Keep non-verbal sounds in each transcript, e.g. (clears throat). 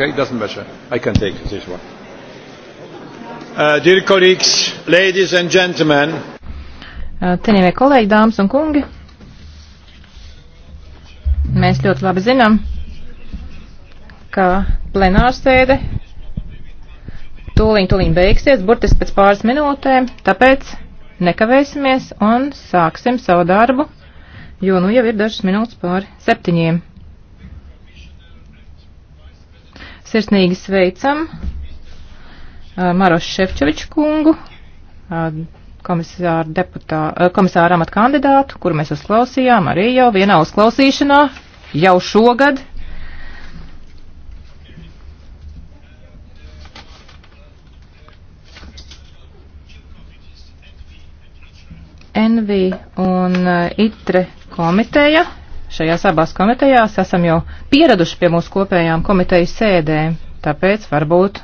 Okay, doesn't matter. I can take this one. Uh, dear colleagues, ladies and gentlemen. Uh, Cienījamie kolēģi, dāmas un kungi, mēs ļoti labi zinām, ka plenārsēde tūlīt, tūlīt beigsies, burtiski pēc pāris minūtēm, tāpēc nekavēsimies un sāksim savu darbu, jo nu jau ir dažas minūtes pāri septiņiem. Sirsnīgi sveicam Maros Šefčoviču kungu, komisāru, deputā, komisāru amatu kandidātu, kuru mēs uzklausījām arī jau vienā uzklausīšanā jau šogad. Envi un Itre komiteja Šajās abās komitejās esam jau pieraduši pie mūsu kopējām komiteju sēdēm, tāpēc varbūt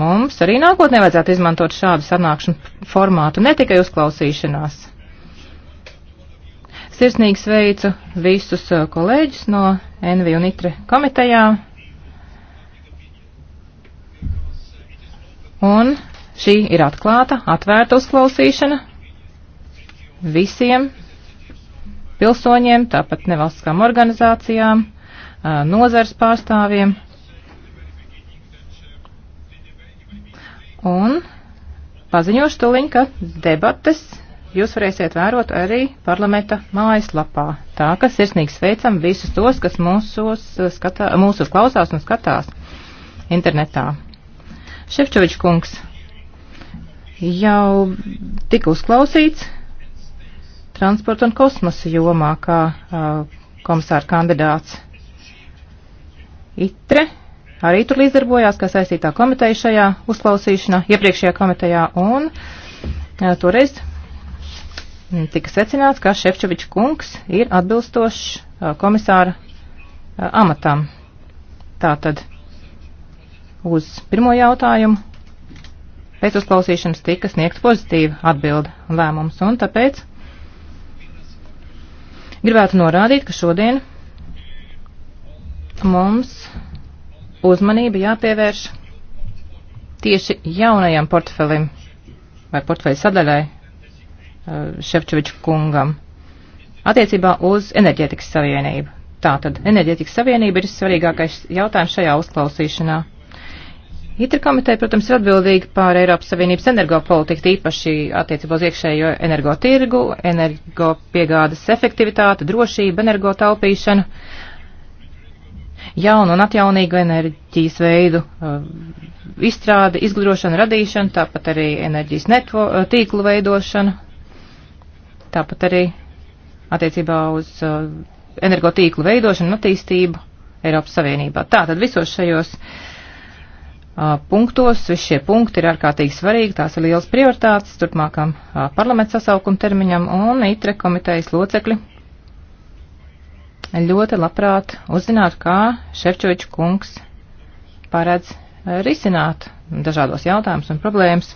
mums arī nākotnē vajadzētu izmantot šādu sanākšanu formātu, ne tikai uzklausīšanās. Sirsnīgi sveicu visus uh, kolēģus no NV un ITRE komitejām. Un šī ir atklāta, atvērta uzklausīšana visiem pilsoņiem, tāpat nevalstiskām organizācijām, nozars pārstāvjiem. Un paziņošu tuliņ, ka debates jūs varēsiet vērot arī parlamenta mājaslapā. Tā ka sirsnīgi sveicam visus tos, kas mūsos, skatā, mūsos klausās un skatās internetā. Šefčovičs kungs jau tika uzklausīts transporta un kosmosa jomā kā uh, komisāra kandidāts. ITRE arī tur līdzdarbojās kā saistītā komiteja šajā uzklausīšanā, iepriekšējā komitejā, un uh, toreiz tika secināts, ka Šefčovičs kungs ir atbilstošs uh, komisāra uh, amatam. Tātad uz pirmo jautājumu pēc uzklausīšanas tika sniegta pozitīva atbilda un lēmums, un tāpēc Gribētu norādīt, ka šodien mums uzmanība jāpievērš tieši jaunajam portfelim vai portfeļa sadaļai eh, Ševčoviča kungam attiecībā uz enerģētikas savienību. Tātad enerģētikas savienība ir svarīgākais jautājums šajā uzklausīšanā. Itra komiteja, protams, ir atbildīga pār Eiropas Savienības energopolitiku, īpaši attiecībā uz iekšējo energotirgu, energopiegādes efektivitāti, drošību, energotaupīšanu, jaunu un atjaunīgu enerģijas veidu uh, izstrādi, izgudrošanu, radīšanu, tāpat arī enerģijas netvo, uh, tīklu veidošanu, tāpat arī attiecībā uz uh, energotīklu veidošanu un attīstību Eiropas Savienībā. Tātad visos šajos uh, punktos. Visi šie punkti ir ārkārtīgi svarīgi, tās ir liels prioritātes turpmākam parlamentu sasaukuma termiņam un ITRE komitejas locekļi. Ļoti labprāt uzzināt, kā Šefčoviča kungs paredz risināt dažādos jautājumus un problēmas.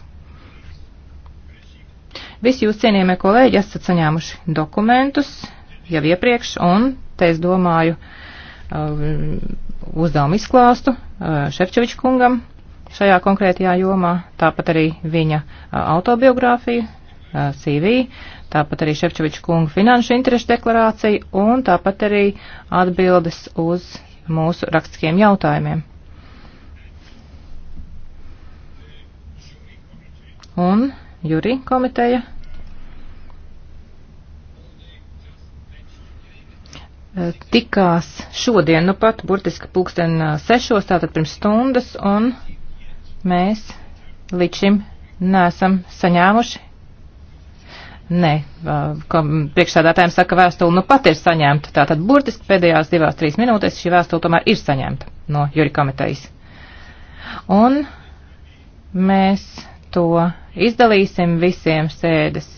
Visi jūs cienījamie kolēģi esat saņēmuši dokumentus jau iepriekš, un te es domāju uzdevumu izklāstu Šefčoviča kungam, šajā konkrētajā jomā, tāpat arī viņa autobiogrāfija, CV, tāpat arī Šepčoviča kunga finanšu interešu deklarācija un tāpat arī atbildes uz mūsu rakstiskiem jautājumiem. Un Juri komiteja tikās šodien, nu pat burtiski pulksten sešos, tātad pirms stundas, un mēs līdz šim nesam saņēmuši. Nē, priekšsādātājiem saka, vēstule nu pat ir saņemta. Tātad burtiski pēdējās divās, trīs minūtēs šī vēstule tomēr ir saņemta no Juri komitejas. Un mēs to izdalīsim visiem sēdes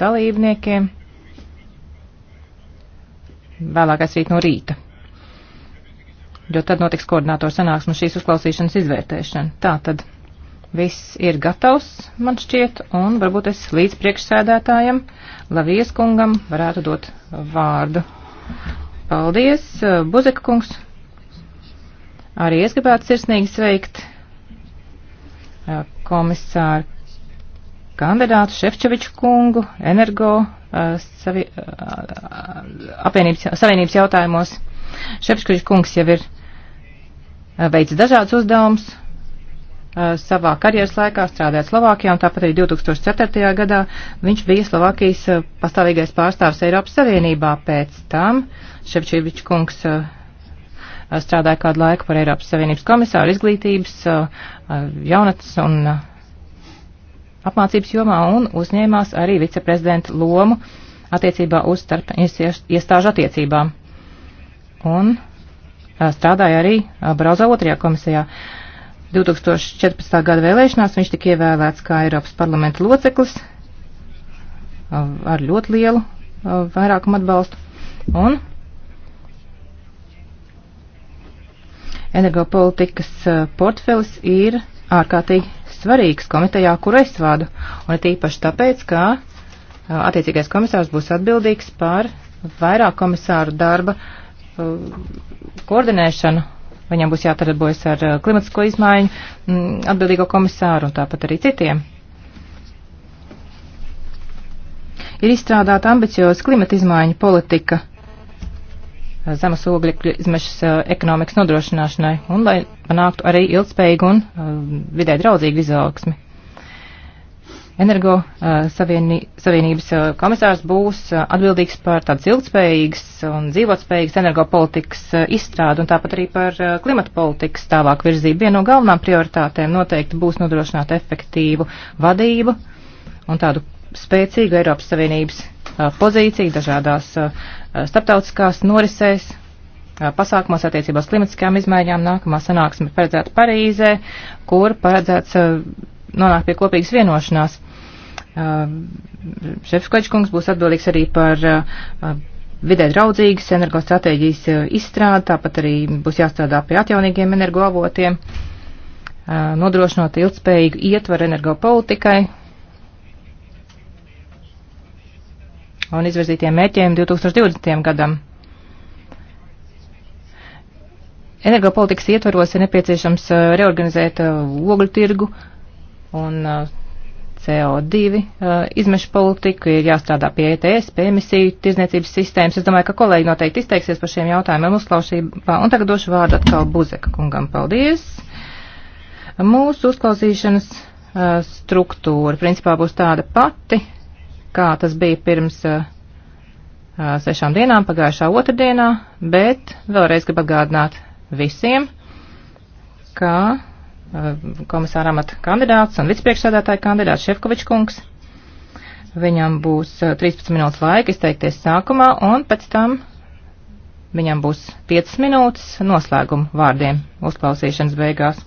dalībniekiem vēlākais rīt no rīta jo tad notiks koordinātoru sanāksme šīs uzklausīšanas izvērtēšana. Tā tad viss ir gatavs, man šķiet, un varbūt es līdz priekšsēdētājam Lavijas kungam varētu dot vārdu. Paldies, Buzeka kungs. Arī es gribētu sirsnīgi sveikt komisāru kandidātu Šefčoviču kungu, energo savi, apvienības, savienības jautājumos. Šefčoviču kungs jau ir Eh, veic dažādus uzdevumus eh, savā karjeras laikā, strādājot Slovākijā, un tāpat arī 2004. gadā viņš bija Slovākijas eh, pastāvīgais pārstāvs Eiropas Savienībā. Pēc tam Šepčīvičs kungs strādāja kādu laiku par Eiropas Savienības komisāru izglītības, jaunatnes un apmācības jomā un uzņēmās arī viceprezidenta lomu attiecībā uz starp iestāžu attiecībām. Un strādāja arī Brauza otrajā komisijā. 2014. gada vēlēšanās viņš tika ievēlēts kā Eiropas parlamenta loceklis ar ļoti lielu vairākumu atbalstu. Un energopolitikas portfelis ir ārkārtīgi svarīgs komitejā, kur es vadu. Un it īpaši tāpēc, ka attiecīgais komisārs būs atbildīgs par vairāk komisāru darba koordinēšanu. Viņam būs jātarbojas ar eh, klimatisko izmaiņu mm, atbildīgo komisāru un tāpat arī citiem. Ir izstrādāta ambicioza klimata izmaiņu politika eh, zemes ogļu izmešas eh, ekonomikas nodrošināšanai un lai panāktu arī ilgspējīgu un vidē draudzīgu izaugsmi. Energo uh, savienī, Savienības uh, komisārs būs uh, atbildīgs par tādas ilgspējīgas un dzīvotspējīgas energopolitikas izstrādu un tāpat arī par klimata politikas tālāk virzību. Viena no galvenām prioritātēm noteikti būs nodrošināt efektīvu vadību un tādu spēcīgu Eiropas Savienības pozīciju dažādās starptautiskās norisēs pasākumos attiecībās klimatiskajām izmaiņām. Nākamā sanāksme paredzēta Parīzē, kur paredzēts nonākt pie kopīgas vienošanās. Um, Šefskoģis kungs būs atbildīgs arī par uh, vidē draudzīgas energostratēģijas uh, izstrādi, tāpat arī būs jāstrādā pie atjaunīgiem energoavotiem, uh, nodrošinot ilgspējīgu ietvaru energopolitikai un izvirzītiem mērķiem 2020. gadam. Energopolitikas ietvaros ir nepieciešams reorganizēt ogļu tirgu un CO2 uh, izmešu politiku, ir jāstrādā pie ETS, pie emisiju tirzniecības sistēmas. Es domāju, ka kolēģi noteikti izteiksies par šiem jautājumiem uzklausībā. Un tagad došu vārdu atkal Buzeka kungam. Paldies! Mūsu uzklausīšanas uh, struktūra principā būs tāda pati, kā tas bija pirms uh, uh sešām dienām pagājušā otrdienā, bet vēlreiz gribu atgādināt visiem, ka Uh, komisāra amata kandidāts un vicepriekšsēdētāja kandidāts Šefkovičs kungs. Viņam būs 13 uh, minūtes laika izteikties sākumā, un pēc tam viņam būs 5 minūtes noslēguma vārdiem uzklausīšanas beigās.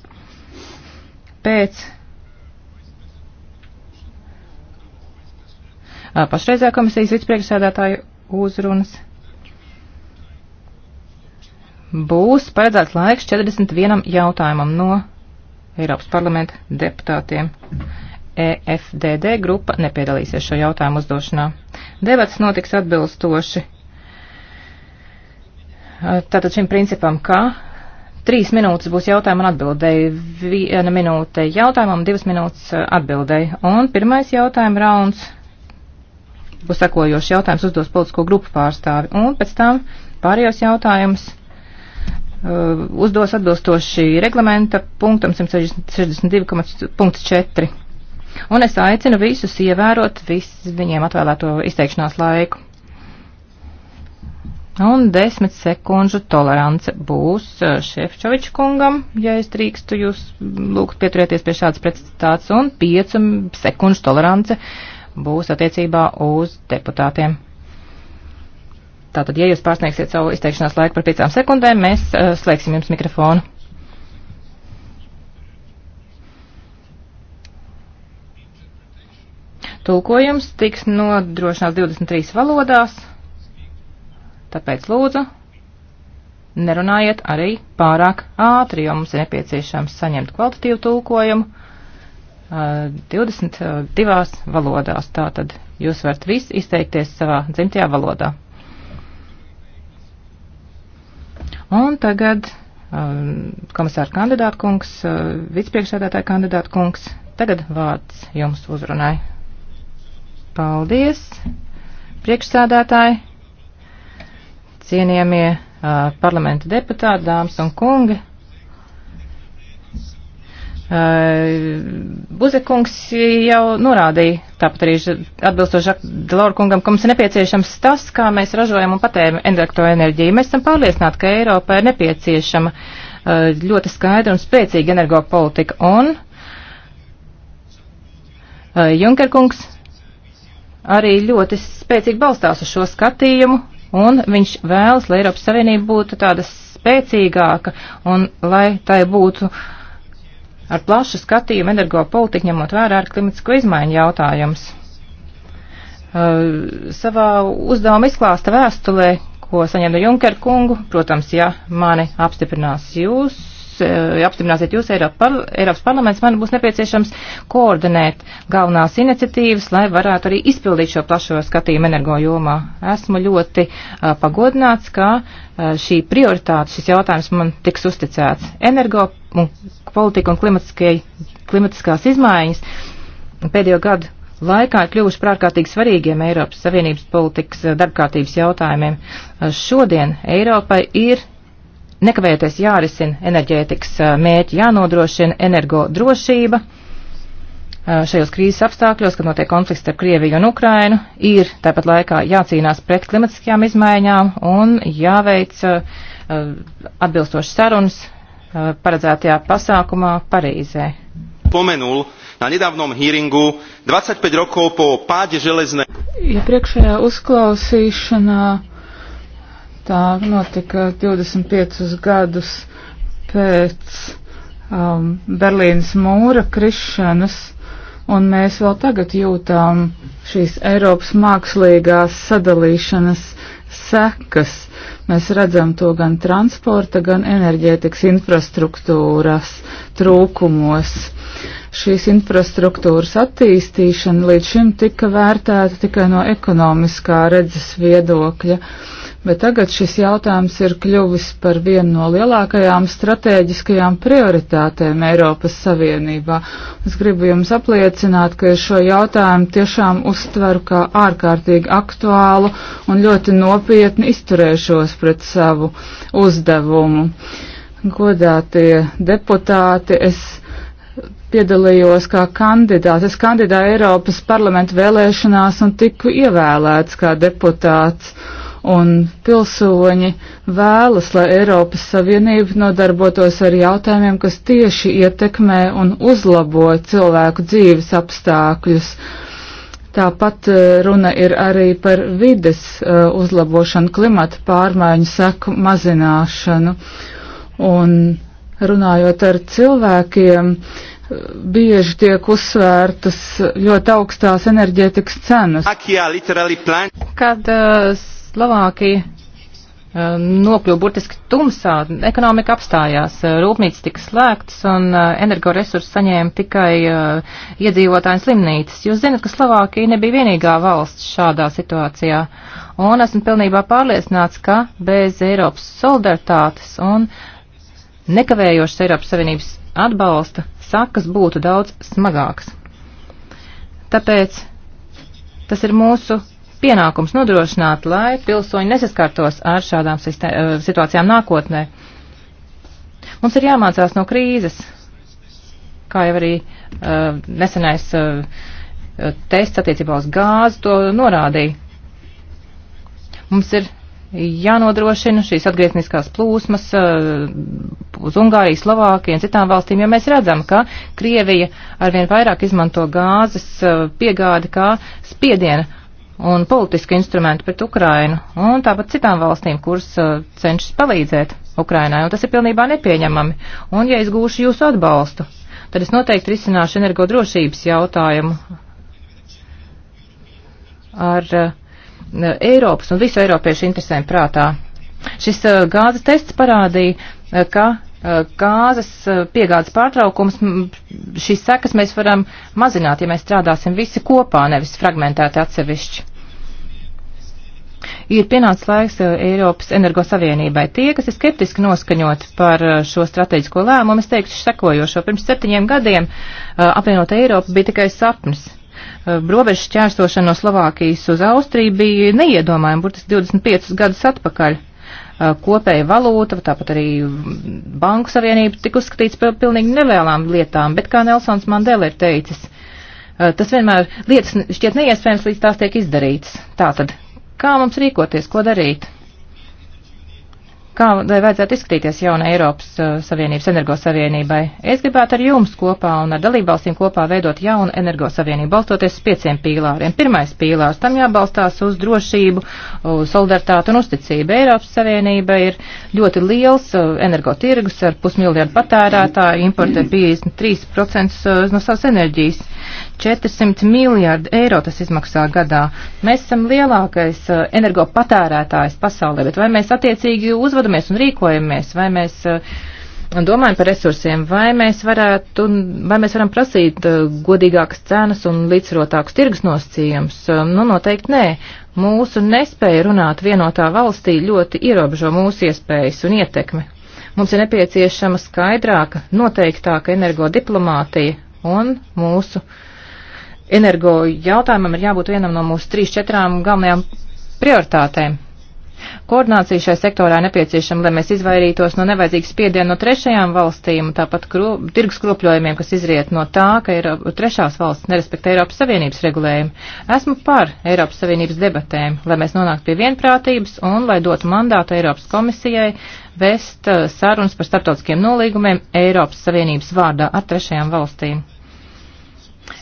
Pēc uh, pašreizējā komisijas vicepriekšsēdētāja uzrunas būs paredzēts laiks 41 jautājumam no Eiropas parlamenta deputātiem. EFDD grupa nepiedalīsies šo jautājumu uzdošanā. Debats notiks atbilstoši tātad šim principam, ka trīs minūtes būs jautājumu un atbildēji, viena minūte jautājumam, divas minūtes atbildēji. Un pirmais jautājuma rauns būs sekojošs jautājums uzdos politisko grupu pārstāvi. Un pēc tam pārējos jautājumus Uh, uzdos atbilstoši reglamenta punktam 162.4. Un es aicinu visus ievērot visu viņiem atvēlēto izteikšanās laiku. Un desmit sekundžu tolerance būs uh, Šefčoviča kungam, ja es drīkstu jūs mm, lūgt pieturēties pie šādas precizitātes, un piecu sekundžu tolerance būs attiecībā uz deputātiem. Tātad, ja jūs pārsniegsiet savu izteikšanās laiku par piecām sekundēm, mēs uh, slēgsim jums mikrofonu. Tulkojums tiks nodrošināts 23 valodās, tāpēc lūdzu nerunājiet arī pārāk ātri, jo mums ir nepieciešams saņemt kvalitatīvu tulkojumu uh, eh, 22 eh, valodās. Tātad jūs varat visi izteikties savā dzimtajā valodā. Un tagad um, komisāra kandidāta kungs, uh, vicepriekšsēdētāja kandidāta kungs, tagad vārds jums uzrunai. Paldies, priekšsēdētāji, cienījamie uh, parlamenta deputāti, dāmas un kungi. Eh, Buzekungs jau norādīja, tāpat arī atbilstoši Delauru kungam, ka mums ir nepieciešams tas, kā mēs ražojam un patējam elektroenerģiju. Mēs esam pārliecināti, ka Eiropā ir nepieciešama eh, ļoti skaidra un spēcīga energopolitika. Un eh, Junkerkungs arī ļoti spēcīgi balstās uz šo skatījumu, un viņš vēlas, lai Eiropas Savienība būtu tāda spēcīgāka un lai tai būtu uh, ar plašu skatījumu energopolitiku ņemot vērā ar klimatisko izmaiņu jautājums. Uh, savā uzdevuma izklāsta vēstulē, ko saņem no Junker kungu, protams, ja mani apstiprinās jūs, uh, apstiprināsiet jūs Eiropa, par, Eiropas parlaments, man būs nepieciešams koordinēt galvenās iniciatīvas, lai varētu arī izpildīt šo plašo skatījumu energo jomā. Esmu ļoti uh, pagodināts, ka uh, šī prioritāte, šis jautājums man tiks uzticēts. Energo un politika un klimatiskās izmaiņas pēdējo gadu laikā ir kļuvuši par ārkārtīgi svarīgiem Eiropas Savienības politikas eh, darbkārtības jautājumiem. Eh, šodien Eiropai ir nekavēties jārisina enerģētikas eh, mēķi, jānodrošina energo drošība. Šajos krīzes apstākļos, kad notiek konflikts starp Krieviju un Ukrainu, ir tāpat laikā jācīnās pret klimatiskajām izmaiņām un jāveic atbilstošas sarunas Uh, paredzētajā pasākumā Parīzē. Pomenul na nedavnom hearingu 25 rokov po pāde železne. Iepriekšējā ja uzklausīšanā tā notika 25 gadus pēc um, Berlīnas mūra krišanas, un mēs vēl tagad jūtām šīs Eiropas mākslīgās sadalīšanas sekas. Mēs redzam to gan transporta, gan enerģētikas infrastruktūras trūkumos. Šīs infrastruktūras attīstīšana līdz šim tika vērtēta tikai no ekonomiskā redzes viedokļa. Uh, bet tagad šis jautājums ir kļuvis par vienu no lielākajām strateģiskajām prioritātēm Eiropas Savienībā. Es gribu jums apliecināt, ka es šo jautājumu tiešām uztveru kā ārkārtīgi aktuālu un ļoti nopietni izturēšos pret savu uzdevumu. Godātie deputāti, es piedalījos kā kandidāts. Es kandidāju Eiropas parlamentu vēlēšanās un tiku ievēlēts kā deputāts. Uh, un pilsoņi vēlas, lai Eiropas Savienība nodarbotos ar jautājumiem, kas tieši ietekmē un uzlabo cilvēku dzīves apstākļus. Tāpat eh, runa ir arī par vides eh, uzlabošanu, klimata pārmaiņu seku mazināšanu. Un runājot ar cilvēkiem, eh, bieži tiek uzsvērtas ļoti augstās enerģētikas cenas. Kad uh, Slovākija eh, nokļuva burtiski tumsā, ekonomika apstājās, eh, rūpnīcas tika slēgtas un eh, energoresursi saņēma tikai iedzīvotāji slimnīcas. Jūs zinat, ka Slovākija nebija vienīgā valsts šādā situācijā, un esmu pilnībā pārliecināts, ka bez Eiropas solidaritātes un nekavējošas Eiropas Savienības atbalsta sakas būtu daudz smagākas. Tāpēc tas ir mūsu pienākums nodrošināt, lai pilsoņi nesaskartos ar šādām eh, situācijām nākotnē. Mums ir jāmācās no krīzes, kā jau arī uh, nesenais uh, tests attiecībā uz gāzi to norādīja. Mums ir jānodrošina šīs atgriezniskās plūsmas uz Ungāriju, Slovākiju un citām valstīm, jo mēs redzam, ka Krievija arvien vairāk izmanto gāzes piegādi kā spiediena un politisku instrumentu pret Ukrainu un tāpat citām valstīm, kuras uh, cenšas palīdzēt Ukrainai, un tas ir pilnībā nepieņemami. Un ja es gūšu jūsu atbalstu, tad es noteikti risināšu energodrošības jautājumu ar uh, Eiropas un visu Eiropiešu interesēm prātā. Šis uh, gāzes tests parādīja, uh, ka uh, gāzes uh, piegādes pārtraukums, šīs sekas mēs varam mazināt, ja mēs strādāsim visi kopā, nevis fragmentēti atsevišķi ir pienācis laiks eh, Eiropas Energo Savienībai. Tie, kas ir skeptiski noskaņoti par eh, šo strateģisko lēmumu, es teikšu sekojošo. Pirms septiņiem gadiem eh, apvienot Eiropu bija tikai sapnis. Robežas šķērsošana no Slovākijas uz Austriju bija neiedomājama, burtiski 25 gadus atpakaļ kopēja valūta, tāpat arī banku savienība tika uzskatīts par pilnīgi nevēlām lietām, bet kā Nelsons Mandela ir teicis, tas vienmēr lietas šķiet neiespējams, līdz tās tiek izdarītas. Tātad Kā mums rīkoties, ko darīt? Kā vajadzētu izskatīties jauna Eiropas uh, Savienības energosavienībai? Es gribētu ar jums kopā un ar dalībvalstīm kopā veidot jaunu energosavienību, balstoties uz pieciem pīlāriem. Pirmais pīlārs tam jābalstās uz drošību, uz solidaritāti un uzticību. Eiropas Savienība ir ļoti liels uh, energotirgus ar pusmiljardu patērētāju, importē 53% uh, no savas enerģijas. 400 miljārdi eiro tas izmaksā gadā. Mēs esam lielākais eh, energopatērētājs pasaulē, bet vai mēs attiecīgi uzvedamies un rīkojamies, vai mēs eh, domājam par resursiem, vai mēs, varētu, vai mēs varam prasīt eh, godīgākas cenas un līdzsvarotākus tirgus nosacījumus? Nu, noteikti nē. Mūsu nespēja runāt vienotā valstī ļoti ierobežo mūsu iespējas un ietekmi. Mums ir nepieciešama skaidrāka, noteiktāka energodiplomātija, Un mūsu energo jautājumam ir jābūt vienam no mūsu trīs, četrām galvenajām prioritātēm. Koordinācija šai sektorā nepieciešama, lai mēs izvairītos no nevajadzīgas spiediena no trešajām valstīm, tāpat kru, tirgus kropļojumiem, kas izriet no tā, ka ir, trešās valsts nerespektē Eiropas Savienības regulējumu. Esmu par Eiropas Savienības debatēm, lai mēs nonāktu pie vienprātības un lai dotu mandātu Eiropas komisijai vest uh, sarunas par starptautiskiem nolīgumiem Eiropas Savienības vārdā ar trešajām valstīm.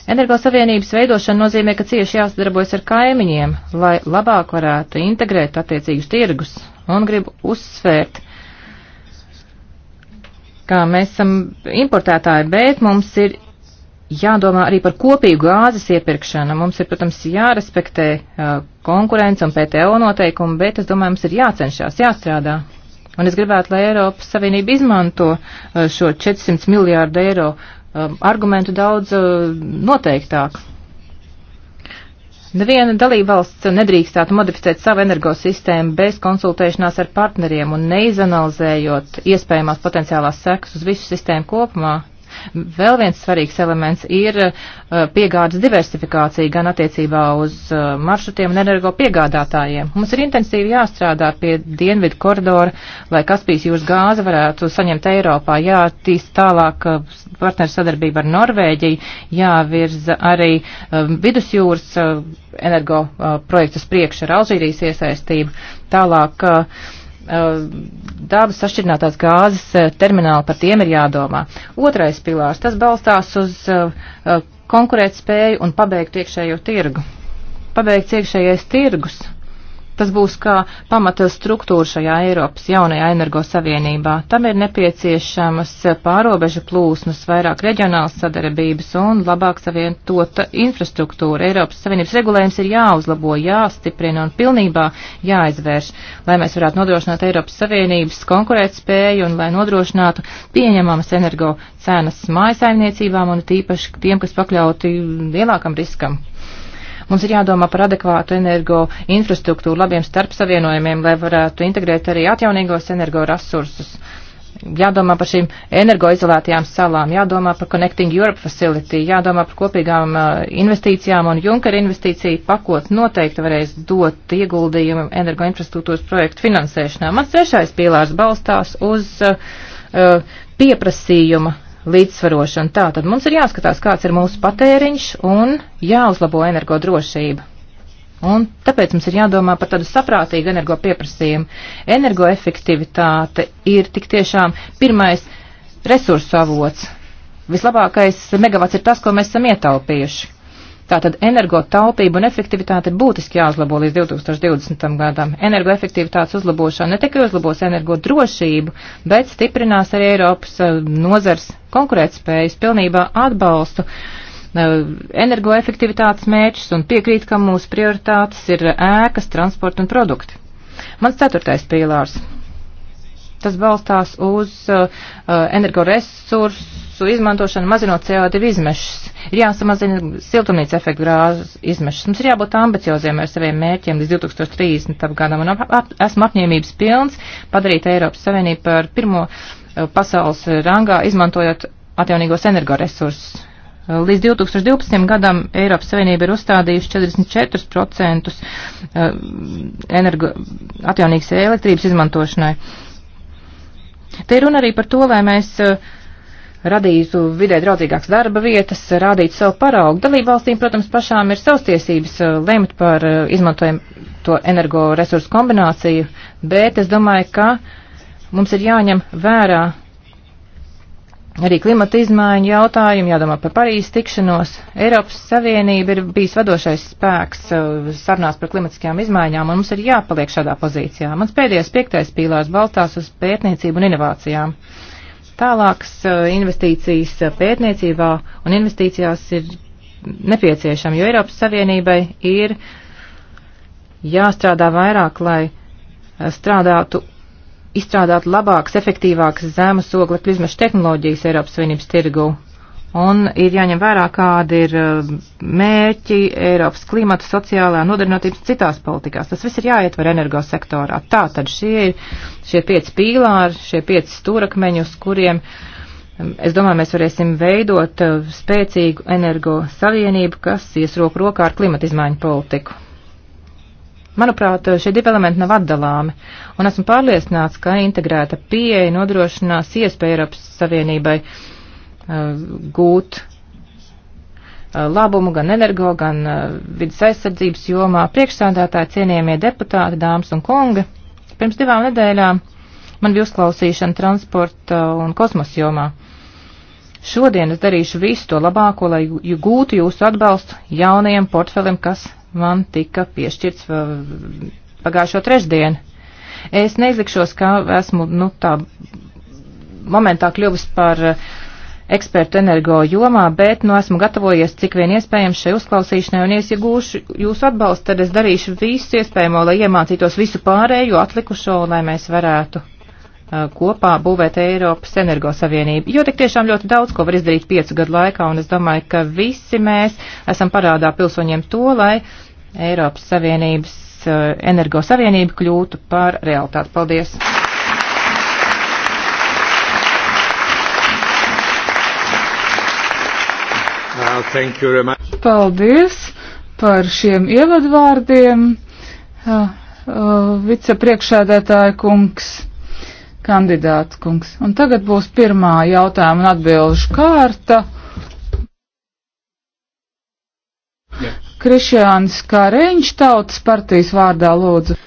Energosavienības veidošana nozīmē, ka cieši jāsadarbojas ar kaimiņiem, lai labāk varētu integrēt attiecīgus tirgus. Un gribu uzsvērt, ka mēs esam importētāji, bet mums ir jādomā arī par kopīgu gāzes iepirkšanu. Mums ir, protams, jārespektē uh, konkurence un PTO noteikumi, bet es domāju, mums ir jācenšās, jāstrādā. Un es gribētu, lai Eiropas Savienība izmanto šo 400 miljārdu eiro Um, argumentu daudz uh, noteiktāk. Neviena dalībvalsts nedrīkstētu modificēt savu energosistēmu bez konsultēšanās ar partneriem un neizanalizējot iespējamās potenciālās sekas uz visu sistēmu kopumā. Vēl viens svarīgs elements ir eh, piegādes diversifikācija gan attiecībā uz eh, maršrutiem un energo piegādātājiem. Mums ir intensīvi jāstrādā pie dienvidu koridora, lai Kaspijas jūras gāze varētu saņemt Eiropā, jātīst tālāk eh, partneru sadarbību ar Norvēģiju, jāvirza arī vidusjūras energo projektus priekš ar Alžīrijas iesaistību. Tālāk uh, dabas sašķidrinātās gāzes termināli par tiem ir jādomā. Otrais pilārs, tas balstās uz konkurētspēju un pabeigt iekšējo tirgu. Pabeigts iekšējais tirgus Tas būs kā pamata struktūra šajā Eiropas jaunajā energosavienībā. Tam ir nepieciešamas pārobežu plūsmas, vairāk reģionāls sadarbības un labāk savientota infrastruktūra. Eiropas Savienības regulējums ir jāuzlabo, jāstiprina un pilnībā jāizvērš, lai mēs varētu nodrošināt Eiropas Savienības konkurētspēju un lai nodrošinātu pieņemamas energo cenas mājasaimniecībām un tīpaši tiem, kas pakļauti lielākam riskam. Mums ir jādomā par adekvātu energo infrastruktūru, labiem starpsavienojumiem, lai varētu integrēt arī atjaunīgos energoresursus. Jādomā par šīm energoizolētajām salām, jādomā par Connecting Europe Facility, jādomā par kopīgām uh, investīcijām un Junker investīciju pakot noteikti varēs dot ieguldījumu energoinfrastruktūras projektu finansēšanā. Mans trešais pīlārs balstās uz uh, uh pieprasījuma līdzsvarošanu. Tā tad mums ir jāskatās, kāds ir mūsu patēriņš un jāuzlabo energodrošība. Un tāpēc mums ir jādomā par tādu saprātīgu energo pieprasījumu. Energoefektivitāte ir tik tiešām pirmais resursu avots. Vislabākais megavats ir tas, ko mēs esam ietaupījuši. Tātad energotaupība un efektivitāte ir būtiski jāuzlabo līdz 2020. gadam. Energoefektivitātes uzlabošana ne tikai uzlabos energo drošību, bet stiprinās arī Eiropas eh, nozars konkurētspējas pilnībā atbalstu eh, energoefektivitātes mērķus un piekrīt, ka mūsu prioritātes ir ēkas, transporta un produkti. Mans ceturtais pīlārs. Tas balstās uz uh, energoresursu resursu izmantošanu, mazinot CO2 izmešas. Ir jāsamazina siltumnīca efektu grāzu izmešas. Mums ir jābūt ambicioziem ar saviem mērķiem līdz 2030. gadam, un ap, ap, esmu apņēmības pilns padarīt Eiropas Savienību par pirmo eh, pasaules rangā, izmantojot atjaunīgos energoresursus. Eh, līdz 2012. gadam Eiropas Savienība ir uzstādījusi 44% eh, energo, atjaunīgas elektrības izmantošanai. Te ir runa arī par to, lai mēs uh, radītu vidē draudzīgākas darba vietas, rādītu savu paraugu. Dalību valstīm, protams, pašām ir savas tiesības uh, lemt par uh, izmantojumu to energoresursu kombināciju, bet es domāju, ka mums ir jāņem vērā arī klimata izmaiņu jautājumu, jādomā par Parīzes tikšanos. Eiropas Savienība ir bijis vadošais spēks uh, sarunās par klimatiskajām izmaiņām, un mums ir jāpaliek šādā pozīcijā. Mans pēdējais piektais pīlārs balstās uz pētniecību un inovācijām. Uh, Tālākas uh, investīcijas uh, pētniecībā un investīcijās ir nepieciešama, jo Eiropas Savienībai ir jāstrādā vairāk, lai uh, strādātu, izstrādātu labākas, efektīvākas zemes oglekļu izmešu tehnoloģijas Eiropas Savienības tirgū. Un ir jāņem vērā, kādi ir uh, mērķi Eiropas klimata, sociālā nodarbinātības citās politikās. Tas viss ir jāietver energosektorā. Tā tad šie ir šie pieci pīlāri, šie pieci stūrakmeņi, uz kuriem, um, es domāju, mēs varēsim veidot uh, spēcīgu energo savienību, kas ies roku rokā ar klimata izmaiņu politiku. Manuprāt, uh, šie divi elementi nav atdalāmi, un esmu pārliecināts, ka integrēta pieeja nodrošinās iespēju Eiropas Savienībai uh, Uh, gūt uh, labumu gan energo, gan uh, vidas aizsardzības jomā. Priekšsādātāji cienījamie deputāti, dāmas un kungi, pirms divām nedēļām man bija uzklausīšana transporta un kosmosa jomā. Šodien es darīšu visu to labāko, lai gūtu jūsu atbalstu jaunajam portfelim, kas man tika piešķirts pagājušo trešdienu. Es neizlikšos, ka esmu, nu, tā momentā kļuvis par uh, ekspertu energo jomā, bet nu esmu gatavojies cik vien iespējams šai uzklausīšanai un iesiegūšu jūsu atbalstu, tad es darīšu visu iespējamo, lai iemācītos visu pārējo atlikušo, lai mēs varētu uh, kopā būvēt Eiropas energo savienību. Jo tik tiešām ļoti daudz ko var izdarīt piecu gadu laikā, un es domāju, ka visi mēs esam parādā pilsoņiem to, lai Eiropas Savienības uh, energo savienība kļūtu par realitāti. Paldies! Uh, Paldies par šiem ievadvārdiem, uh, uh, vicepriekšēdētāja kungs, kandidāta kungs. Un tagad būs pirmā jautājuma un atbilžu kārta. Krišjāns Kāreņš, Tautas partijas vārdā lūdzu.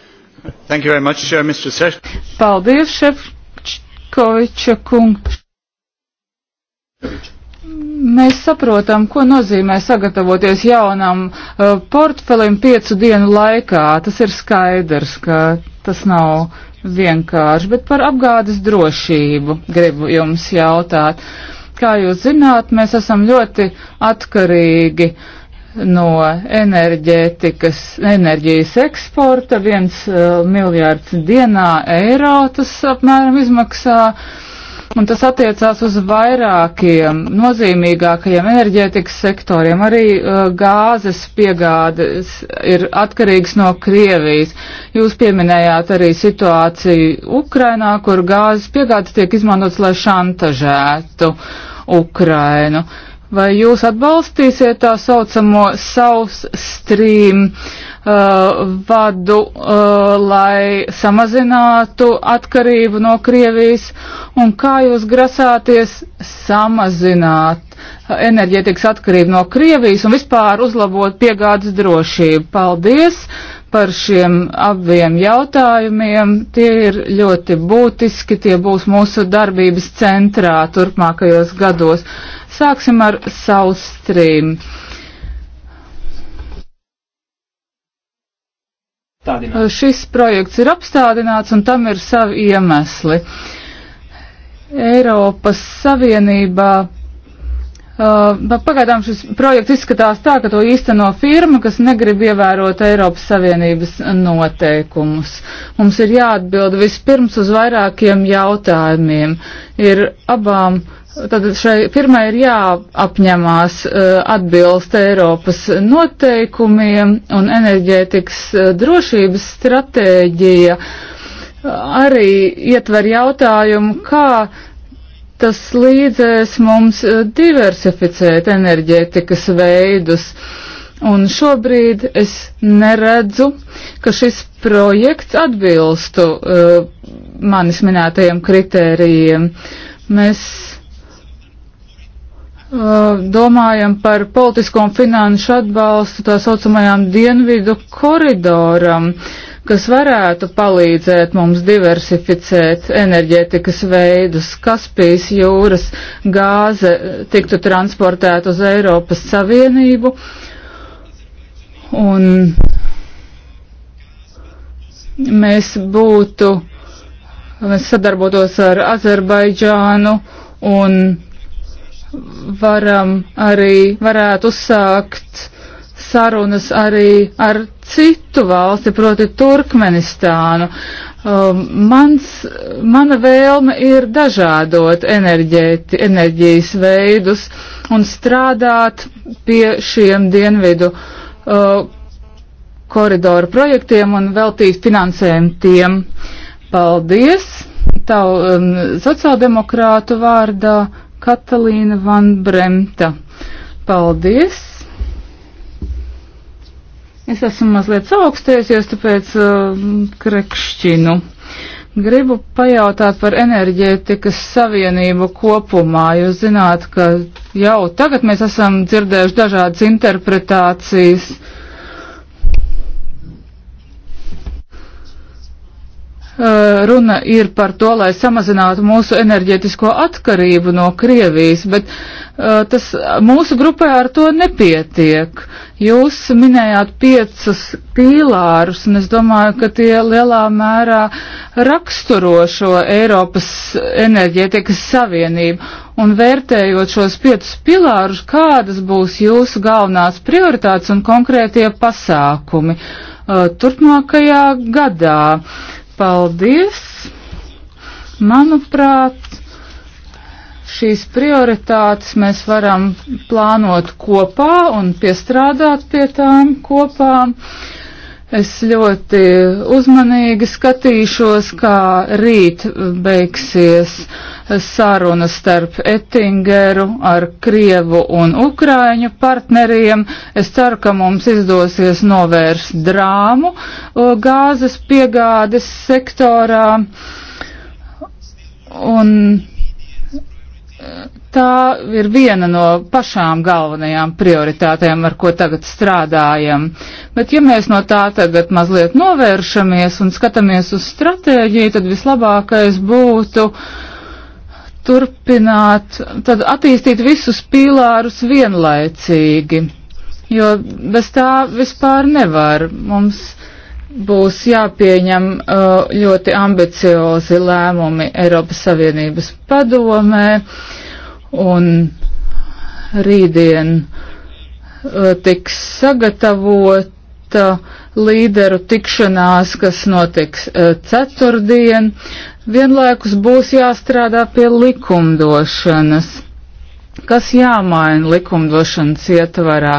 Thank you very much, uh, Mr. Seš. Paldies, Šefčkoviča kungs. Šefčkoviča. Mēs saprotam, ko nozīmē sagatavoties jaunam uh, portfelim piecu dienu laikā. Tas ir skaidrs, ka tas nav vienkārši, bet par apgādes drošību gribu jums jautāt. Kā jūs zināt, mēs esam ļoti atkarīgi no enerģētikas, enerģijas eksporta. Viens uh, miljārds dienā eiro tas apmēram izmaksā. Uh, un tas attiecās uz vairākiem nozīmīgākajiem enerģētikas sektoriem. Arī uh, gāzes piegādes ir atkarīgs no Krievijas. Jūs pieminējāt arī situāciju Ukrainā, kur gāzes piegādes tiek izmantotas, lai šantažētu Ukrainu. Uh, Vai jūs atbalstīsiet tā saucamo South Stream uh, vadu, uh, lai samazinātu atkarību no Krievijas? Un kā jūs grasāties samazināt enerģētikas atkarību no Krievijas un vispār uzlabot piegādes drošību. Paldies par šiem abiem jautājumiem. Tie ir ļoti būtiski, tie būs mūsu darbības centrā turpmākajos gados. Sāksim ar South Stream. Tādināt. Šis projekts ir apstādināts un tam ir savi iemesli. Eiropas Savienībā Uh, pagaidām šis projekts izskatās tā, ka to īsteno firma, kas negrib ievērot Eiropas Savienības noteikumus. Mums ir jāatbild vispirms uz vairākiem jautājumiem. Ir abām. Tad šai firmai ir jāapņemās uh, atbilst Eiropas noteikumiem un enerģētikas uh, drošības stratēģija uh, arī ietver jautājumu, kā Tas līdzēs mums eh, diversificēt enerģētikas veidus. Un šobrīd es neredzu, ka šis projekts atbilstu uh, manis minētajiem kritērijiem. Mēs uh, domājam par politisko un finanšu atbalstu tā saucamajām dienvidu koridoram. Uh, kas varētu palīdzēt mums diversificēt enerģētikas veidus. Kaspijas jūras gāze tiktu transportēta uz Eiropas Savienību un mēs būtu, mēs sadarbotos ar Azerbaidžānu un varam arī, varētu uzsākt sarunas arī ar citu valsti, proti Turkmenistānu. Um, mans, mana vēlme ir dažādot enerģēti, enerģijas veidus un strādāt pie šiem dienvidu uh, koridoru projektiem un veltīt finansējumu tiem. Paldies! Tavu um, sociāldemokrātu vārdā Katalīna Van Bremta. Paldies! Es esmu mazliet saaugstējusies, tāpēc uh, krekšķinu. Gribu pajautāt par enerģētikas savienību kopumā. Jūs zināt, ka jau tagad mēs esam dzirdējuši dažādas interpretācijas. Uh, runa ir par to, lai samazinātu mūsu enerģetisko atkarību no Krievijas, bet uh, tas mūsu grupē ar to nepietiek. Jūs minējāt piecus pīlārus, un es domāju, ka tie lielā mērā raksturo šo Eiropas enerģētikas savienību. Un vērtējot šos piecus pilārus, kādas būs jūsu galvenās prioritātes un konkrētie pasākumi uh, turpmākajā gadā? Uh, Paldies! Manuprāt, šīs prioritātes mēs varam plānot kopā un piestrādāt pie tām kopā. Uh, Es ļoti uzmanīgi skatīšos, kā rīt beigsies saruna starp Ettingeru ar Krievu un Ukraiņu partneriem. Es ceru, ka mums izdosies novērst drāmu gāzes piegādes sektorā. Un Tā ir viena no pašām galvenajām prioritātēm, ar ko tagad strādājam. Bet ja mēs no tā tagad mazliet novēršamies un skatāmies uz stratēģiju, tad vislabākais būtu turpināt, tad attīstīt visus pīlārus vienlaicīgi, jo bez tā vispār nevar. Mums būs jāpieņem uh, ļoti ambiciozi lēmumi Eiropas Savienības padomē un rītdien e, tiks sagatavota līderu tikšanās, kas notiks e, ceturtdien. Vienlaikus būs jāstrādā pie likumdošanas. Kas jāmaina likumdošanas ietvarā?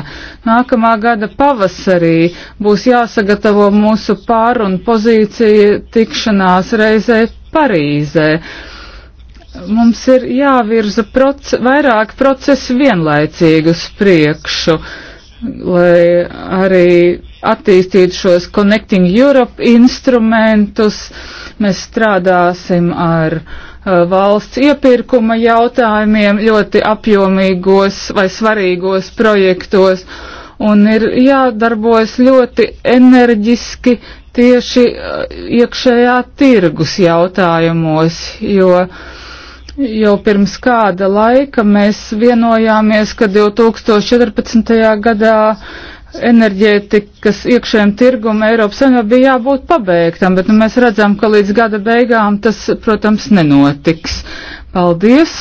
Nākamā gada pavasarī būs jāsagatavo mūsu pārunu pozīcija tikšanās reizē Parīzē. Uh, mums ir jāvirza proce vairāk procesu vienlaicīgi uz priekšu, lai arī attīstītu šos Connecting Europe instrumentus. Mēs strādāsim ar uh, valsts iepirkuma jautājumiem ļoti apjomīgos vai svarīgos projektos. Un ir jādarbojas ļoti enerģiski, tieši uh, iekšējā tirgus jautājumos, jo Jau pirms kāda laika mēs vienojāmies, ka 2014. gadā enerģētikas iekšējiem tirgum Eiropas Savienībā bija jābūt pabeigtam, bet nu, mēs redzam, ka līdz gada beigām tas, protams, nenotiks. Paldies!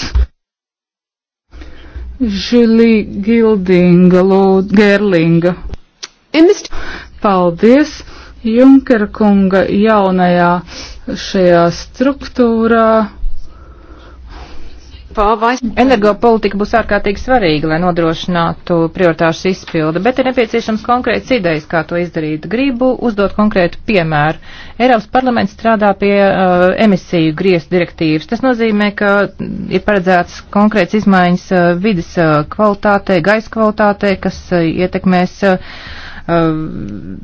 Žilī Gildinga, lūd, Gerlinga. Paldies! Junkera kunga jaunajā šajā struktūrā Energopolitika būs ārkārtīgi svarīga, lai nodrošinātu prioritāšu izpildu, bet ir nepieciešams konkrēts idejas, kā to izdarīt. Gribu uzdot konkrētu piemēru. Eiropas parlaments strādā pie uh, emisiju griestu direktīvas. Tas nozīmē, ka ir paredzēts konkrēts izmaiņas uh, vidas uh, kvalitātei, gaisa kvalitātei, kas uh, ietekmēs uh, uh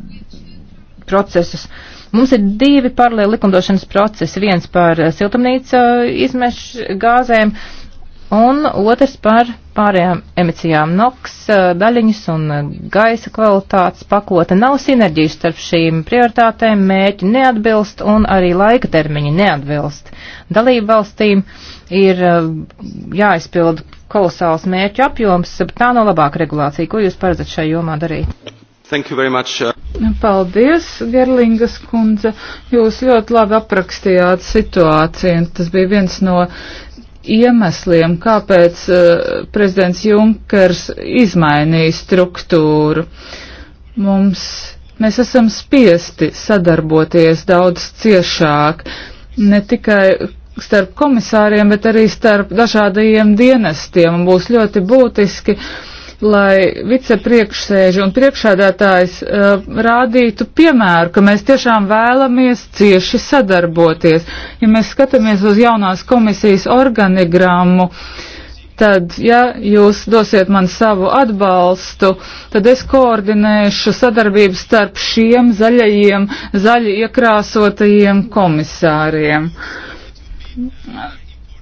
procesus. Uh, Mums ir divi paralēli likumdošanas procesi, viens par eh, siltumnīca eh, izmešu gāzēm un otrs par pārējām emisijām. NOX eh, daļiņas un gaisa kvalitātes pakota nav sinerģijas starp šīm prioritātēm, mēķi neatbilst un arī laika termiņi neatbilst. Dalību valstīm ir jāizpilda kolosāls mērķu apjoms, bet tā nav no labāka regulācija. Ko jūs paredzat šai jomā darīt? Uh, Paldies, Gerlingas kundze. Jūs ļoti labi aprakstījāt situāciju. Tas bija viens no iemesliem, kāpēc uh, prezidents Junkers izmainīja struktūru. Mums, mēs esam spiesti sadarboties daudz ciešāk, ne tikai starp komisāriem, bet arī starp dažādajiem dienestiem. Būs ļoti būtiski uh, lai vicepriekšsēži un priekšādātājs uh, rādītu piemēru, ka mēs tiešām vēlamies cieši sadarboties. Ja mēs skatāmies uz jaunās komisijas organigrammu, tad, ja jūs dosiet man savu atbalstu, tad es koordinēšu sadarbību starp šiem zaļajiem, zaļi iekrāsotajiem komisāriem.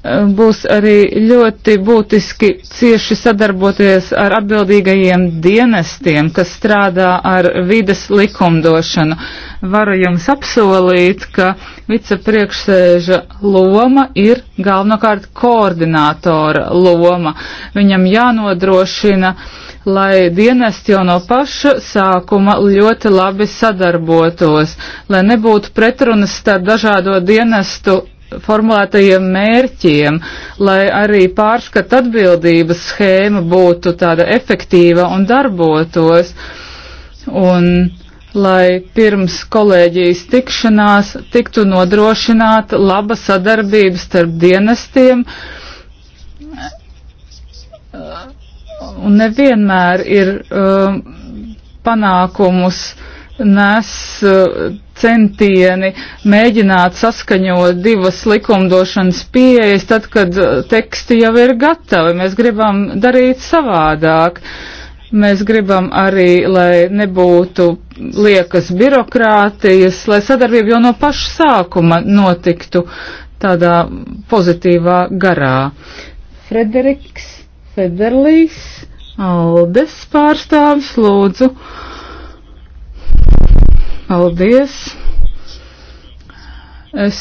Eh, būs arī ļoti būtiski cieši sadarboties ar atbildīgajiem dienestiem, kas strādā ar vides likumdošanu. Varu jums apsolīt, ka vicepriekšsēža loma ir galvenokārt koordinātora loma. Viņam jānodrošina, lai dienesti jau no paša sākuma ļoti labi sadarbotos, lai nebūtu pretrunas starp dažādo dienestu formulētajiem mērķiem, lai arī pārskat atbildības schēma būtu tāda efektīva un darbotos. Un lai pirms kolēģijas tikšanās tiktu nodrošināta laba sadarbība starp dienestiem. Un nevienmēr ir um, panākumus uh, nes uh, centieni mēģināt saskaņot divas likumdošanas pieejas, tad, kad uh, teksti jau ir gatavi. Mēs gribam darīt savādāk. Mēs gribam arī, lai nebūtu liekas birokrātijas, lai sadarbība jau no paša sākuma notiktu tādā pozitīvā garā. Frederiks Federlīs, Aldes pārstāvis, lūdzu. Uh, Paldies! Es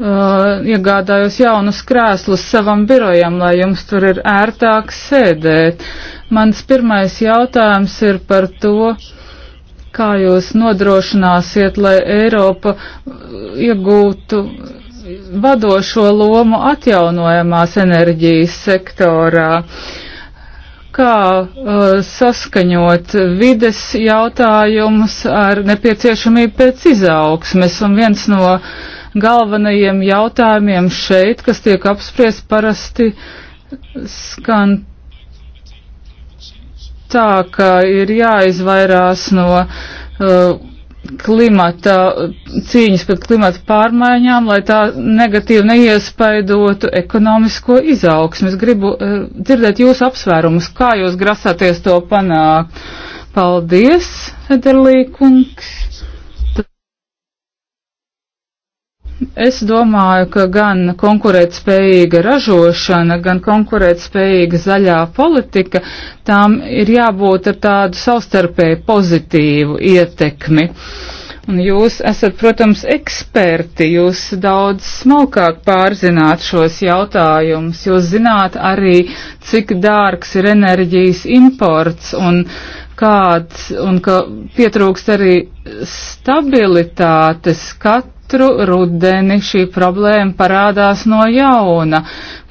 uh, iegādājos jaunus krēslus savam birojam, lai jums tur ir ērtāk sēdēt. Mans pirmais jautājums ir par to, kā jūs nodrošināsiet, lai Eiropa uh, iegūtu vadošo lomu atjaunojamās enerģijas sektorā. Uh, kā uh, saskaņot vides jautājumus ar nepieciešamību pēc izaugsmes. Un viens no galvenajiem jautājumiem šeit, kas tiek apspriest parasti, skan tā, ka ir jāizvairās no uh, klimata, cīņas pret klimata pārmaiņām, lai tā negatīvi neiespaidotu ekonomisko izaugsmu. Es gribu uh, dzirdēt jūsu apsvērumus, kā jūs grasāties to panākt. Paldies, Federlīkungs. Es domāju, ka gan konkurētspējīga ražošana, gan konkurētspējīga zaļā politika, tām ir jābūt ar tādu savstarpēju pozitīvu ietekmi. Un jūs esat, protams, eksperti, jūs daudz smalkāk pārzināt šos jautājumus, jūs zināt arī, cik dārgs ir enerģijas imports un kāds, un ka pietrūkst arī stabilitātes skatu katru rudeni šī problēma parādās no jauna.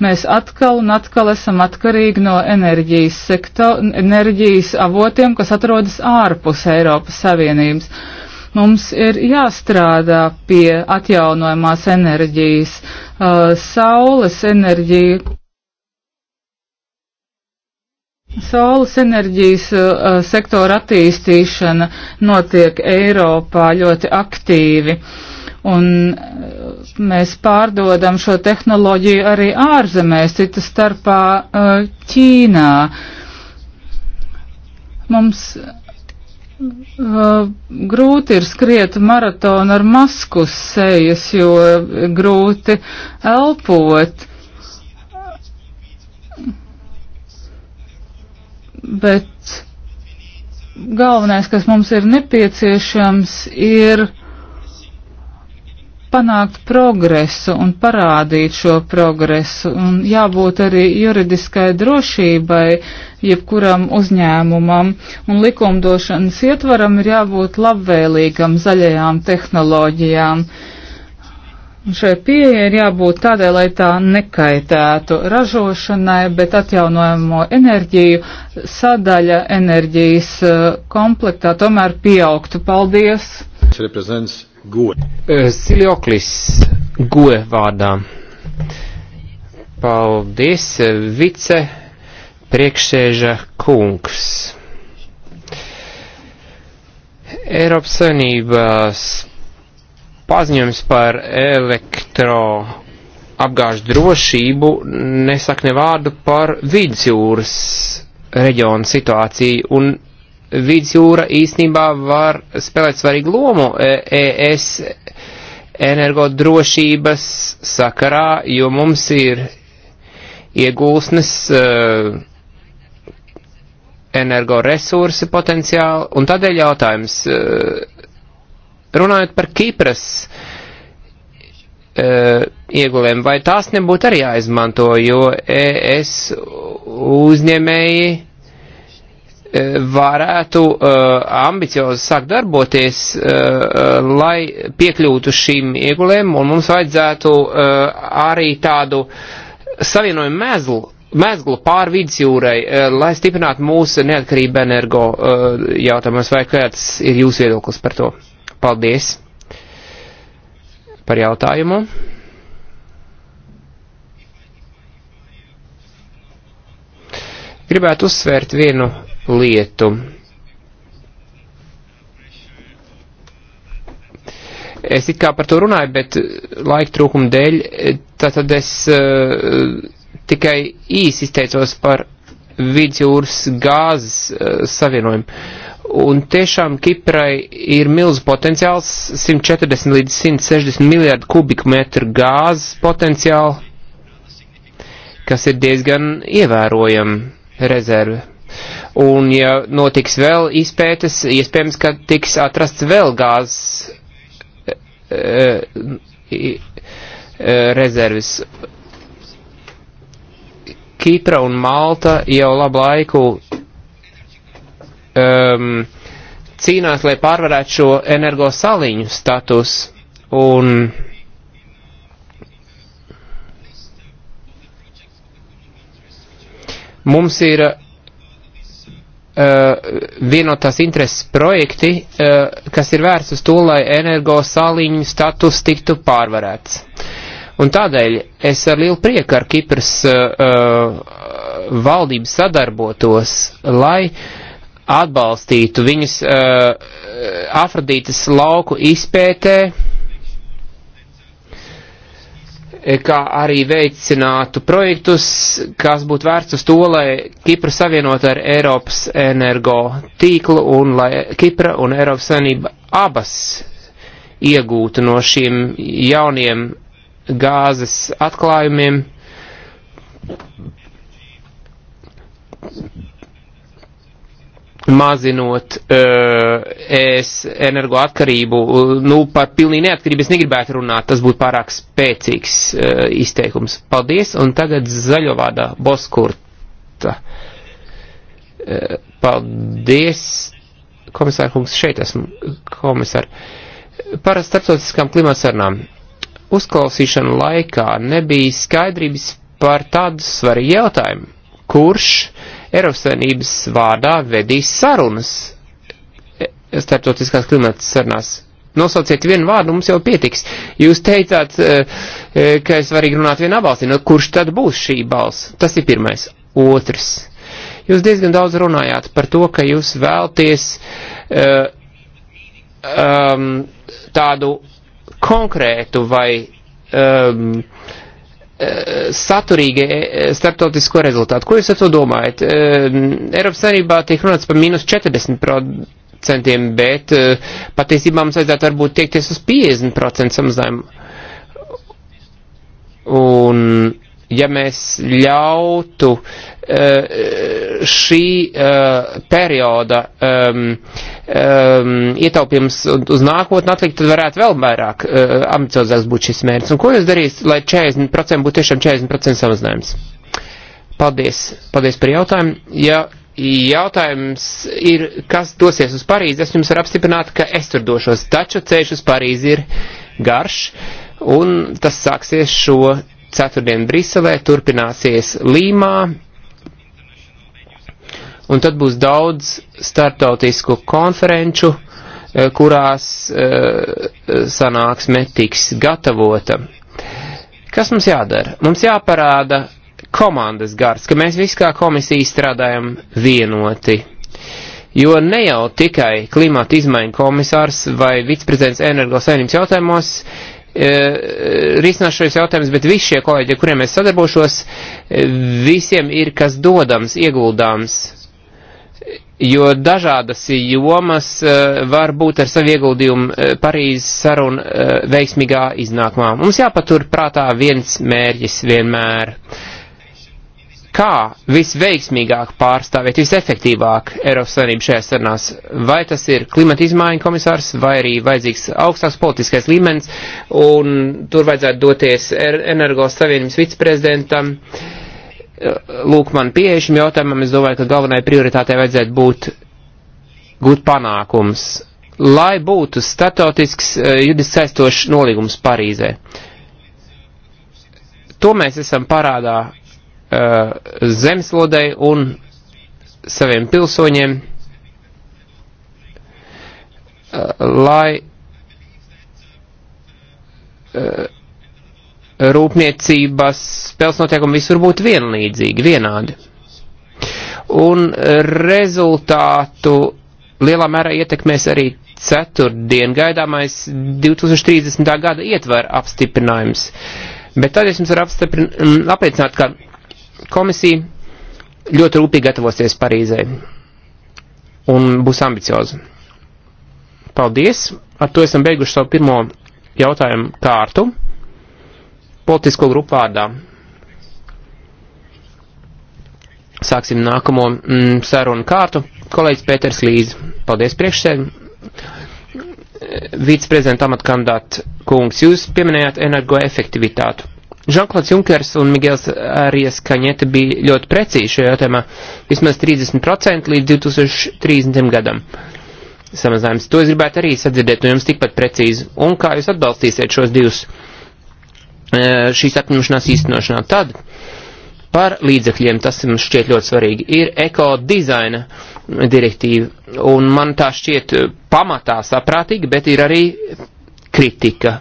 Mēs atkal un atkal esam atkarīgi no enerģijas, sekto, enerģijas avotiem, kas atrodas ārpus Eiropas Savienības. Mums ir jāstrādā pie atjaunojumās enerģijas, uh, saules enerģija, Saules enerģijas uh, sektora attīstīšana notiek Eiropā ļoti aktīvi. Uh, Un uh, mēs pārdodam šo tehnoloģiju arī ārzemēs, cita starpā uh, Ķīnā. Mums uh, grūti ir skriet maratonu ar masku sejas, jo grūti elpot. Bet galvenais, kas mums ir nepieciešams, ir panākt progresu un parādīt šo progresu, un jābūt arī juridiskai drošībai jebkuram uzņēmumam, un likumdošanas ietvaram ir jābūt labvēlīgam zaļajām tehnoloģijām. Un šai pieeja ir jābūt tādai, lai tā nekaitētu ražošanai, bet atjaunojamo enerģiju sadaļa enerģijas eh, komplektā tomēr pieaugtu. Paldies! Represents Goe. Eh, Silioklis Goe vārdā. Paldies, vice priekšsēža kungs. Eiropas Savienības paziņojums par elektro apgāžu drošību nesaka ne vārdu par vidusjūras reģionu situāciju un vidusjūra īstenībā var spēlēt svarīgu lomu ES e energodrošības sakarā, jo mums ir iegūsnes e, energoresursi potenciāli, un tādēļ jautājums, e, runājot par Kipras iegulēm, vai tās nebūtu arī jāizmanto, jo ES uzņēmēji E, varētu uh, ambiciozi sākt darboties, uh, lai piekļūtu šīm iegulēm, un mums vajadzētu uh, arī tādu savienojumu mezlu, mezglu pār vidusjūrai, uh, lai stiprinātu mūsu neatkarību energo uh, jautājumos, vai kāds ir jūsu viedoklis par to? Paldies par jautājumu. Gribētu uzsvērt vienu lietu. Es it kā par to runāju, bet laika trūkuma dēļ, tātad es uh, tikai īsi izteicos par vidusjūras gāzes uh, savienojumu. Un tiešām Kiprai ir milz potenciāls, 140 līdz 160 miljārdu kubikmetru gāzes potenciāli, kas ir diezgan ievērojama rezerve. Un, ja notiks vēl izpētes, iespējams, ka tiks atrasts vēl gāzes e, eh, e, eh, eh, rezervis. Kipra un Malta jau labu laiku um, cīnās, lai pārvarētu šo energo saliņu status. Un mums ir uh, Uh, vienotās intereses projekti, uh, kas ir vērsts uz to, lai energo saliņu status tiktu pārvarēts. Un tādēļ es ar lielu prieku ar Kipras uh, valdību sadarbotos, lai atbalstītu viņus Afrodītas lauku izpētē, Eh, kā arī veicinātu projektus, kas būtu vērts uz to, lai Kipra savienot ar Eiropas energo tīklu un lai Kipra un Eiropas Savienība abas iegūtu no šiem jauniem gāzes atklājumiem mazinot uh, es energoatkarību, eh, nu par pilnīgi neatkarību es negribētu runāt, tas būtu pārāk spēcīgs uh, izteikums. Paldies, un tagad zaļovādā Boskurta. Uh, paldies, komisār kungs, šeit esmu komisār. Par starptautiskām klimatsarnām. Uzklausīšana laikā nebija skaidrības par tādu svarīgu jautājumu, kurš Eiropas Savienības vārdā vedīs sarunas e, starptautiskās klimata sarunās. Nosauciet vienu vārdu, mums jau pietiks. Jūs teicāt, e, e, ka es varu runāt vienā balsī. No nu, kurš tad būs šī balss? Tas ir pirmais. Otrs. Jūs diezgan daudz runājāt par to, ka jūs vēlties uh, um, tādu konkrētu vai um, uh, Eh, saturīgi eh, starptautisko rezultātu. Ko jūs ar to domājat? Eh, Eiropas Savienībā tiek runāts par mīnus 40%, bet patiesībā mums vajadzētu varbūt tiekties uz 50% samazinājumu. Un ja mēs ļautu eh, šī eh, perioda ehm, ehm, ietaupījums uz nākotnē atlikt, tad varētu vēl vairāk eh, ambiciozāks būt šis mērķis. Un ko jūs darīs, lai 40% būtu tiešām 40% samazinājums? Paldies, paldies par jautājumu. Ja jautājums ir, kas dosies uz Parīzi, es jums varu apstiprināt, ka es tur došos, taču ceļš uz Parīzi ir garš, un tas sāksies šo ceturtdien Briselē, turpināsies Līmā, un tad būs daudz startautisku konferenču, eh, kurās eh, sanāksme tiks gatavota. Kas mums jādara? Mums jāparāda komandas gars, ka mēs visi kā komisija strādājam vienoti. Jo ne jau tikai klimata izmaiņu komisārs vai viceprezidents energosainības jautājumos E, risinās šos jautājumus, bet visi šie kolēģi, ar kuriem es sadarbošos, e, visiem ir kas dodams, ieguldāms. Jo dažādas jomas e, var būt ar savu ieguldījumu Parīzes sarunu veiksmīgā iznākumā. Mums jāpatur prātā viens mērķis vienmēr. Uh, kā visveiksmīgāk pārstāvēt, visefektīvāk Eiropas Savienību šajās sarunās. Vai tas ir klimata izmaiņu komisārs, vai arī vajadzīgs augstāks politiskais līmenis, un tur vajadzētu doties er, Energos Savienības viceprezidentam. Lūk, man pieeja šim jautājumam, es domāju, ka galvenai prioritātei vajadzētu būt gūt panākums, lai būtu statautisks eh, judis saistošs nolīgums Parīzē. To mēs esam parādā Uh, zemslodei un saviem pilsoņiem, uh, lai uh, rūpniecības spēles noteikumi visur būtu vienlīdzīgi, vienādi. Un rezultātu lielā mērā ietekmēs arī ceturtdien gaidāmais 2030. gada ietver apstiprinājums. Bet tad es jums varu apliecināt, ka komisija ļoti rūpīgi gatavosies Parīzē un būs ambicioza. Paldies! Ar to esam beiguši savu pirmo jautājumu kārtu politisko grupu vārdā. Sāksim nākamo mm, sarunu kārtu. Kolēģis Pēters Līdz. Paldies priekšsēd. Vīts prezidenta amatkandāta kungs, jūs pieminējāt energoefektivitātu. Žanklots Junkers un Migels Arijas Kaņete bija ļoti precīzi šajā jautājumā. Vismaz 30% līdz 2030. gadam samazinājums. To es gribētu arī sadzirdēt no jums tikpat precīzi. Un kā jūs atbalstīsiet šos divus eh, šīs apņemšanās īstenošanā? Tad par līdzekļiem, tas mums šķiet ļoti svarīgi, ir ekodizaina direktīva. Un man tā šķiet pamatā saprātīga, bet ir arī kritika.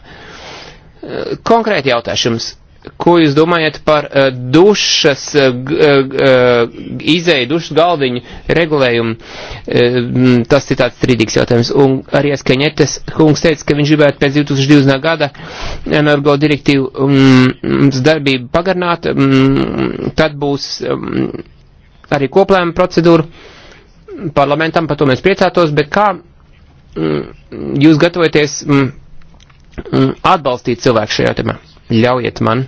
Eh, konkrēti jautājums ko jūs domājat par uh, dušas, uh, uh, izēju dušas galdiņu regulējumu? Uh, tas ir tāds strīdīgs jautājums. Un arī Skaņetes kungs teica, ka viņš gribētu pēc 2020. gada energo direktīvu um, darbību pagarināt, um, tad būs um, arī koplēma procedūra parlamentam, par to mēs priecātos, bet kā um, jūs gatavojaties um, atbalstīt cilvēku šajā jautājumā? Ļaujiet man.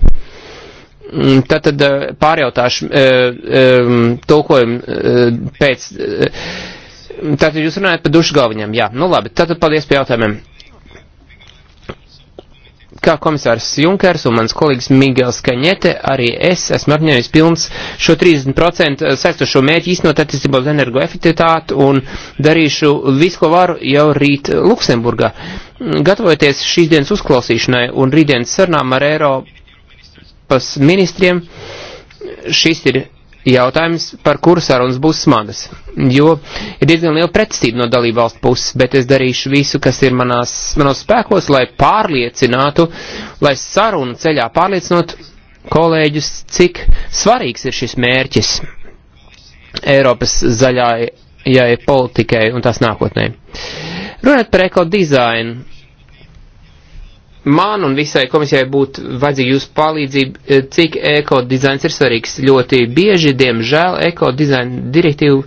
Mm, tad, tad eh, pārjautāšu eh, eh, tulkojumu pēc. Tātad jūs runājat par dušu galviņiem, jā, nu labi, tātad paldies par jautājumiem kā komisārs Junkers un mans kolēģis Miguels Kaņete, arī es esmu apņēmis pilns šo 30% eh, saistošo mērķi īstenot attiecībā uz energoefektivitāti un darīšu visu, ko varu jau rīt Luksemburgā. Gatavojoties šīs dienas uzklausīšanai un rītdienas sarunām ar Eiropas ministriem, šis ir jautājums, par kuru sarunas būs smagas, jo ir diezgan liela pretestība no dalībvalstu puses, bet es darīšu visu, kas ir manās, manos spēkos, lai pārliecinātu, lai sarunu ceļā pārliecinot kolēģus, cik svarīgs ir šis mērķis Eiropas zaļājai politikai un tās nākotnē. Runāt par ekodizainu man un visai komisijai būtu vajadzīga jūsu palīdzība, e, cik ekodizains ir svarīgs. Ļoti bieži, diemžēl, ekodizaina direktīva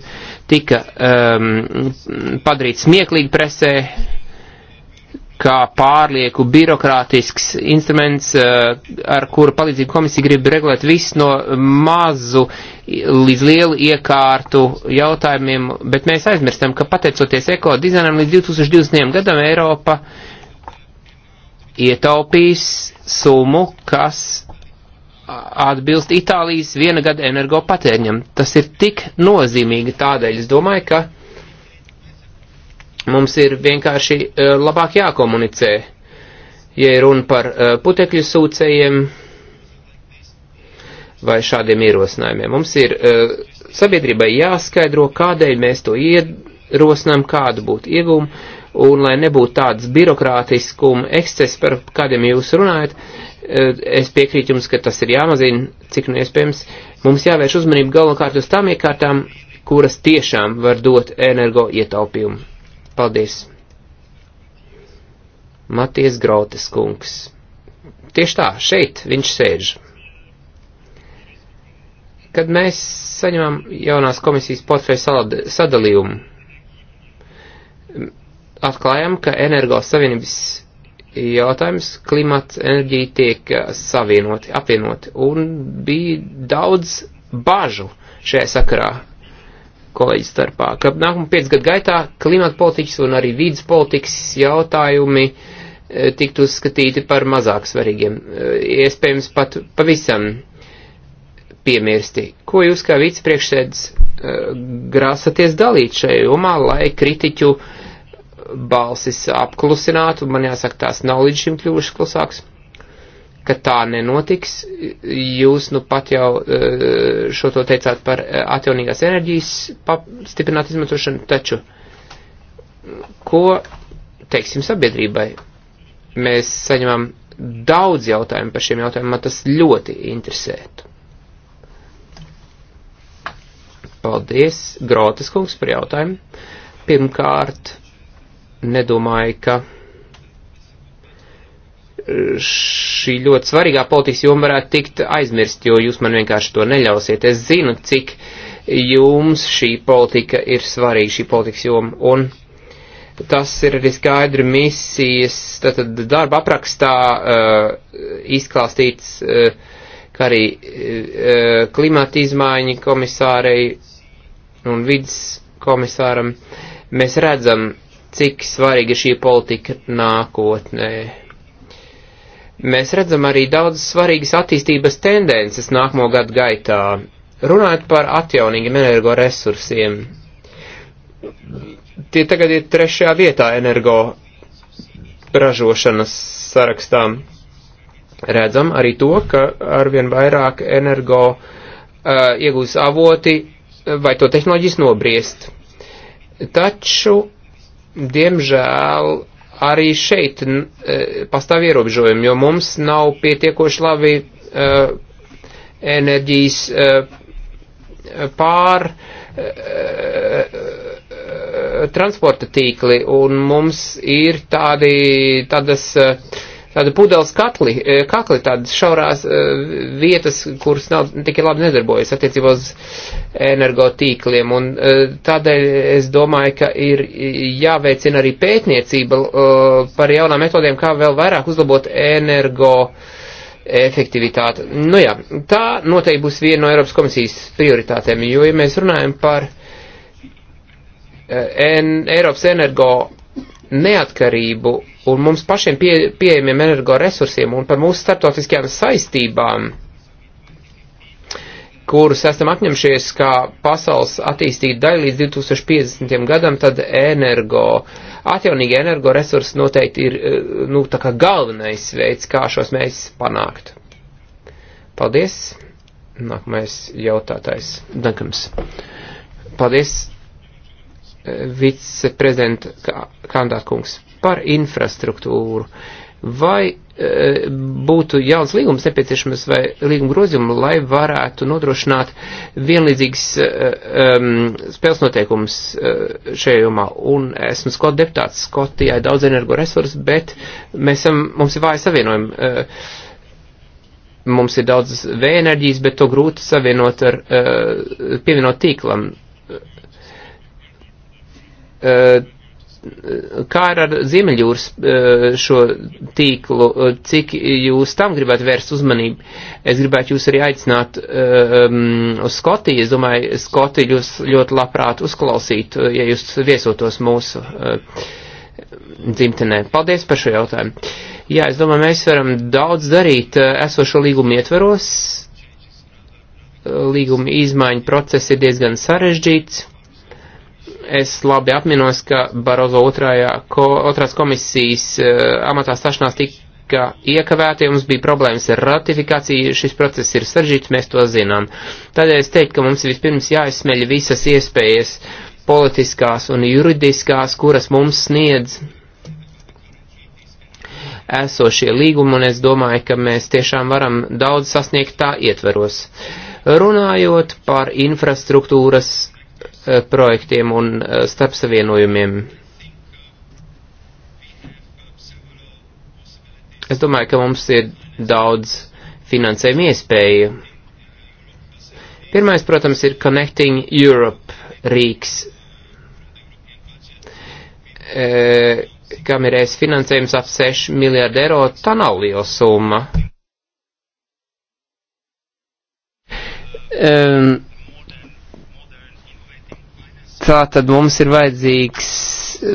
tika um, padarīta smieklīgi presē, kā pārlieku birokrātisks instruments, uh, ar kuru palīdzību komisija grib regulēt visu no mazu līdz lielu iekārtu jautājumiem, bet mēs aizmirstam, ka pateicoties ekodizainam līdz 2020. gadam Eiropa uh, ietaupījis summu, kas atbilst Itālijas viena gada energo patēriņam. Tas ir tik nozīmīgi tādēļ, es domāju, ka mums ir vienkārši uh, labāk jākomunicē, ja ir runa par uh, putekļu sūcējiem vai šādiem ierosinājumiem. Mums ir uh, sabiedrībai jāskaidro, kādēļ mēs to ierosinām, kādu būtu ieguvumu un lai nebūtu tādas birokrātiskuma eksces, par kādiem jūs runājat, eh, es piekrītu jums, ka tas ir jāmazina, cik nu iespējams. Mums jāvērš uzmanība galvenokārt uz tām iekārtām, kuras tiešām var dot energo ietaupījumu. Paldies! Maties Grotes kungs. Tieši tā, šeit viņš sēž. Kad mēs saņemam jaunās komisijas portfeļu sadalījumu, atklājām, ka energos savienības jautājums klimats, enerģija tiek eh, savienoti, apvienoti, un bija daudz bažu šajā sakarā kolēģi starpā, ka nākamā piec gadu gaitā klimata politikas un arī vīdas politikas jautājumi eh, tiktu uzskatīti par mazāk svarīgiem, eh, iespējams pat pavisam piemirsti. Ko jūs kā vicepriekšsēdis grāsaties dalīt šajā jomā, lai kritiķu uh, balsis apklusināt, un man jāsaka, tās nav līdz šim kļuvušas klusākas, ka tā nenotiks. Jūs nu pat jau e, šo to teicāt par e, atjaunīgās enerģijas stiprināt izmantošanu, taču ko teiksim sabiedrībai? Mēs saņemam daudz jautājumu par šiem jautājumiem, man tas ļoti interesētu. Paldies, Grotas kungs, par jautājumu. Pirmkārt, nedomāju, ka šī ļoti svarīgā politikas joma varētu tikt aizmirst, jo jūs man vienkārši to neļausiet. Es zinu, cik jums šī politika ir svarīga, šī politikas joma, un tas ir arī skaidri misijas, tātad darba aprakstā uh, izklāstīts, uh, kā arī uh, klimata izmaiņa komisārei un vidas komisāram. Mēs redzam, cik svarīga šī politika nākotnē. Mēs redzam arī daudz svarīgas attīstības tendences nākamo gadu gaitā. Runājot par atjaunīgiem energoresursiem, tie tagad ir trešajā vietā energo ražošanas sarakstām. Redzam arī to, ka arvien vairāk energo uh, iegūs avoti vai to tehnoloģijas nobriest. Taču diemžēl arī šeit e, pastāv ierobežojumi, jo mums nav pietiekoši labi uh, enerģijas uh, pār uh, transporta tīkli, un mums ir tādi, tādas uh, tādu pudeles katli, e, kakli, tādas šaurās e, vietas, kuras nav tik labi nedarbojas attiecībā uz energotīkliem. Un e, tādēļ es domāju, ka ir jāveicina arī pētniecība par jaunām metodēm, kā vēl vairāk uzlabot energo efektivitāti. Nu jā, tā noteikti būs viena no Eiropas komisijas prioritātēm, jo, ja mēs runājam par en, Eiropas energo neatkarību un mums pašiem pie, pieejamiem energoresursiem un par mūsu starptautiskajām saistībām, kurus esam apņemšies kā pasaules attīstīt daļu līdz 2050. gadam, tad energo, atjaunīgi energoresursi noteikti ir, eh, nu, tā kā galvenais veids, kā šos mērķus panākt. Paldies! Nākamais jautātais. Dankams. Paldies! viceprezidenta kandidāta kungs par infrastruktūru. Vai e, būtu jauns līgums nepieciešams vai līguma grozījumu, lai varētu nodrošināt vienlīdzīgas e, um, spēles noteikumus e, šajā jomā? Un esmu Skot deputāts, Skotijai daudz energoresursu, bet mēs esam, mums ir vāja savienojumi. E, mums ir daudz vēja enerģijas, bet to grūti savienot ar, e, pievienot tīklam. Eh, kā ir ar Ziemeļjūras eh, šo tīklu, eh, cik jūs tam gribētu vērst uzmanību? Es gribētu jūs arī aicināt um, uz Skotiju. Es domāju, Skotiju jūs ļoti labprāt uzklausītu, ja jūs viesotos mūsu uh, dzimtenē. Paldies par šo jautājumu. Jā, es domāju, mēs varam daudz darīt esošo līgumu ietveros. Līguma izmaiņu process ir diezgan sarežģīts es labi apminos, ka Barozo otrajā, ko, otrās komisijas uh, amatā stašanās tika iekavēta, ja mums bija problēmas ar ratifikāciju, šis process ir saržģīts, mēs to zinām. Tādēļ es teiktu, ka mums vispirms jāizsmeļ visas iespējas politiskās un juridiskās, kuras mums sniedz esošie līgumi, un es domāju, ka mēs tiešām varam daudz sasniegt tā ietveros. Runājot par infrastruktūras Eh, projektiem un eh, starpsavienojumiem. Es domāju, ka mums ir daudz finansējuma iespēju. Pirmais, protams, ir Connecting Europe rīks, e, kam ir es finansējums ap 6 miljārdu eiro. Tā nav liela summa. Um, e, Tā tad mums ir vajadzīgs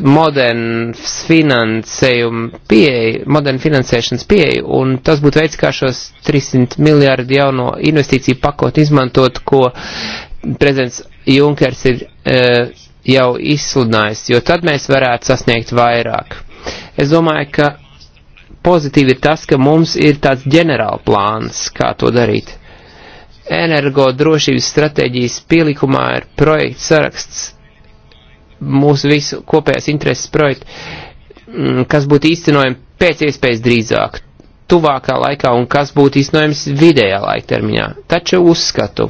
moderns finansējuma pieeja, moderna finansēšanas pieeja, un tas būtu veids, kā šos 300 miljārdu jauno investīciju pakot izmantot, ko prezidents Junkers ir e, jau izsludinājis, jo tad mēs varētu sasniegt vairāk. Es domāju, ka pozitīvi ir tas, ka mums ir tāds ģenerālplāns, kā to darīt energodrošības stratēģijas pielikumā ir projekts saraksts mūsu visu kopējās intereses projektu, mm, kas būtu īstenojami pēc iespējas drīzāk, tuvākā laikā un kas būtu īstenojams vidējā laiktermiņā. Taču uzskatu,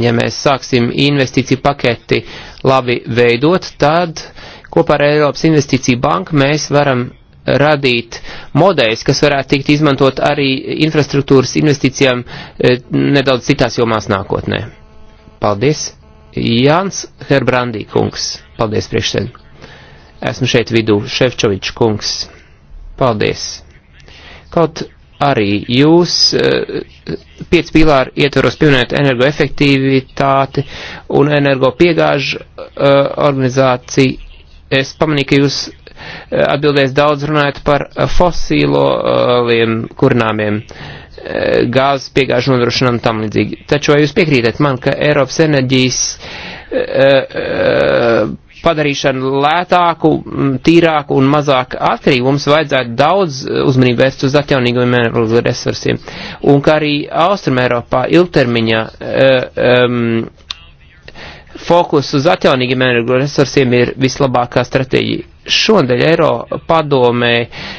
ja mēs sāksim investīciju paketi labi veidot, tad kopā ar Eiropas investīciju banku mēs varam radīt modeļus, kas varētu tikt izmantot arī infrastruktūras investīcijām eh, nedaudz citās jomās nākotnē. Paldies! Jāns Herbrandī kungs. Paldies, priekšsēd. Esmu šeit vidū, Šefčovičs kungs. Paldies. Kaut arī jūs eh, pieci pīlāri ietvaros pieminēt energoefektivitāti un energopiegāžu eh, organizāciju. Es pamanīju, ka jūs eh, atbildēs daudz runājat par fosīliem kurināmiem. Uh, Eh, gāzes piegāžu nodrošinām tam līdzīgi. Taču vai jūs piekrītat man, ka Eiropas enerģijas eh, eh, padarīšanu lētāku, tīrāku un mazāk atkarīgu, mums vajadzētu daudz uzmanību vērst uz atjaunīgiem enerģijas resursiem. Un kā arī Austrum Eiropā ilgtermiņā um, fokus uz atjaunīgiem enerģijas resursiem ir vislabākā stratēģija šodien Eiro padomē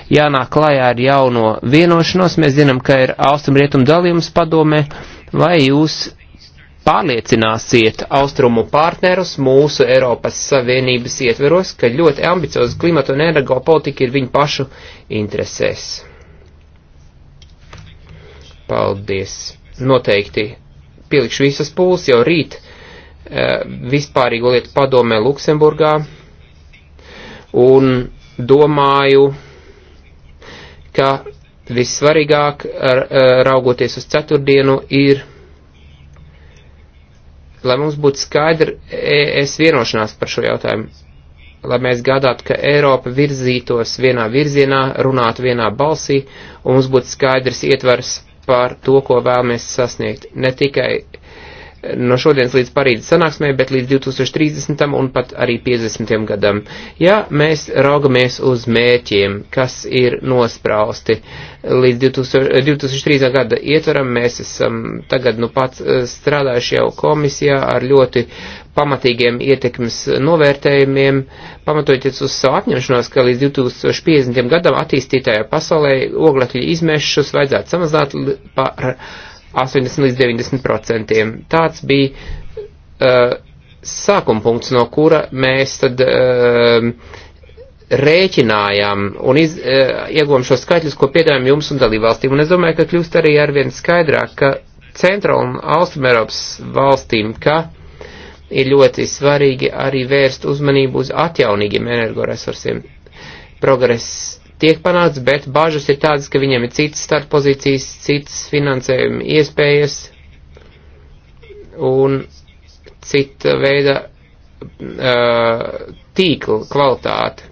jānāk klajā ar jauno vienošanos. Mēs zinām, ka ir austrumrietumu dalījums padomē, vai jūs pārliecināsiet austrumu partnerus mūsu Eiropas Savienības ietveros, ka ļoti ambicioza klimata un energo politika ir viņu pašu interesēs. Paldies! Noteikti pielikšu visas pūles jau rīt eh, vispārīgo lietu padomē Luksemburgā un domāju, ka vissvarīgāk, e, raugoties uz ceturtdienu, ir, lai mums būtu skaidra es vienošanās par šo jautājumu, lai mēs gādātu, ka Eiropa virzītos vienā virzienā, runātu vienā balsī, un mums būtu skaidrs ietvers par to, ko vēlamies sasniegt. Ne tikai no šodienas līdz Parīzes sanāksmē, bet līdz 2030. un pat arī 50. gadam. Ja mēs raugamies uz mēķiem, kas ir nosprausti līdz 2000, 2030. gada ietvaram, mēs esam tagad nu pat eh, strādājuši jau komisijā ar ļoti pamatīgiem ietekmes novērtējumiem, pamatojoties uz savu apņemšanos, ka līdz 2050. gadam attīstītājā pasaulē oglekļa izmešus vajadzētu samazināt par 80 līdz 90 procentiem. Tāds bija uh, sākuma punkts, no kura mēs tad uh, rēķinājām un iz, uh, ieguvām šo skaitļus, ko piedāvājam jums un dalībvalstīm. Un es domāju, ka kļūst arī arvien skaidrāk, ka Centra un Austrumēropas valstīm, ka ir ļoti svarīgi arī vērst uzmanību uz atjaunīgiem energoresursiem. Progress tiek panāts, bet bažas ir tādas, ka viņiem ir citas startpozīcijas, citas finansējuma iespējas un cita veida uh, tīkla kvalitāte,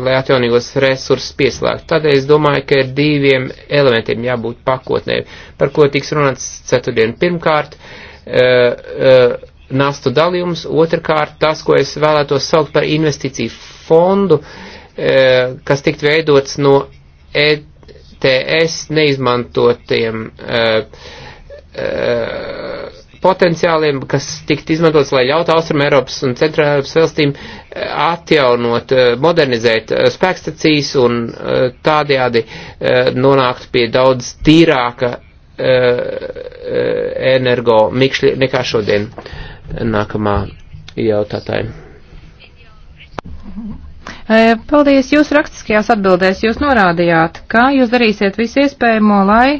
lai atjaunīgos resursus pieslēgtu. Tādēļ es domāju, ka ir diviem elementiem jābūt pakotnē, par ko tiks runāts ceturtdien. Pirmkārt, uh, uh, nastu dalījums, otrkārt tas, ko es vēlētos saukt par investīciju fondu, uh, E, kas tikt veidots no ETS neizmantotiem e, e, potenciāliem, kas tikt izmantots, lai ļautu Austrum Eiropas un Centrā Eiropas valstīm atjaunot, modernizēt spēkstacijas un tādējādi nonākt pie daudz tīrāka energo mikšļa nekā šodien nākamā jautātāja. E, paldies! Jūs rakstiskajās atbildēs jūs norādījāt, kā jūs darīsiet visu iespējamo, lai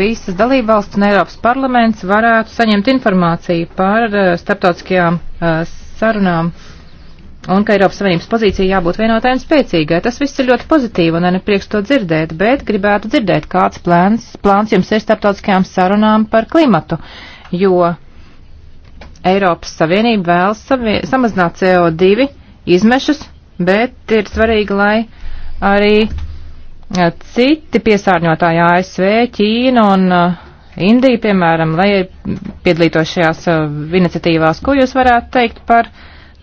visas dalībvalsts un Eiropas parlaments varētu saņemt informāciju par uh, starptautiskajām uh, sarunām un ka Eiropas Savienības pozīcija jābūt vienotai un spēcīgai. Tas viss ir ļoti pozitīvi un ne prieks to dzirdēt, bet gribētu dzirdēt, kāds plāns, plāns jums ir starptautiskajām sarunām par klimatu, jo Eiropas Savienība vēlas savie, samazināt CO2 izmešus bet ir svarīgi, lai arī eh, citi piesārņotāji ASV, Ķīna un eh, Indija, piemēram, lai piedalītos šajās eh, iniciatīvās, ko jūs varētu teikt par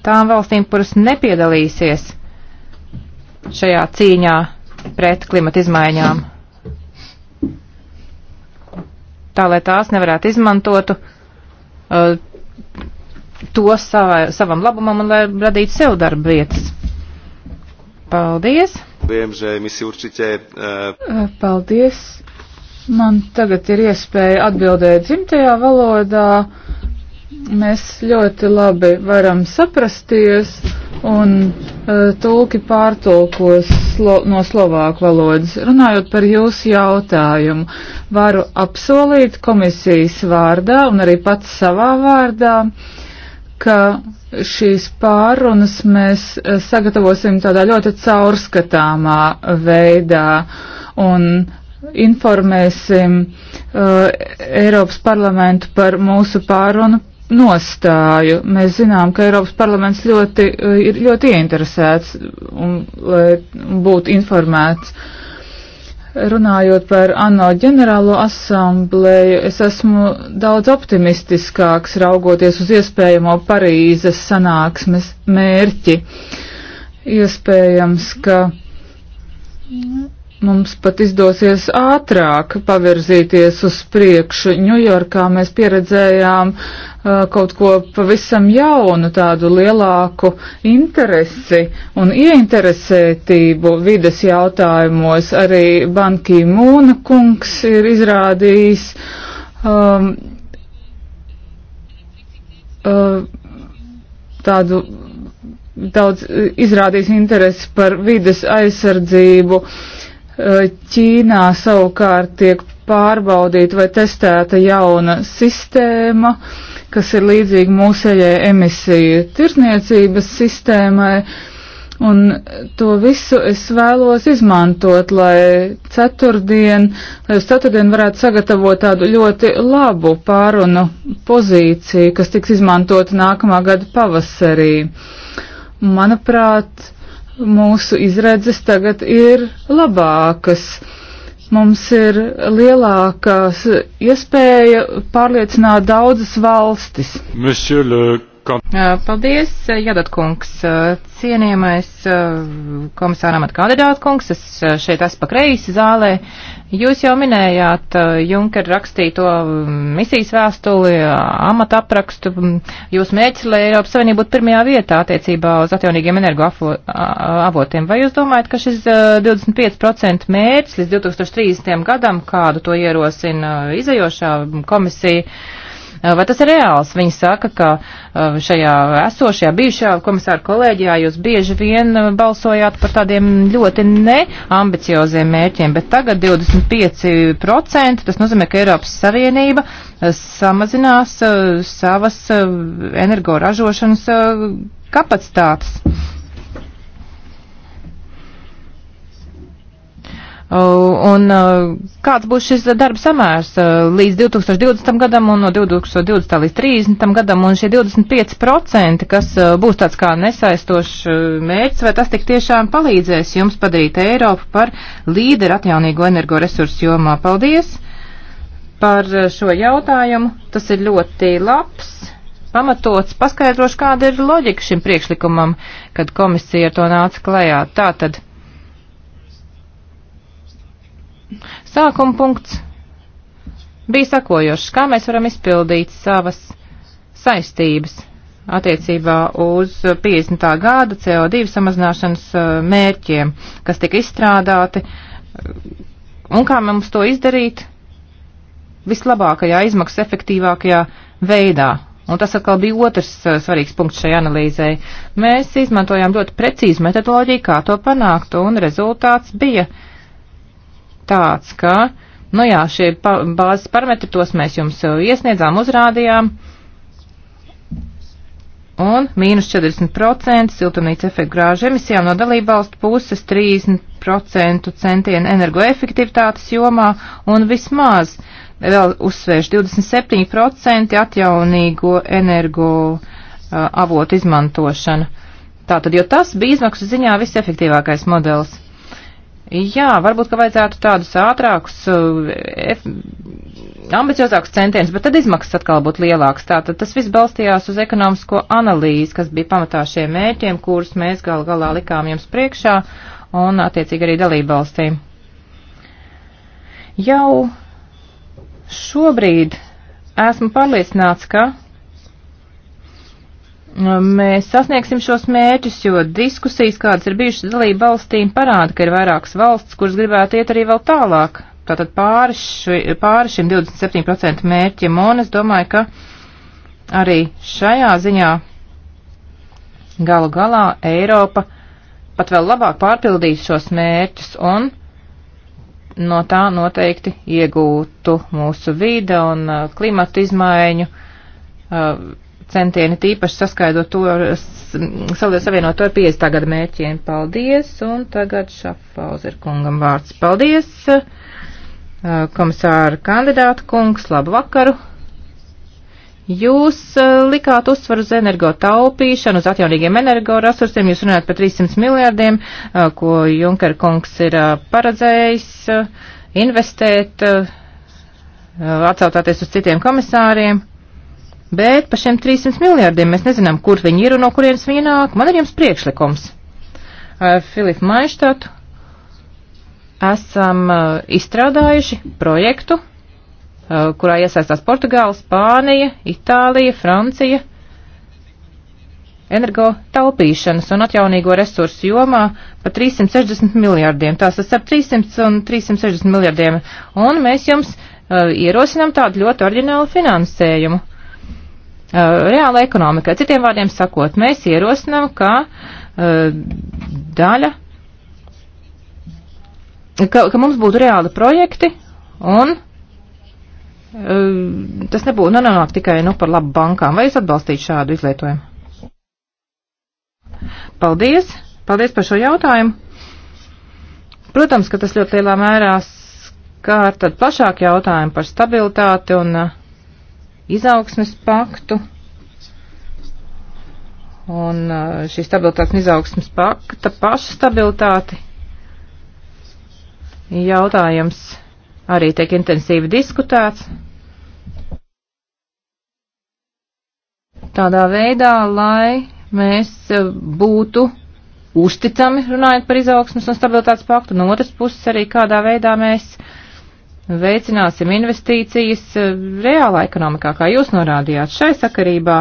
tām valstīm, kuras nepiedalīsies šajā cīņā pret klimata izmaiņām? Tā, lai tās nevarētu izmantotu uh, to savai, savam labumam un lai radītu sev darba vietas. Paldies! Viem, že my si určite... Uh... Paldies! Man tagad ir iespēja atbildēt dzimtajā valodā. Mēs ļoti labi varam saprasties un uh, tulki pārtulkos slo no slovāku valodas. Runājot par jūsu jautājumu, varu apsolīt komisijas vārdā un arī pats savā vārdā. Uh, ka šīs pārunas mēs eh, sagatavosim tādā ļoti caurskatāmā veidā un informēsim uh, Eiropas parlamentu par mūsu pārunu nostāju. Mēs zinām, ka Eiropas parlaments ļoti, eh, ir ļoti ieinteresēts un, um, lai būtu informēts uh, runājot par ANO ģenerālo asambleju, es esmu daudz optimistiskāks raugoties uz iespējamo Parīzes sanāksmes mērķi. Iespējams, ka mums pat izdosies ātrāk pavirzīties uz priekšu. Ņujorkā mēs pieredzējām uh, kaut ko pavisam jaunu, tādu lielāku interesi un ieinteresētību vides jautājumos. Arī Bankī Mūna kungs ir izrādījis. Um, uh, tādu daudz izrādījis interesi par vides aizsardzību. Uh, Eh, Ķīnā savukārt tiek pārbaudīta vai testēta jauna sistēma, kas ir līdzīga mūsējai emisiju tirzniecības sistēmai. Un to visu es vēlos izmantot, lai ceturtdien, lai uz ceturtdien varētu sagatavot tādu ļoti labu pārunu pozīciju, kas tiks izmantota nākamā gada pavasarī. Manuprāt, mūsu izredzes tagad ir labākas. Mums ir lielākas iespēja pārliecināt daudzas valstis. Monsieur le Paldies, Jadat kungs, cienījamais komisāram at kandidātu kungs, es šeit esmu pa kreisi zālē. Jūs jau minējāt Junker rakstīto misijas vēstuli, amata aprakstu, jūs mēģināt, lai Eiropas Savienība būtu pirmajā vietā attiecībā uz atjaunīgiem energoavotiem. Vai jūs domājat, ka šis 25% mērķis līdz 2030. gadam, kādu to ierosina izajošā komisija, Eh, vai tas ir reāls? Viņi saka, ka eh, šajā esošajā bijušajā komisāra kolēģijā jūs bieži vien eh, balsojāt par tādiem ļoti neambicioziem mērķiem, bet tagad 25% tas nozīmē, ka Eiropas Savienība samazinās savas energoražošanas kapacitātes. Uh, un uh, kāds būs šis darba samērs uh, līdz 2020. gadam un no 2020. līdz 30. gadam un šie 25%, kas būs tāds kā nesaistošs mērķis, vai tas tik tiešām palīdzēs jums padarīt Eiropu par līderu atjaunīgo energoresursu jomā? Paldies par šo jautājumu. Tas ir ļoti labs, pamatots. Paskaidrošu, kāda ir loģika šim priekšlikumam, kad komisija ar to nāca klajā. Tātad Sākuma punkts bija sakojošs, kā mēs varam izpildīt savas saistības attiecībā uz 50. gada CO2 samazināšanas uh, mērķiem, kas tika izstrādāti, un kā mums to izdarīt vislabākajā, izmaksas efektīvākajā veidā. Un tas atkal bija otrs uh, svarīgs punkts šai analīzē. Mēs izmantojām ļoti precīzu metodoloģiju, kā to panākt, un rezultāts bija uh, tāds, ka, nu jā, šie pa bāzes parametri, tos mēs jums uh, iesniedzām, uzrādījām. Un mīnus 40% siltumnīca efekta grāžu emisijām no dalībvalstu puses, 30% centienu energoefektivitātes jomā un vismaz vēl uzsvērš 27% atjaunīgo energo uh, avotu izmantošana. Tātad, jo tas bija izmaksu ziņā visefektīvākais modelis. Jā, varbūt, ka vajadzētu tādus ātrākus, eh, ambiciozākus centienus, bet tad izmaksas atkal būtu lielākas. Tātad tas viss balstījās uz ekonomisko analīzi, kas bija pamatā šiem mērķiem, kurus mēs gal galā likām jums priekšā un attiecīgi arī dalībvalstīm. Jau šobrīd esmu pārliecināts, ka mēs sasniegsim šos mērķus, jo diskusijas, kādas ir bijušas dalību valstīm, parāda, ka ir vairākas valsts, kuras gribētu iet arī vēl tālāk. Tātad pāri, ši, pāri šim 27% mērķim, un es domāju, ka arī šajā ziņā galu galā Eiropa pat vēl labāk pārpildīs šos mērķus un no tā noteikti iegūtu mūsu vīda un uh, klimata izmaiņu uh, centieni tīpaši saskaidot to, savienot to ar 50. gada mērķiem. Paldies, un tagad Šafauzer kungam vārds. Paldies, komisāra kandidāta kungs, labu vakaru. Jūs likāt uzsvaru uz energo taupīšanu, uz atjaunīgiem energoresursiem, jūs runājat par 300 miljārdiem, ko Junker kungs ir paredzējis investēt, atsautāties uz citiem komisāriem. Bet par šiem 300 miljārdiem mēs nezinām, kur viņi ir un no kurienes viņi nāk. Man ir jums priekšlikums. Ar Filipu Maištatu esam uh, izstrādājuši projektu, uh, kurā iesaistās Portugāla, Spānija, Itālija, Francija energo taupīšanas un atjaunīgo resursu jomā par 360 miljārdiem. Tās ir starp 300 un 360 miljārdiem. Un mēs jums uh, ierosinām tādu ļoti orģinālu finansējumu. Uh, Eh, reāla ekonomika. Citiem vārdiem sakot, mēs ierosinām, ka uh, daļa, ka, ka mums būtu reāli projekti un uh, tas nebūtu nu, nenonāk tikai nu, par labu bankām. Vai es atbalstītu šādu izlietojumu? Paldies! Paldies par šo jautājumu! Protams, ka tas ļoti lielā mērā skār tad plašāk jautājumu par stabilitāti un uh, izaugsmes paktu. Un uh, šī stabilitātes un izaugsmes pakta paša stabilitāte jautājums arī tiek intensīvi diskutēts. Tādā veidā, lai mēs uh, būtu uzticami runājot par izaugsmas un stabilitātes paktu, no otras puses arī kādā veidā mēs uh, veicināsim investīcijas eh, reālā ekonomikā, kā jūs norādījāt. Šai sakarībā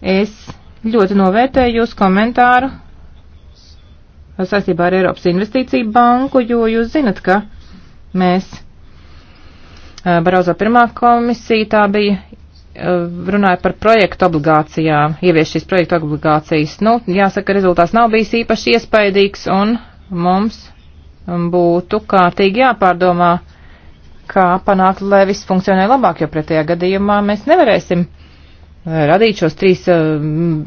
es ļoti novērtēju jūsu komentāru saistībā ar Eiropas investīciju banku, jo jūs zinat, ka mēs eh, Barauzo pirmā komisija tā bija eh, runāja par projektu obligācijām, ievies šīs projektu obligācijas. Nu, jāsaka, rezultāts nav bijis īpaši iespaidīgs un mums Um, būtu kārtīgi jāpārdomā, kā panākt, lai viss funkcionē labāk, jo pretējā gadījumā mēs nevarēsim uh, radīt šos 3,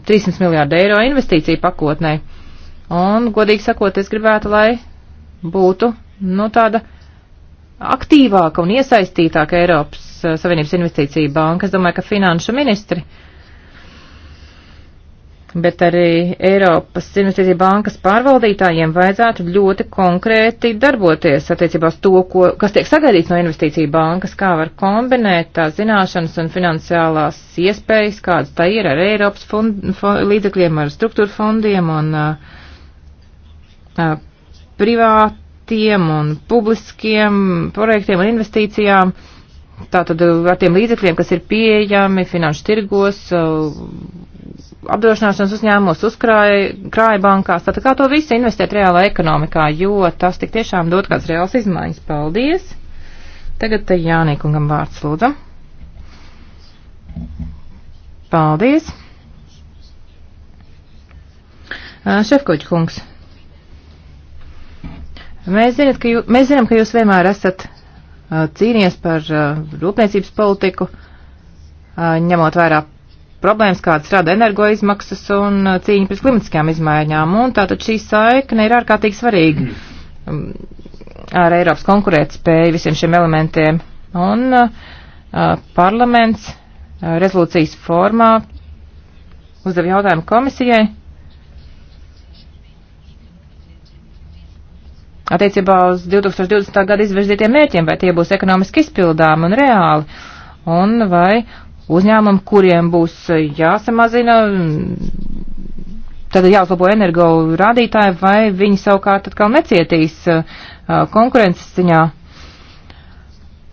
300 uh, miljārdu eiro investīciju pakotnē. Un, godīgi sakot, es gribētu, lai būtu, nu, tāda aktīvāka un iesaistītāka Eiropas uh, Savienības investīcija banka. Es domāju, ka finanšu ministri uh, bet arī Eiropas Investīcija bankas pārvaldītājiem vajadzētu ļoti konkrēti darboties attiecībā uz to, ko, kas tiek sagaidīts no Investīcija bankas, kā var kombinēt tās zināšanas un finansiālās iespējas, kādas tā ir ar Eiropas fond, fond, līdzekļiem, ar struktūra fondiem un uh, uh, privātiem un publiskiem projektiem un investīcijām. Uh, Tātad eh, ar tiem līdzekļiem, kas ir pieejami finanšu tirgos, eh, apdrošināšanas uzņēmumos, uzkrāja bankās, tātad kā to visu investēt reālā ekonomikā, jo tas tik tiešām dod kāds reāls izmaiņas. Paldies! Tagad te Jānīkungam vārds lūdzu. Paldies! Eh, Šefkoģi kungs, mēs, ziniet, ka jū, mēs zinām, ka jūs vienmēr esat cīnījies par rūpniecības politiku, ņemot vērā problēmas, kādas rada energoizmaksas un cīņa pret klimatiskajām izmaiņām. Un tātad šī saikne ir ārkārtīgi svarīga um, ar Eiropas konkurētspēju visiem šiem elementiem. Un uh, parlaments uh, rezolūcijas formā uzdev jautājumu komisijai attiecībā uz 2020. gada izvirzītiem mērķiem, vai tie būs ekonomiski izpildām un reāli, un vai uzņēmumi, kuriem būs jāsamazina, tad jāuzlabo energo rādītāji, vai viņi savukārt atkal necietīs uh, konkurences ziņā.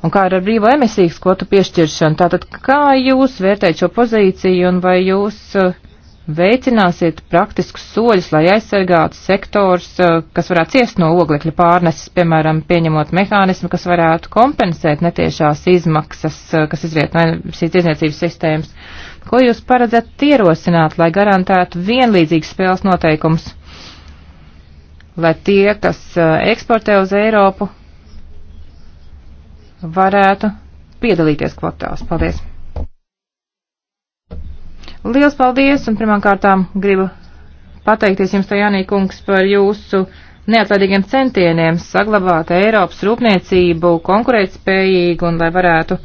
Un kā ar brīvo emisijas kvotu piešķiršanu? Tātad, kā jūs vērtējat šo pozīciju un vai jūs uh, veicināsiet praktiskus soļus, lai aizsargātu sektors, eh, kas varētu ciest no oglekļa pārneses, piemēram, pieņemot mehānismu, kas varētu kompensēt netiešās izmaksas, eh, kas izriet no šīs tirdzniecības sistēmas. Ko jūs paredzat ierosināt, lai garantētu vienlīdzīgas spēles noteikumus, lai tie, kas eh, eksportē uz Eiropu, varētu piedalīties kvotās? Paldies! Liels paldies un pirmām kārtām gribu pateikties jums, Tajānī kungs, par jūsu neatlaidīgiem centieniem saglabāt Eiropas rūpniecību konkurētspējīgu un lai varētu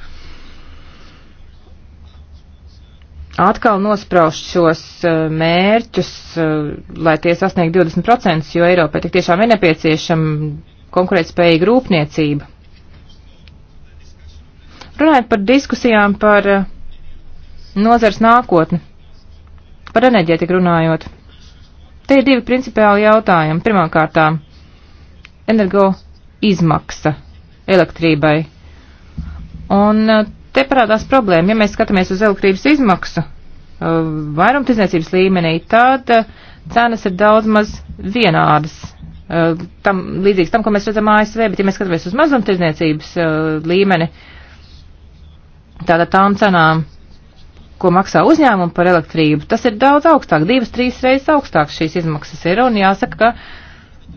atkal nospraust šos eh, mērķus, eh, lai tie sasniegtu 20%, jo Eiropai tik tiešām ir nepieciešama konkurētspējīga rūpniecība. Runājot par diskusijām par eh, nozars nākotni. Par enerģētiku runājot. Te ir divi principiāli jautājumi. Pirmkārtām, energo izmaksa elektrībai. Un eh, te parādās problēma, ja mēs skatāmies uz elektrības izmaksu eh, vairumtirdzniecības līmenī, tad eh, cenas ir daudz maz vienādas. Tam, līdzīgs tam, ko mēs redzam ASV, bet ja mēs skatāmies uz mazumtirdzniecības līmeni, tātad tām cenām, ko maksā uzņēmumu par elektrību, tas ir daudz augstāk, divas, trīs reizes augstāk šīs izmaksas ir, un jāsaka, ka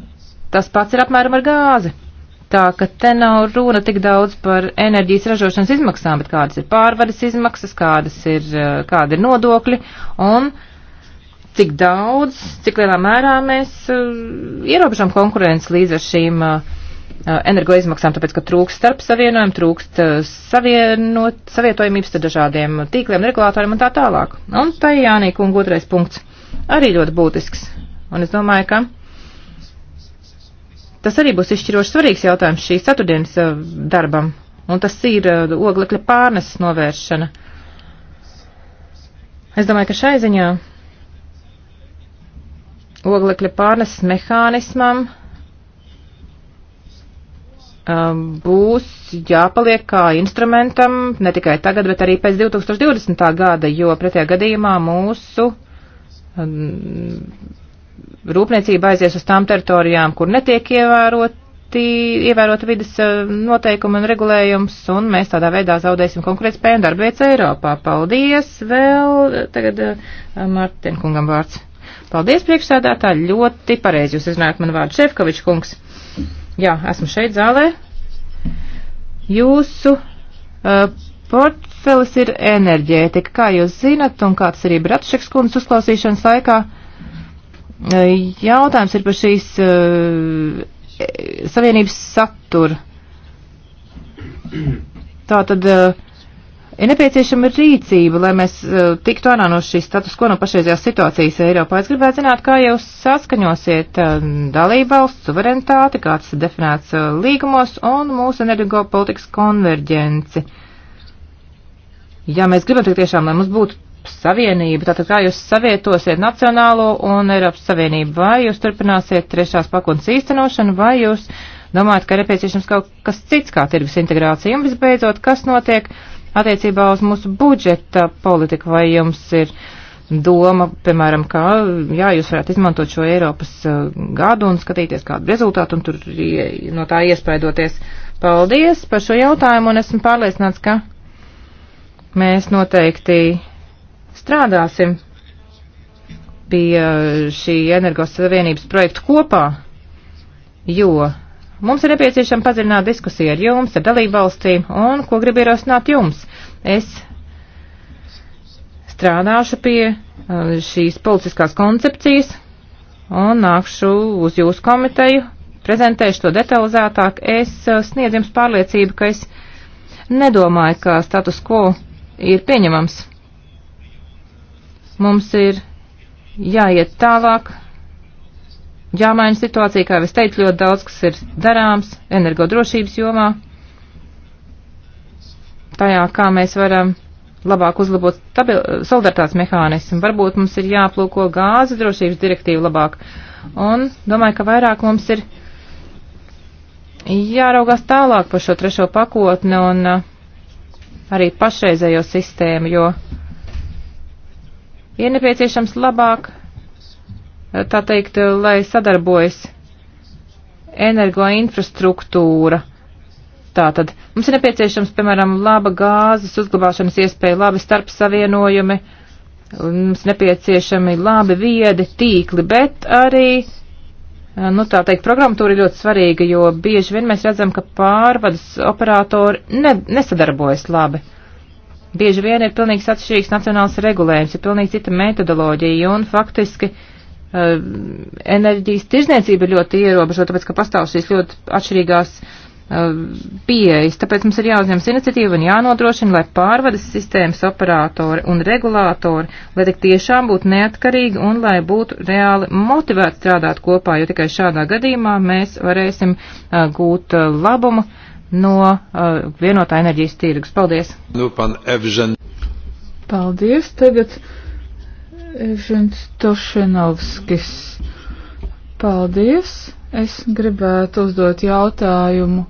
tas pats ir apmēram ar gāzi. Tā ka te nav runa tik daudz par enerģijas ražošanas izmaksām, bet kādas ir pārvades izmaksas, kādas ir, eh, kāda ir nodokļi un cik daudz, cik lielā mērā mēs uh, ierobežam konkurences līdz ar šīm uh, Uh, energoizmaksām, tāpēc, ka trūkst uh, starp savienojumu, trūkst savienot, savietojumības ar dažādiem tīkliem, regulātoriem un tā tālāk. Un tā Jānī kunga otrais punkts arī ļoti būtisks. Un es domāju, ka tas arī būs izšķiroši svarīgs jautājums šīs ceturtdienas uh, darbam. Un tas ir oglekļa pārneses novēršana. Es domāju, ka šai ziņā oglekļa pārneses mehānismam Um, būs jāpaliek kā instrumentam ne tikai tagad, bet arī pēc 2020. gada, jo pretējā gadījumā mūsu um, rūpniecība aizies uz tām teritorijām, kur netiek ievēroti, ievēroti vidas uh, noteikumi un regulējums, un mēs tādā veidā zaudēsim konkurētspēju un darbvietas Eiropā. Paldies! Vēl uh, tagad uh, Martin kungam vārds. Paldies, priekšsēdētāji! Ļoti pareizi jūs izrunājat man vārdu Šefkovičs kungs. Jā, esmu šeit zālē. Jūsu uh, portfelis ir enerģētika, kā jūs zinat, un kāds arī Bratšeks kundas uzklausīšanas laikā. Uh, jautājums ir par šīs uh, savienības saturu. (clears throat) Tātad. Uh, Ir nepieciešama rīcība, lai mēs eh, tiktu ārā no šīs status quo, no pašreizējās situācijas Eiropā. Es gribētu zināt, kā jūs saskaņosiet eh, dalībvalsts suverenitāti, kā tas ir definēts eh, līgumos, un mūsu energo politikas konverģenci. Ja mēs gribam tik tiešām, lai mums būtu Savienība, tātad kā jūs savietosiet Nacionālo un Eiropas Savienību, vai jūs turpināsiet trešās pakotnes īstenošanu, vai jūs domājat, ka ir nepieciešams kaut kas cits kā tirgus integrācija, un visbeidzot, kas notiek? Uh, attiecībā uz mūsu budžeta politiku, vai jums ir doma, piemēram, kā, jā, jūs varētu izmantot šo Eiropas uh, gadu un skatīties kādu rezultātu un tur no tā iespaidoties. Paldies par šo jautājumu un esmu pārliecināts, ka mēs noteikti strādāsim pie uh, šī energosavienības projekta kopā, jo Mums ir nepieciešama padziļināt diskusija ar jums, ar dalībvalstīm, un ko gribu ierosināt jums. Es strādāšu pie uh, šīs politiskās koncepcijas un nākšu uz jūsu komiteju, prezentēšu to detalizētāk. Es uh, sniedzu jums pārliecību, ka es nedomāju, ka status quo ir pieņemams. Mums ir jāiet tālāk, jāmaina situācija, kā jau es teicu, ļoti daudz, kas ir darāms energodrošības jomā, tajā, kā mēs varam labāk uzlabot solidaritātes mehānismu. Varbūt mums ir jāplūko gāzes drošības direktīva labāk. Un domāju, ka vairāk mums ir jāraugās tālāk par šo trešo pakotni un uh, arī pašreizējo sistēmu, jo ir nepieciešams labāk tā teikt, lai sadarbojas energoinfrastruktūra. Tātad mums ir nepieciešams, piemēram, laba gāzes uzglabāšanas iespēja, labi starpsavienojumi, mums nepieciešami labi viedi tīkli, bet arī, nu tā teikt, programmatūra ir ļoti svarīga, jo bieži vien mēs redzam, ka pārvades operatori ne, nesadarbojas labi. Bieži vien ir pilnīgs atšķirīgs nacionāls regulējums, ir pilnīgi cita metodoloģija un faktiski uh, Eh, enerģijas tirzniecība ir ļoti ierobežota, tāpēc, ka pastāv šīs ļoti atšķirīgās eh, pieejas. Tāpēc mums ir jāuzņems iniciatīva un jānodrošina, lai pārvades sistēmas operatori un regulātori, lai tik tiešām būtu neatkarīgi un lai būtu reāli motivēti strādāt kopā, jo tikai šādā gadījumā mēs varēsim eh, gūt labumu no vienotā enerģijas tirgus. Paldies! Nu, Paldies! Tagad Žins Tošinovskis. Paldies! Es gribētu uzdot jautājumu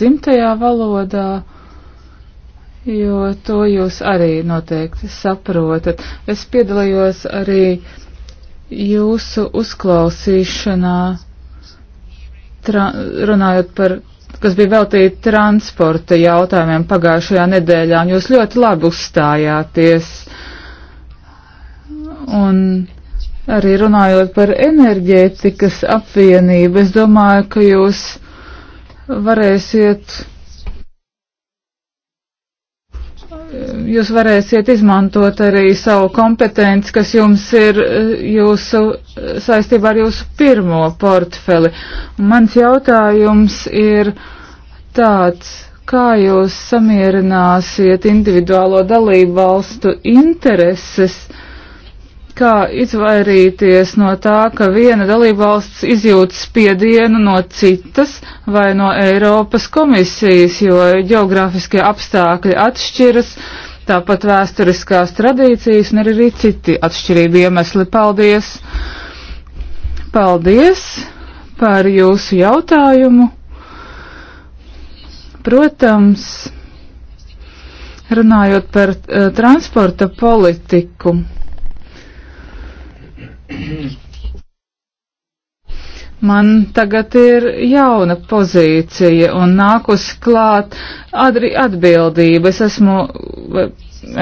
dzimtajā valodā, jo to jūs arī noteikti saprotat. Es piedalījos arī jūsu uzklausīšanā, runājot par, kas bija veltīti transporta jautājumiem pagājušajā nedēļā, un jūs ļoti labi uzstājāties. Uh, Un arī runājot par enerģētikas apvienību, es domāju, ka jūs varēsiet. Jūs varēsiet izmantot arī savu kompetenci, kas jums ir eh, jūsu, saistībā ar jūsu pirmo portfeli. Un mans jautājums ir tāds, kā jūs samierināsiet individuālo dalību valstu intereses uh, kā izvairīties no tā, ka viena dalībvalsts izjūt spiedienu no citas vai no Eiropas komisijas, jo geogrāfiskie apstākļi atšķiras, tāpat vēsturiskās tradīcijas un arī citi atšķirību iemesli. Paldies! Paldies par jūsu jautājumu! Protams, runājot par uh, transporta politiku. Man tagad ir jauna pozīcija un nākus klāt atbildība. Es esmu eh,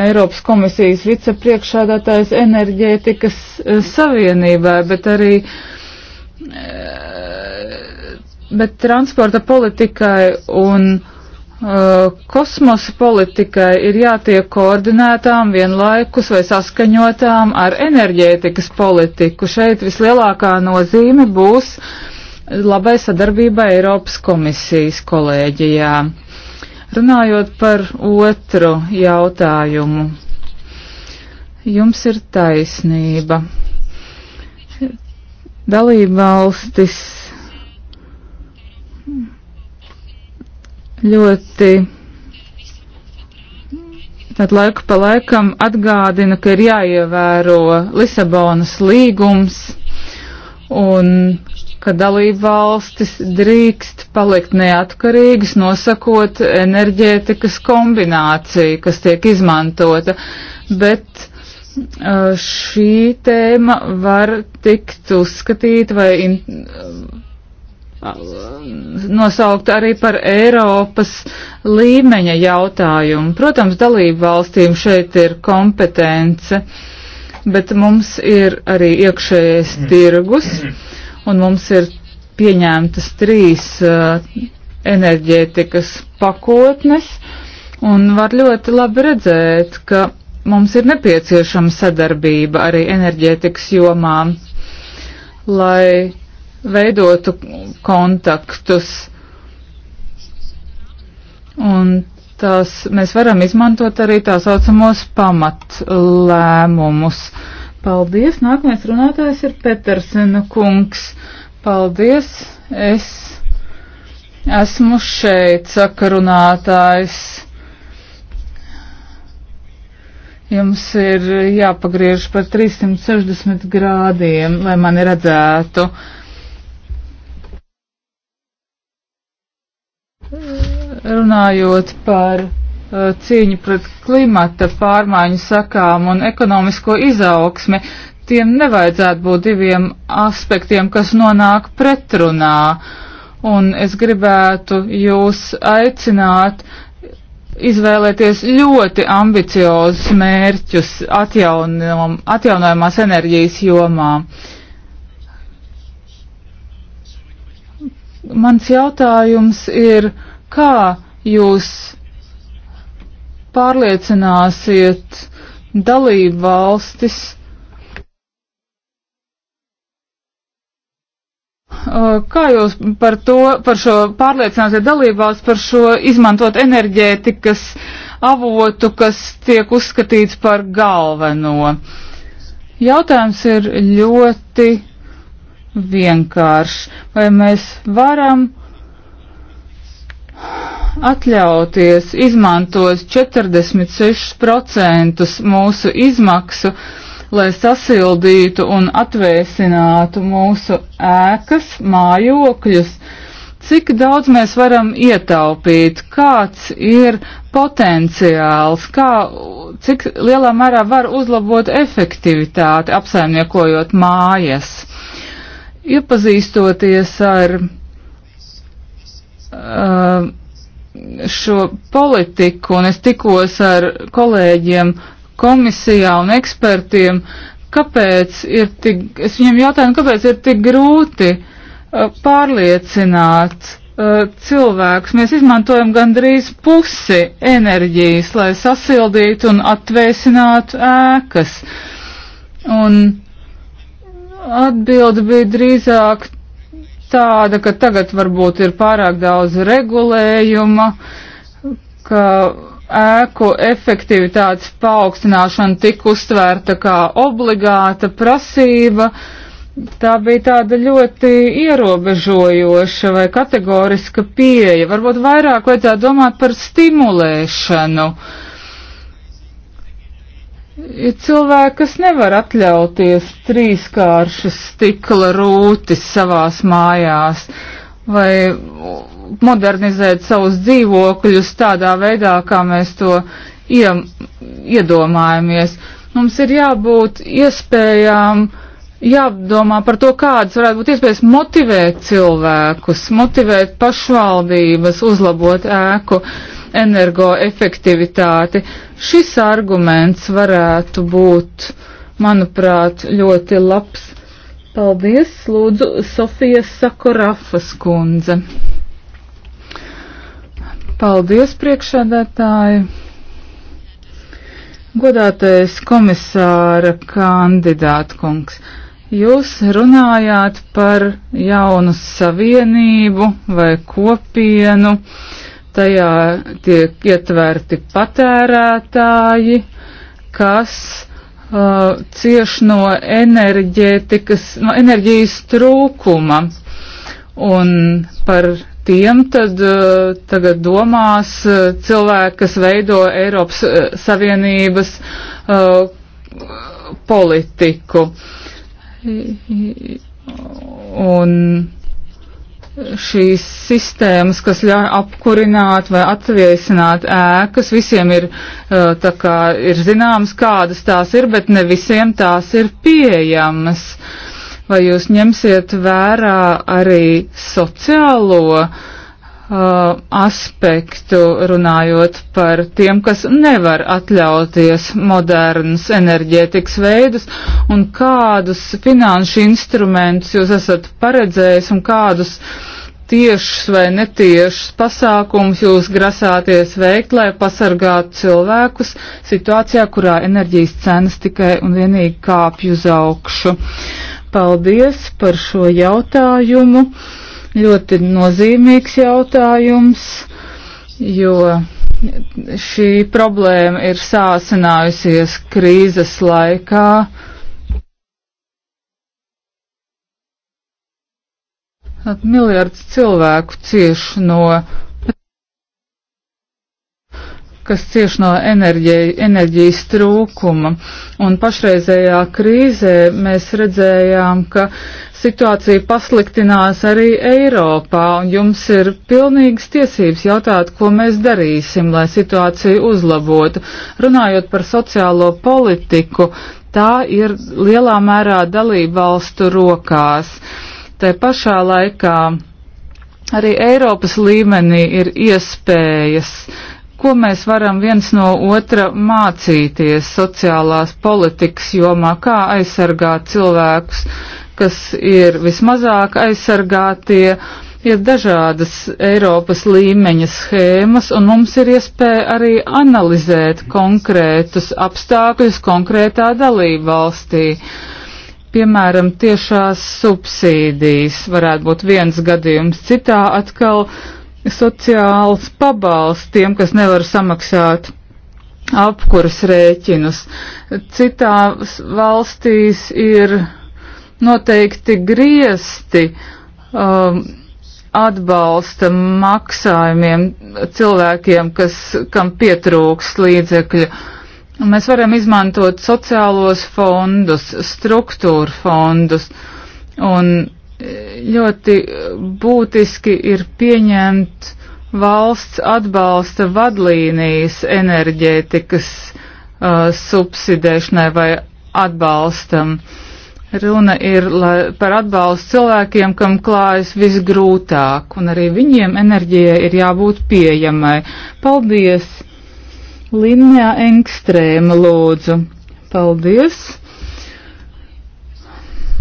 Eiropas komisijas vicepriekšādātājs enerģētikas eh, savienībai, bet arī eh, bet transporta politikai un Uh, kosmosa politikai ir jātiek koordinētām vienlaikus vai saskaņotām ar enerģētikas politiku. Šeit vislielākā nozīme būs labai sadarbība Eiropas komisijas kolēģijā. Runājot par otru jautājumu, jums ir taisnība. Dalībvalstis ļoti tad laiku pa laikam atgādina, ka ir jāievēro Lisabonas līgums un ka dalība valstis drīkst palikt neatkarīgas, nosakot enerģētikas kombināciju, kas tiek izmantota, bet uh, šī tēma var tikt uzskatīta vai in, Uh, nosaukt arī par Eiropas līmeņa jautājumu. Protams, dalību valstīm šeit ir kompetence, bet mums ir arī iekšējais mm. tirgus, mm. un mums ir pieņemtas trīs uh, enerģētikas pakotnes, un var ļoti labi redzēt, ka mums ir nepieciešama sadarbība arī enerģētikas jomā, lai veidotu kontaktus. Un tās mēs varam izmantot arī tā saucamos pamatlēmumus. Paldies! Nākamais runātājs ir Petersena kungs. Paldies! Es esmu šeit, saka runātājs. Jums ir jāpagriež par 360 grādiem, lai mani redzētu. Uh, Runājot par uh, cīņu pret klimata pārmaiņu sakām un ekonomisko izaugsmi, tiem nevajadzētu būt diviem aspektiem, kas nonāk pretrunā. Un es gribētu jūs aicināt izvēlēties ļoti ambiciozus mērķus atjaunojumās enerģijas jomā. Uh, Mans jautājums ir, kā jūs pārliecināsiet dalību valstis, Kā jūs par to, par šo pārliecināsiet dalībvalsts par šo izmantot enerģētikas avotu, kas tiek uzskatīts par galveno? Jautājums ir ļoti vienkāršs. Vai mēs varam atļauties izmantot 46% mūsu izmaksu, lai sasildītu un atvēsinātu mūsu ēkas, mājokļus? Cik daudz mēs varam ietaupīt, kāds ir potenciāls, kā, cik lielā mērā var uzlabot efektivitāti apsaimniekojot mājas? Iepazīstoties ar uh, šo politiku, un es tikos ar kolēģiem komisijā un ekspertiem, kāpēc ir tik, es viņiem jautāju, nu, kāpēc ir tik grūti uh, pārliecināt uh, cilvēkus. Mēs izmantojam gandrīz pusi enerģijas, lai sasildītu un atvēsinātu ēkas. Un Atbilde bija drīzāk tāda, ka tagad varbūt ir pārāk daudz regulējuma, ka ēku efektivitātes paaugstināšana tika uztvērta kā obligāta prasība. Tā bija tāda ļoti ierobežojoša vai kategoriska pieeja. Varbūt vairāk vajadzētu domāt par stimulēšanu. Uh, Ir cilvēki, kas nevar atļauties trīskāršas stikla rūtis savās mājās vai modernizēt savus dzīvokļus tādā veidā, kā mēs to iem, iedomājamies. Mums ir jābūt iespējām, jādomā par to, kādas varētu būt iespējas motivēt cilvēkus, motivēt pašvaldības, uzlabot ēku. Uh, energoefektivitāti. Šis arguments varētu būt, manuprāt, ļoti labs. Paldies, lūdzu, Sofijas Sakorafas kundze. Paldies, priekšādātāji. Godātais komisāra kandidātkungs. Jūs runājāt par jaunu savienību vai kopienu, tajā tiek ietverti patērētāji, kas uh, cieš no enerģētikas, no enerģijas trūkuma. Un par tiem tad uh, tagad domās uh, cilvēki, kas veido Eiropas uh, Savienības uh, politiku. Un šīs sistēmas, kas ļauj apkurināt vai atviesināt ēkas, visiem ir, tā kā, ir zināms, kādas tās ir, bet ne visiem tās ir pieejamas. Vai jūs ņemsiet vērā arī sociālo uh, Uh, aspektu, runājot par tiem, kas nevar atļauties modernas enerģētikas veidus, un kādus finanšu instrumentus jūs esat paredzējis un kādus tiešus vai netiešus pasākumus jūs grasāties veikt, lai pasargātu cilvēkus situācijā, kurā enerģijas cenas tikai un vienīgi kāpj uz augšu. Paldies par šo jautājumu. Uh, ļoti nozīmīgs jautājums, jo šī problēma ir sāsinājusies krīzes laikā. Miljards cilvēku cieš no kas cieš no enerģija, enerģijas trūkuma. Un pašreizējā krīzē mēs redzējām, ka situācija pasliktinās arī Eiropā, un jums ir pilnīgas tiesības jautāt, ko mēs darīsim, lai situāciju uzlabotu. Runājot par sociālo politiku, tā ir lielā mērā dalība valstu rokās. Te pašā laikā arī Eiropas līmenī ir iespējas Ko mēs varam viens no otra mācīties sociālās politikas jomā, kā aizsargāt cilvēkus, kas ir vismazāk aizsargātie, ir dažādas Eiropas līmeņa schēmas, un mums ir iespēja arī analizēt konkrētus apstākļus konkrētā dalība valstī. Piemēram, tiešās subsīdijas varētu būt viens gadījums, citā atkal sociāls pabalsts tiem, kas nevar samaksāt apkuras rēķinus. Citās valstīs ir noteikti griesti um, atbalsta maksājumiem cilvēkiem, kas, kam pietrūks līdzekļu. Mēs varam izmantot sociālos fondus, struktūru fondus, un ļoti būtiski ir pieņemt valsts atbalsta vadlīnijas enerģētikas uh, subsidēšanai vai atbalstam. Runa ir lai, par atbalstu cilvēkiem, kam klājas visgrūtāk, un arī viņiem enerģijai ir jābūt pieejamai. Paldies! Linnea Engstrēma lūdzu. Paldies!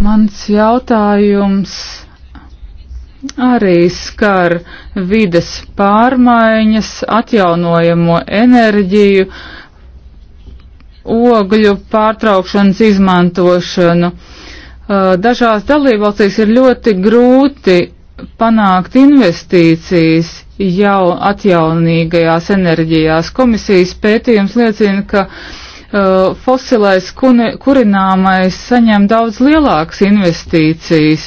Mans jautājums arī skar vides pārmaiņas, atjaunojamo enerģiju, ogļu pārtraukšanas izmantošanu. Dažās dalībvalstīs ir ļoti grūti panākt investīcijas jau atjaunīgajās enerģijās. Komisijas pētījums liecina, ka Uh, fosilais kurināmais saņem daudz lielākas investīcijas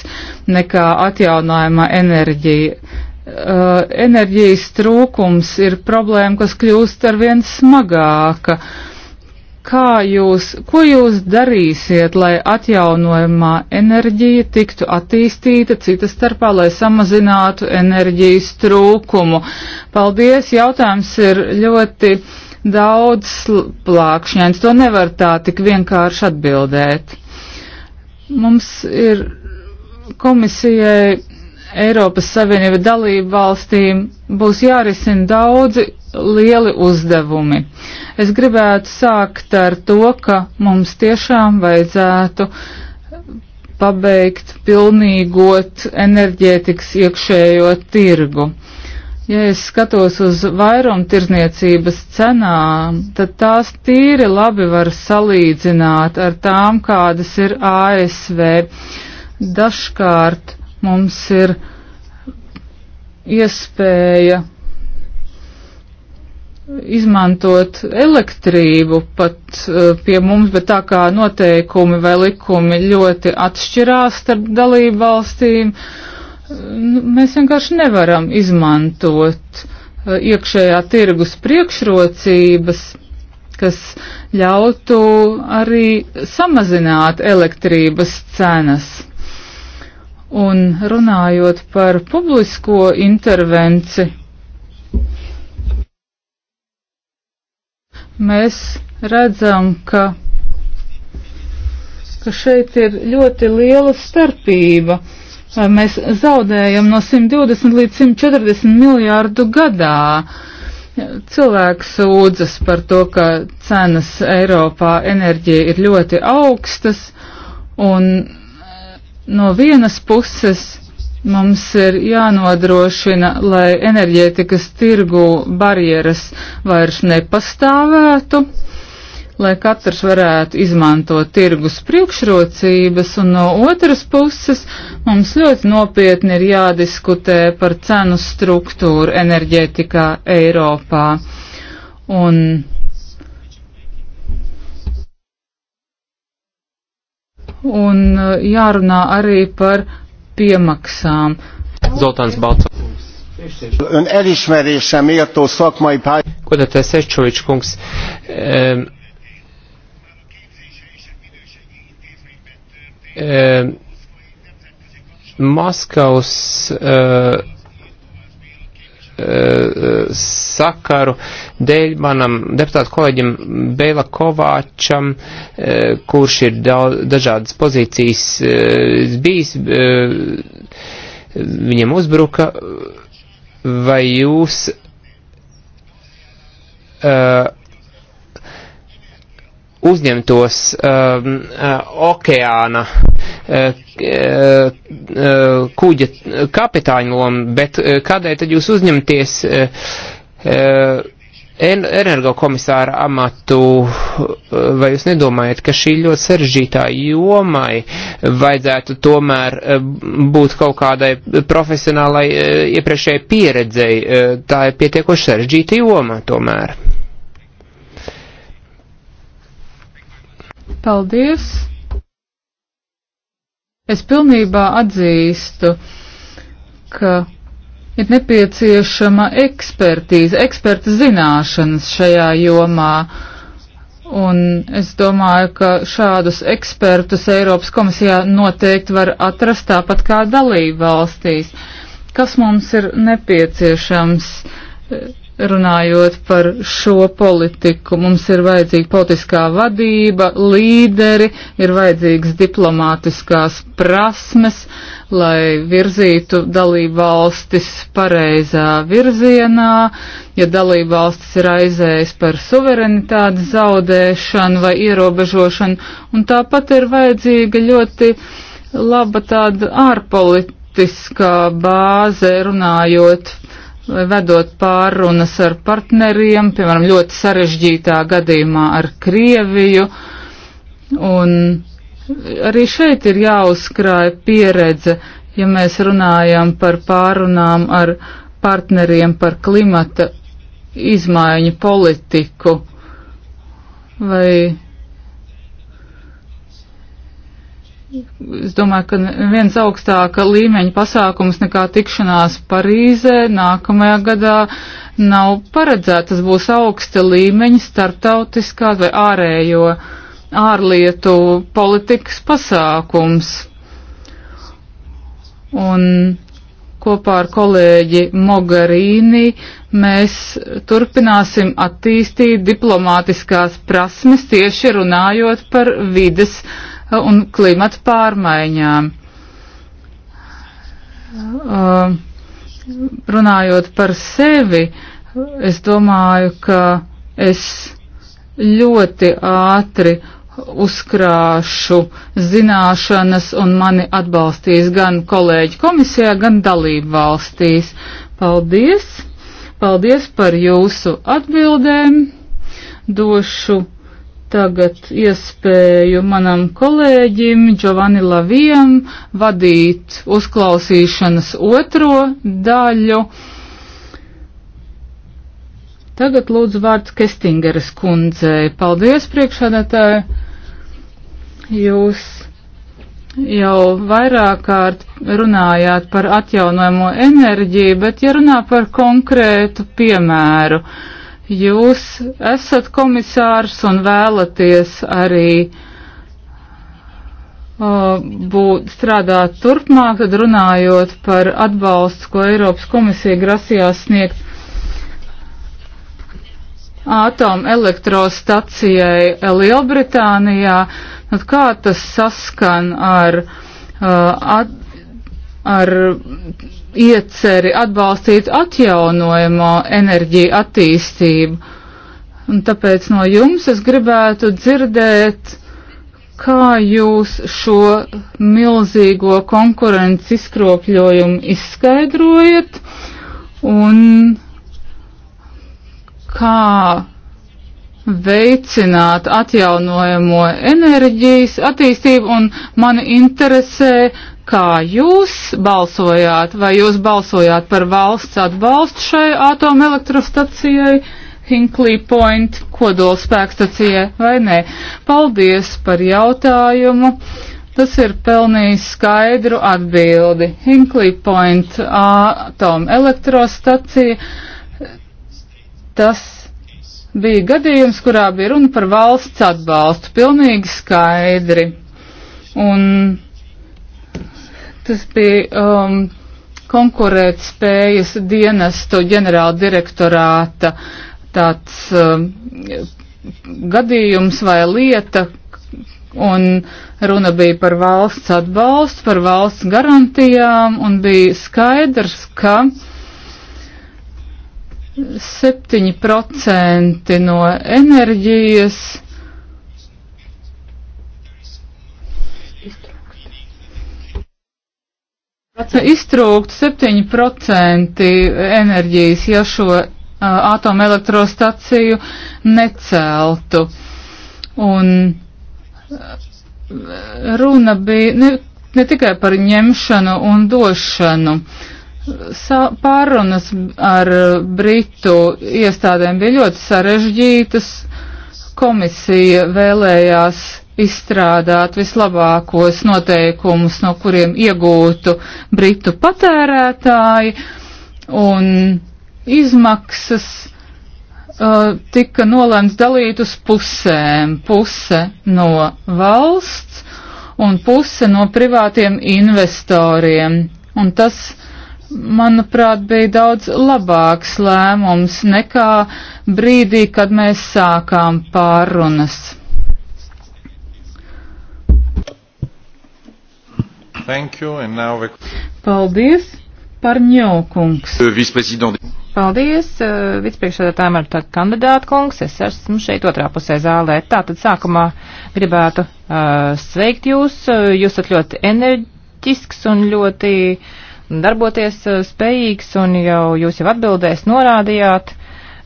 nekā atjaunojama enerģija. Uh, enerģijas trūkums ir problēma, kas kļūst arvien smagāka. Kā jūs, ko jūs darīsiet, lai atjaunojumā enerģija tiktu attīstīta, cita starpā, lai samazinātu enerģijas trūkumu? Paldies, jautājums ir ļoti. Uh, daudz plākšņains. To nevar tā tik vienkārši atbildēt. Mums ir komisijai Eiropas Savienība dalību valstīm būs jārisina daudzi lieli uzdevumi. Es gribētu sākt ar to, ka mums tiešām vajadzētu pabeigt, pilnīgot enerģētikas iekšējo tirgu. Uh, Ja es skatos uz vairumtirdzniecības cenām, tad tās tīri labi var salīdzināt ar tām, kādas ir ASV. Dažkārt mums ir iespēja izmantot elektrību pat eh, pie mums, bet tā kā noteikumi vai likumi ļoti atšķirās starp dalību valstīm, uh, nu, mēs vienkārši nevaram izmantot uh, iekšējā tirgus priekšrocības, kas ļautu arī samazināt elektrības cenas. Un runājot par publisko intervenci, mēs redzam, ka, ka šeit ir ļoti liela starpība. Uh, Mēs zaudējam no 120 līdz 140 miljārdu gadā. Cilvēki sūdzas par to, ka cenas Eiropā enerģija ir ļoti augstas, un no vienas puses mums ir jānodrošina, lai enerģētikas tirgu barjeras vairs nepastāvētu lai katrs varētu izmantot tirgus priekšrocības, un no otras puses mums ļoti nopietni ir jādiskutē par cenu struktūru enerģētikā Eiropā. Un Un uh, jārunā arī par piemaksām. Zoltāns Balcovs. Ön elismerésre méltó szakmai pályát. Kodata Szecsovics kungs, um, eh, Maskavas eh, eh, sakaru dēļ manam deputātu kolēģim Bēla Kovāčam, eh, kurš ir daudz, dažādas pozīcijas eh, bijis, eh, viņam uzbruka, vai jūs. Eh, uzņemtos um, uh, okeāna uh, uh, uh, kuģa kapitāņu lomu, bet uh, kādēļ tad jūs uzņemties uh, uh, energokomisāra amatu, vai jūs nedomājat, ka šī ļoti sarežģītā jomai vajadzētu tomēr uh, būt kaut kādai profesionālai uh, iepriekšējai pieredzei? Tā ir pietiekoši sarežģīta joma tomēr. Paldies! Es pilnībā atzīstu, ka ir nepieciešama ekspertīze, eksperta zināšanas šajā jomā. Un es domāju, ka šādus ekspertus Eiropas komisijā noteikti var atrast tāpat kā dalību valstīs. Kas mums ir nepieciešams? Runājot par šo politiku, mums ir vajadzīga politiskā vadība, līderi, ir vajadzīgas diplomātiskās prasmes, lai virzītu dalību valstis pareizā virzienā. Ja dalību valstis ir aizējis par suverenitātes zaudēšanu vai ierobežošanu, un tāpat ir vajadzīga ļoti laba tāda ārpolitiskā bāze runājot vedot pārunas ar partneriem, piemēram, ļoti sarežģītā gadījumā ar Krieviju. Un arī šeit ir jāuzkrāja pieredze, ja mēs runājam par pārunām ar partneriem par klimata izmaiņu politiku vai Es domāju, ka viens augstāka līmeņa pasākums nekā tikšanās Parīzē nākamajā gadā nav paredzēts. Tas būs augsta līmeņa starptautiskās vai ārējo ārlietu politikas pasākums. Un kopā ar kolēģi Mogarīni mēs turpināsim attīstīt diplomātiskās prasmes tieši runājot par vides un klimata pārmaiņām. Um, runājot par sevi, es domāju, ka es ļoti ātri uzkrāšu zināšanas un mani atbalstīs gan kolēģi komisijā, gan dalību valstīs. Paldies! Paldies par jūsu atbildēm! Došu tagad iespēju manam kolēģim Giovanni Lavijam vadīt uzklausīšanas otro daļu. Tagad lūdzu vārds Kestingeres kundzei. Paldies, priekšādātāji! Jūs jau vairāk kārt runājāt par atjaunojamo enerģiju, bet ja runā par konkrētu piemēru, uh, Jūs esat komisārs un vēlaties arī uh, būt, strādāt turpmāk, tad runājot par atbalstu, ko Eiropas komisija grasījās sniegt atomelektrostacijai Lielbritānijā, tad kā tas saskan ar, uh, at, ar ieceri atbalstīt atjaunojamo enerģiju attīstību. Un tāpēc no jums es gribētu dzirdēt, kā jūs šo milzīgo konkurences izkropļojumu izskaidrojat un kā veicināt atjaunojamo enerģijas attīstību un mani interesē, kā jūs balsojāt, vai jūs balsojāt par valsts atbalstu šai atomelektrostacijai, Hinkley Point kodolspēkstacijai vai nē. Paldies par jautājumu. Tas ir pelnījis skaidru atbildi. Hinkley Point atomelektrostacija. Tas bija gadījums, kurā bija runa par valsts atbalstu. Pilnīgi skaidri. Un tas bija um, konkurētspējas dienestu ģenerāldirektorāta tāds um, gadījums vai lieta, un runa bija par valsts atbalstu, par valsts garantijām, un bija skaidrs, ka 7% no enerģijas Iztrūkt 7% enerģijas, ja šo uh, atomelektrostaciju neceltu. Un runa bija ne, ne tikai par ņemšanu un došanu. Sa pārunas ar Britu iestādēm bija ļoti sarežģītas. Komisija vēlējās izstrādāt vislabākos noteikumus, no kuriem iegūtu britu patērētāji, un izmaksas uh, tika nolēmts dalīt uz pusēm. Puse no valsts un puse no privātiem investoriem. Un tas, manuprāt, bija daudz labāks lēmums nekā brīdī, kad mēs sākām pārunas. Thank you, and now... Paldies, Parņokungs. Uh, Paldies, uh, vicepriekšsēdētājiem ar tādu kandidātu kungs. Es esmu šeit otrā pusē zālē. Tātad sākumā gribētu uh, sveikt jūs. Uh, jūs esat ļoti enerģisks un ļoti darboties uh, spējīgs, un jau jūs jau atbildēs norādījāt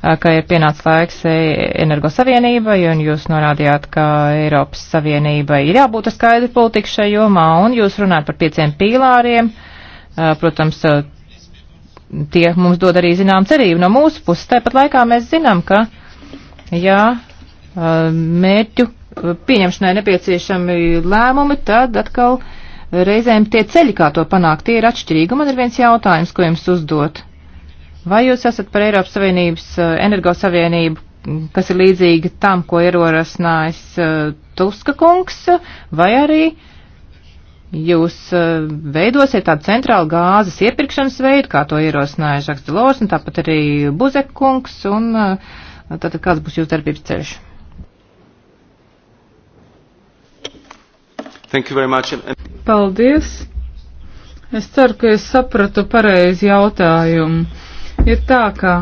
ka ir pienācis laiks energosavienībai, un jūs norādījāt, ka Eiropas Savienībai ir jābūt skaidri politika šajā jomā, un jūs runājat par pieciem pīlāriem. Protams, tie mums dod arī zinām cerību no mūsu puses. Tāpat laikā mēs zinām, ka, jā, mērķu pieņemšanai nepieciešami lēmumi, tad atkal reizēm tie ceļi, kā to panākt, tie ir atšķirīgi. Un man ir viens jautājums, ko jums uzdot. Vai jūs esat par Eiropas Savienības eh, energosavienību, kas ir līdzīga tam, ko ierosinājis eh, Tuska kungs, vai arī jūs eh, veidosiet tādu centrālu gāzes iepirkšanas veidu, kā to ierosināja Žaks Delors un tāpat arī Buzek kungs, un tad kāds būs jūsu darbības ceļš? Paldies! Es ceru, ka es sapratu pareizi jautājumu ir tā, ka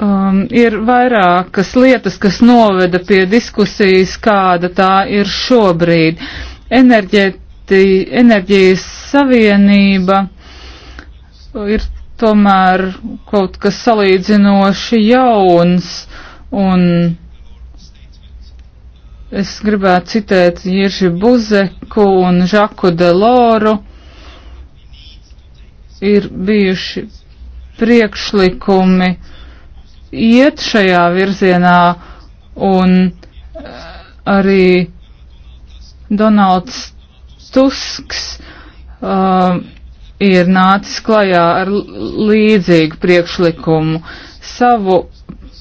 um, ir vairākas lietas, kas noveda pie diskusijas, kāda tā ir šobrīd. Enerģeti, enerģijas savienība ir tomēr kaut kas salīdzinoši jauns un Es gribētu citēt Jirži Buzeku un Žaku Deloru. Ir bijuši priekšlikumi iet šajā virzienā un eh, arī Donalds Tusks um, ir nācis klajā ar līdzīgu priekšlikumu. Savu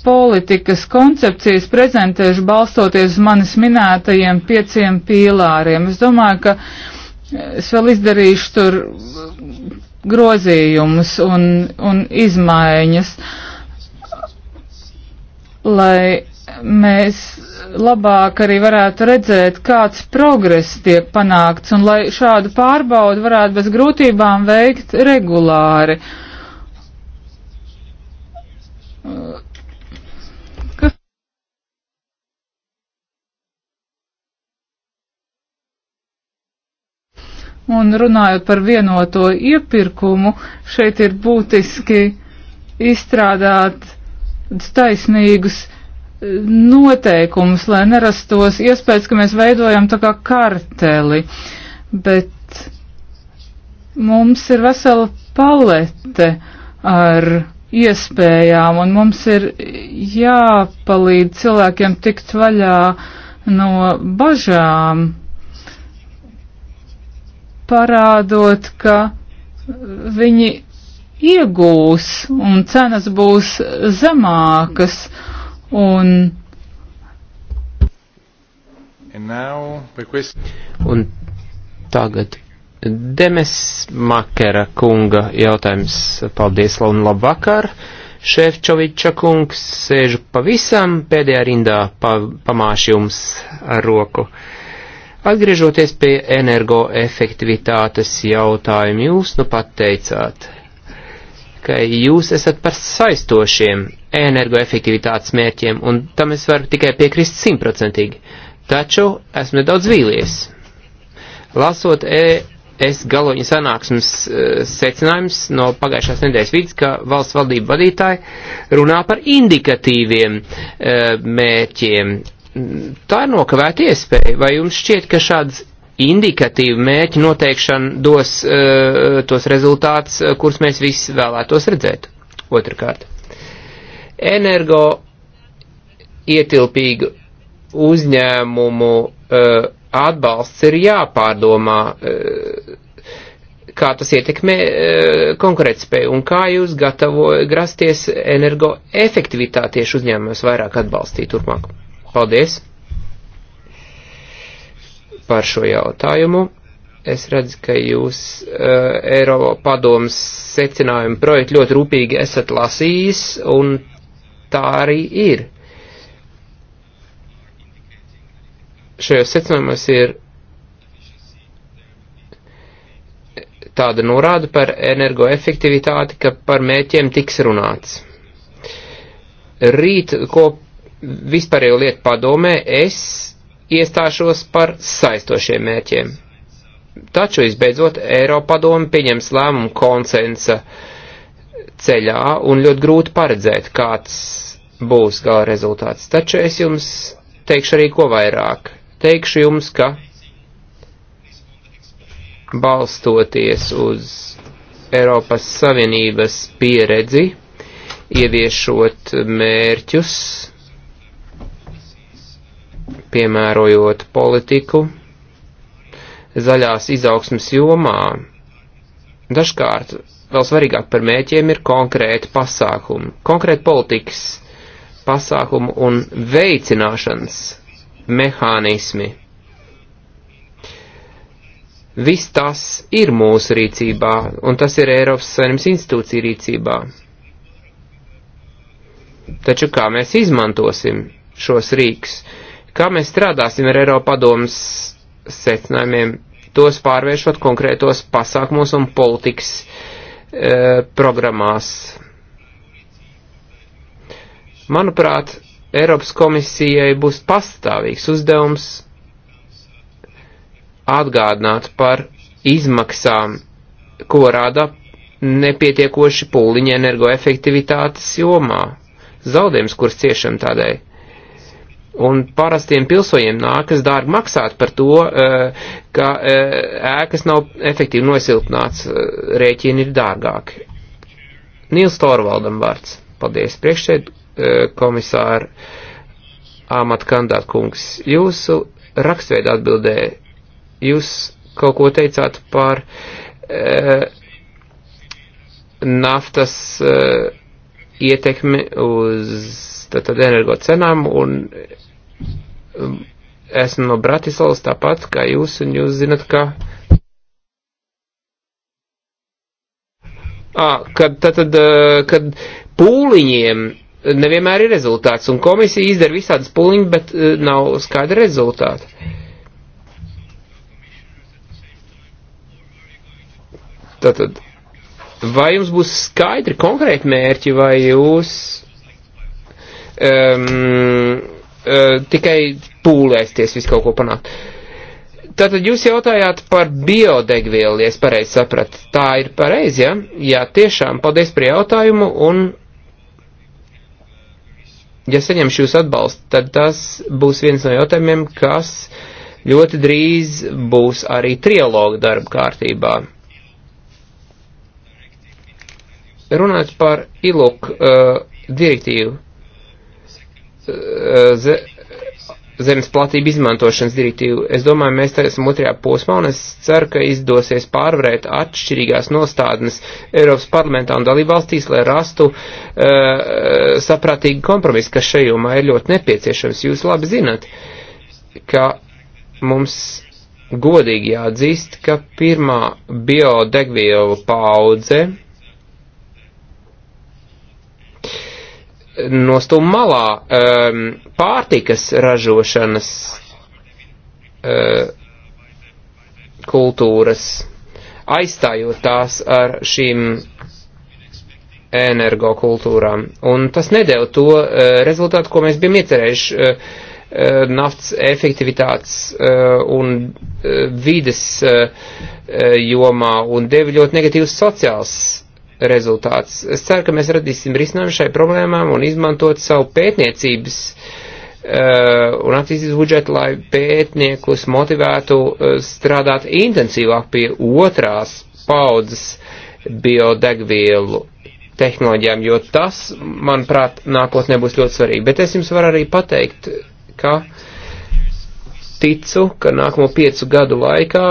politikas koncepcijas prezentēšu balstoties uz manis minētajiem pieciem pīlāriem. Es domāju, ka eh, es vēl izdarīšu tur eh, grozījumus un, un izmaiņas, lai mēs labāk arī varētu redzēt, kāds progress tiek panākts un lai šādu pārbaudu varētu bez grūtībām veikt regulāri. Uh, Un runājot par vienoto iepirkumu, šeit ir būtiski izstrādāt taisnīgus e, noteikumus, lai nerastos iespējas, ka mēs veidojam tā kā karteli. Bet mums ir vesela palete ar iespējām, un mums ir jāpalīdz cilvēkiem tikt vaļā no bažām parādot, ka viņi iegūs un cenas būs zemākas. Un, un tagad Demes Makera kunga jautājums. Paldies un labvakar! Šefčoviča kungs sēž pavisam pēdējā rindā pa, pamāš jums ar roku. Uh, Atgriežoties pie energoefektivitātes jautājuma, jūs nu pat teicāt, ka jūs esat par saistošiem energoefektivitātes mērķiem, un tam es varu tikai piekrist simtprocentīgi. Taču esmu nedaudz vīlies. Lasot ES galoņa sanāksmes eh, secinājums no pagājušās nedēļas vidus, ka valsts valdība vadītāji runā par indikatīviem eh, mērķiem tā ir nokavēta iespēja. Vai jums šķiet, ka šāds indikatīvu mērķu noteikšana dos uh, tos rezultātus, uh, kurus mēs visi vēlētos redzēt? Otrakārt, energo ietilpīgu uzņēmumu uh, atbalsts ir jāpārdomā, uh, kā tas ietekmē uh, konkurētspēju un kā jūs gatavo grasties energo efektivitāti tieši uzņēmumos vairāk atbalstīt turpmāk. Paldies par šo jautājumu. Es redzu, ka jūs uh, eh, Eiropa padomas secinājumu projektu ļoti rūpīgi esat lasījis, un tā arī ir. Šajos secinājumos ir tāda norāda par energoefektivitāti, ka par mēķiem tiks runāts. Rīt kop vispārējo lietu padomē es iestāšos par saistošiem mērķiem. Taču, izbeidzot, Eiropa padomu pieņems lēmumu konsensa ceļā un ļoti grūti paredzēt, kāds būs gala rezultāts. Taču es jums teikšu arī ko vairāk. Teikšu jums, ka balstoties uz Eiropas Savienības pieredzi, ieviešot mērķus piemērojot politiku zaļās izaugsmas jomā. Dažkārt vēl svarīgāk par mēķiem ir konkrēti pasākumi, konkrēti politikas pasākumu un veicināšanas mehānismi. Viss tas ir mūsu rīcībā, un tas ir Eiropas Savienības institūcija rīcībā. Taču kā mēs izmantosim šos rīks? Uh, Kā mēs strādāsim ar Eiropadomas secinājumiem, tos pārvēršot konkrētos pasākumos un politikas e, programmās? Manuprāt, Eiropas komisijai būs pastāvīgs uzdevums atgādināt par izmaksām, ko rāda nepietiekoši pūliņi energoefektivitātes jomā, zaudējums, kurus ciešam tādēļ. Un parastiem pilsoņiem nākas dārgi maksāt par to, eh, ka eh, ēkas nav efektīvi nosiltināts, eh, rēķini ir dārgāki. Nils Torvaldam vārds. Paldies priekšsēd komisāru Āmat Kandāt kungs. Jūsu rakstveidā atbildē jūs kaut ko teicāt par naftas ietekmi uz tātad energo cenām un Um, esmu no Bratislavas tāpat kā jūs, un jūs zinat, ka. À, kad, tad, tad, uh, kad pūliņiem nevienmēr ir rezultāts, un komisija izdara visādas pūliņas, bet uh, nav skaidra rezultāta. Tātad, vai jums būs skaidri konkrēti mērķi, vai jūs um, uh, tikai pūlēsties visu kaut ko panākt. Tātad jūs jautājāt par biodegvielu, ja es pareizi sapratu. Tā ir pareizi, ja? Jā, tiešām, paldies par jautājumu, un ja saņemšu jūs atbalstu, tad tas būs viens no jautājumiem, kas ļoti drīz būs arī trialoga darba kārtībā. Runājot par ILUK uh, direktīvu, uh, zemes platību izmantošanas direktīvu. Es domāju, mēs tagad esam otrajā posmā, un es ceru, ka izdosies pārvarēt atšķirīgās nostādnes Eiropas parlamentā un dalībvalstīs, lai rastu uh, saprātīgu kompromisu, kas šajumā ir ļoti nepieciešams. Jūs labi zinat, ka mums godīgi jāatzīst, ka pirmā biodegvielu paudze nostum malā um, pārtikas ražošanas uh, kultūras, aizstājot tās ar šīm energokultūrām. Un tas nedēļ to uh, rezultātu, ko mēs bijām iecerējuši. Uh, uh naftas efektivitātes uh, un uh, vides uh, uh, jomā un deva ļoti negatīvas sociāls rezultāts. Es ceru, ka mēs radīsim risinājumu šai problēmām un izmantot savu pētniecības uh, un attīstības budžetu, lai pētniekus motivētu uh, strādāt intensīvāk pie otrās paudzes biodegvielu tehnoloģijām, jo tas, manuprāt, nākotnē būs ļoti svarīgi. Bet es jums varu arī pateikt, ka ticu, ka nākamo piecu gadu laikā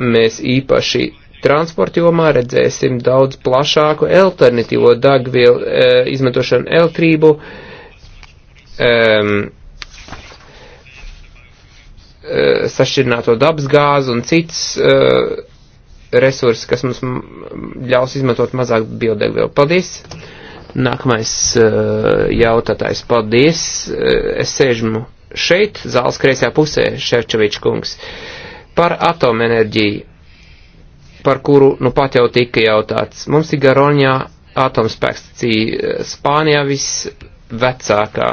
mēs īpaši Transporta jomā redzēsim daudz plašāku alternatīvo dagvielu e, izmantošanu elektrību. Um, e, sašķirināto dabasgāzi un cits uh, e, resursi, kas mums ļaus izmantot mazāk biodegvielu. Paldies! Nākamais uh, jautātājs. Paldies! Uh, es sēžmu šeit, zāles kreisajā pusē, Šerčevičs kungs, par atomenerģiju par kuru nu pat jau tika jautāts. Mums ir Garoņā atomspēkstacija Spānijā visvecākā,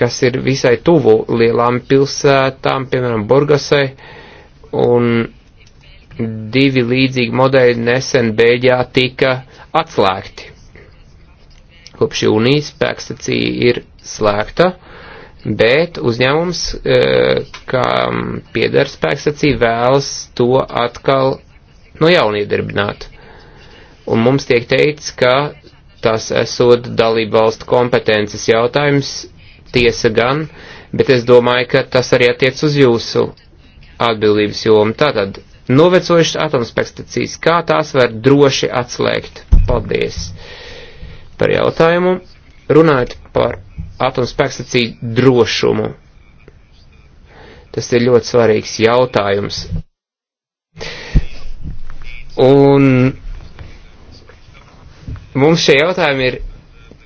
kas ir visai tuvu lielām pilsētām, piemēram, Burgasai, un divi līdzīgi modeļi nesen Bēļģijā tika atslēgti. Kopš jūnijas spēkstacija ir slēgta, bet uzņēmums, e, kam pieder spēkstacija, vēlas to atkal no jauna iedarbināt. Un mums tiek teicis, ka tas esot dalību valstu kompetences jautājums, tiesa gan, bet es domāju, ka tas arī attiec uz jūsu atbildības jomu. Tātad, novecojušas atomspēkstacijas, kā tās var droši atslēgt? Paldies par jautājumu. Runājot par atomspēkstacīju drošumu. Tas ir ļoti svarīgs jautājums. Un mums šie jautājumi ir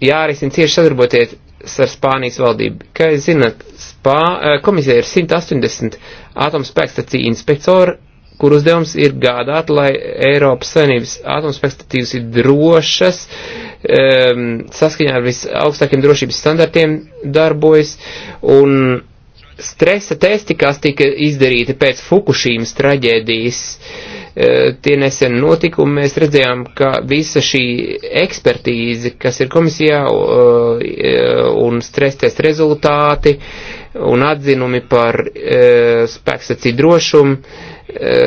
jārisina cieši sadarboties ar Spānijas valdību. Kā jūs zināt, Spā, eh, komisija ir 180 atomspēkstacīju inspektori, kur uzdevums ir gādāt, lai Eiropas Savienības atomspēkstacijas ir drošas, uh, um, saskaņā ar visaugstākiem drošības standartiem darbojas, un stresa testi, kas tika izdarīti pēc Fukushīmas traģēdijas, uh, tie nesen notikumi, mēs redzējām, ka visa šī ekspertīze, kas ir komisijā uh, un stresa testa rezultāti, uh, un atzinumi par e, spēkstacīju drošumu. E,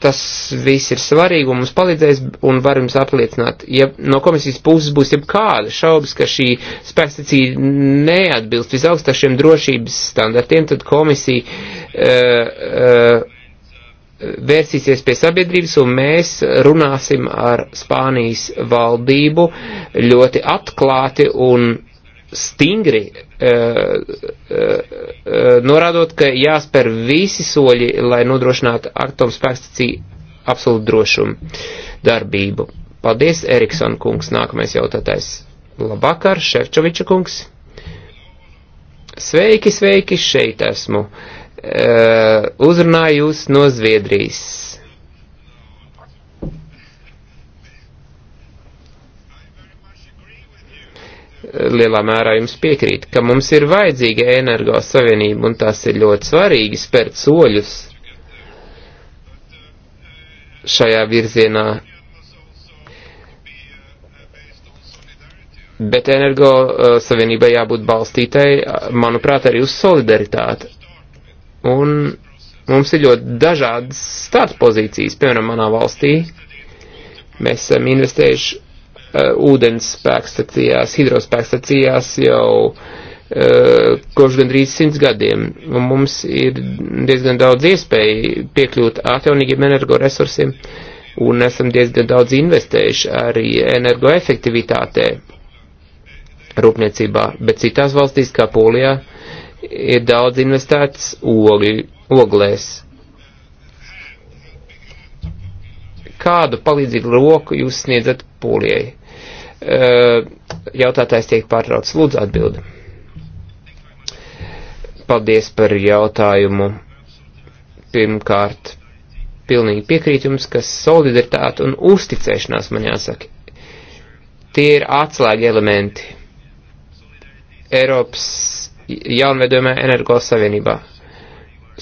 tas viss ir svarīgi un mums palīdzēs un var jums apliecināt, ja no komisijas puses būs jebkāda šaubas, ka šī spēkstacija neatbilst visaugstāšiem drošības standartiem, tad komisija e, e, vērsīsies pie sabiedrības un mēs runāsim ar Spānijas valdību ļoti atklāti un stingri Eh, eh, eh, norādot, ka jāspēr visi soļi, lai nodrošinātu atomspēkstaciju absolūtu drošumu darbību. Paldies, Erikson kungs, nākamais jautātais. Labvakar, Šefčoviča kungs. Sveiki, sveiki, šeit esmu. Uh, uzrunāju jūs no Zviedrijas. lielā mērā jums piekrīt, ka mums ir vajadzīga energos savienība un tas ir ļoti svarīgi spērt soļus šajā virzienā. Bet energo savienībai jābūt balstītai, manuprāt, arī uz solidaritāti. Un mums ir ļoti dažādas starta pozīcijas. Piemēram, manā valstī mēs esam investējuši Eh, ūdens spēkstacijās, hidrospēkstacijās jau eh, kopš gandrīz simts gadiem, un mums ir diezgan daudz iespēju piekļūt atjaunīgiem energoresursiem, un esam diezgan daudz investējuši arī energoefektivitātē rūpniecībā, bet citās valstīs, kā Polijā, ir daudz investēts ogļu, oglēs. Kādu palīdzību roku jūs sniedzat Polijai? Eh, jautātājs tiek pārtrauc. Lūdzu atbildi. Paldies par jautājumu. Pirmkārt, pilnīgi piekrīt jums, ka solidaritāte un uzticēšanās, man jāsaka, tie ir atslēga elementi Eiropas jaunvedumē energos savienībā.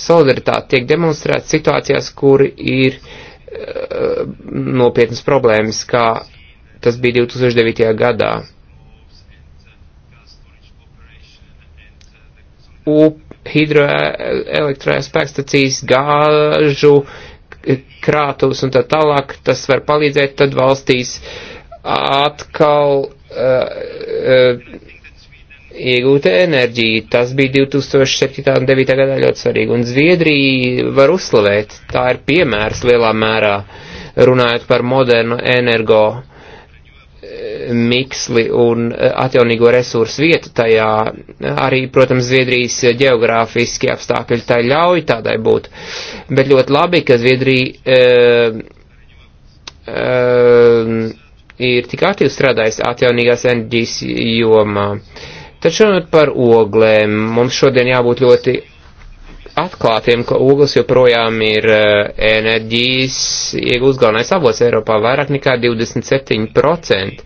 Solidaritāte tiek demonstrēta situācijās, kur ir uh, nopietnas problēmas, kā Tas bija 2009. gadā. hidroelektrospēkstacijas gāžu krātuvs un tā tālāk, tas var palīdzēt tad valstīs atkal uh, uh, iegūt enerģiju. Tas bija 2007. un 2009. gadā ļoti svarīgi. Un Zviedrija var uzslavēt, tā ir piemērs lielā mērā, runājot par modernu energo uh, miksli un e, atjaunīgo resursu vietu tajā, arī, protams, Zviedrijas geogrāfiski apstākļi tā ļauj tādai būt. Bet ļoti labi, ka Zviedrija uh, uh, ir tik aktīvi strādājis atjaunīgās enerģijas jomā. Taču runāt par oglēm, mums šodien jābūt ļoti atklātiem, ka ogles joprojām ir eh, enerģijas iegūst galvenais avots Eiropā vairāk nekā 27%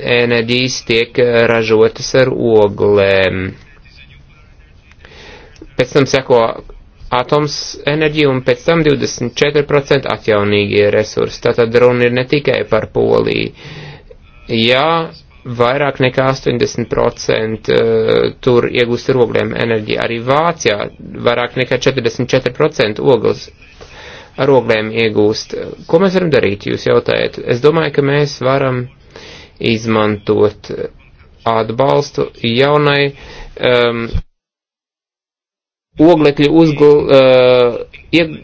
enerģijas tiek eh, ražotas ar oglēm. Pēc tam seko atoms enerģija un pēc tam 24% atjaunīgie resursi. Tātad runa ir ne tikai par Poliju. Jā, vairāk nekā 80% eh, tur iegūst ar ogliem enerģiju. Arī Vācijā vairāk nekā 44% ogles ar ogliem iegūst. Ko mēs varam darīt, jūs jautājat? Es domāju, ka mēs varam izmantot atbalstu jaunai um, oglekļu uzgul, uh, ieg,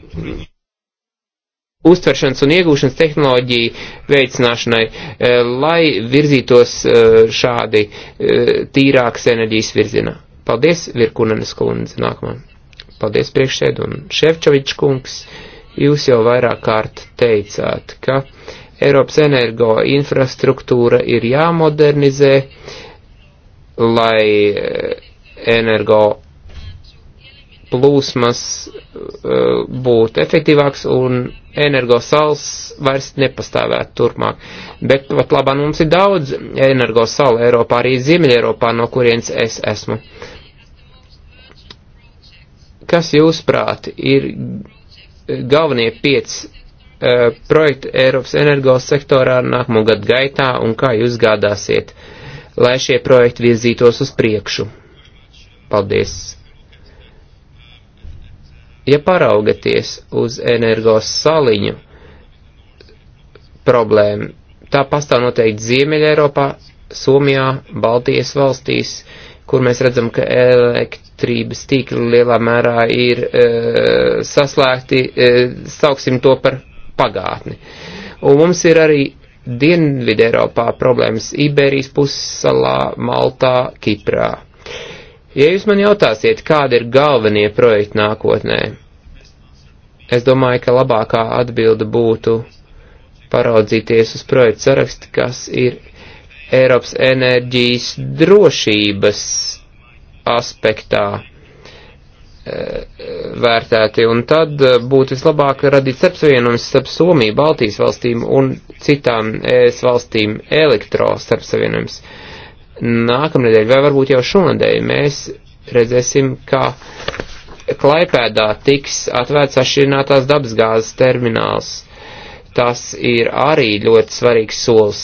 uztveršanas un iegūšanas tehnoloģiju veicināšanai, eh, lai virzītos eh, šādi eh, tīrākas enerģijas virzienā. Paldies, Virkunenes kundze, nākamā. Paldies, priekšsēd un Ševčovičs kungs. Jūs jau vairāk kārt teicāt, ka Eiropas energo infrastruktūra ir jāmodernizē, lai energo plūsmas uh, būtu efektīvāks un energosals vairs nepastāvētu turpmāk. Bet pat labāk nu, mums ir daudz energosalu Eiropā, arī Ziemeļa Eiropā, no kurienes es esmu. Kas jūsprāt ir galvenie pieci uh, projekti Eiropas energos sektorā nākamo gadu gaitā un kā jūs gādāsiet, lai šie projekti virzītos uz priekšu? Paldies! Ja paraugaties uz energos saliņu problēmu, tā pastāv noteikti Ziemeļa Eiropā, Somijā, Baltijas valstīs, kur mēs redzam, ka elektrības tīkli lielā mērā ir e, saslēgti, e, sauksim to par pagātni. Un mums ir arī Dienvidē Eiropā problēmas Iberijas pussalā, Maltā, Kiprā. Ja jūs man jautāsiet, kādi ir galvenie projekti nākotnē, es domāju, ka labākā atbilde būtu paraudzīties uz projektu sarakstu, kas ir Eiropas enerģijas drošības aspektā eh, vērtēti, un tad eh, būtu vislabāk radīt starpsavienojums starp Somiju, Baltijas valstīm un citām ES valstīm elektro starpsavienojums. Uh, nākamnedēļ, vai varbūt jau šonadēļ, mēs redzēsim, kā Klaipēdā tiks atvērts ašķirinātās dabasgāzes termināls. Tas ir arī ļoti svarīgs solis,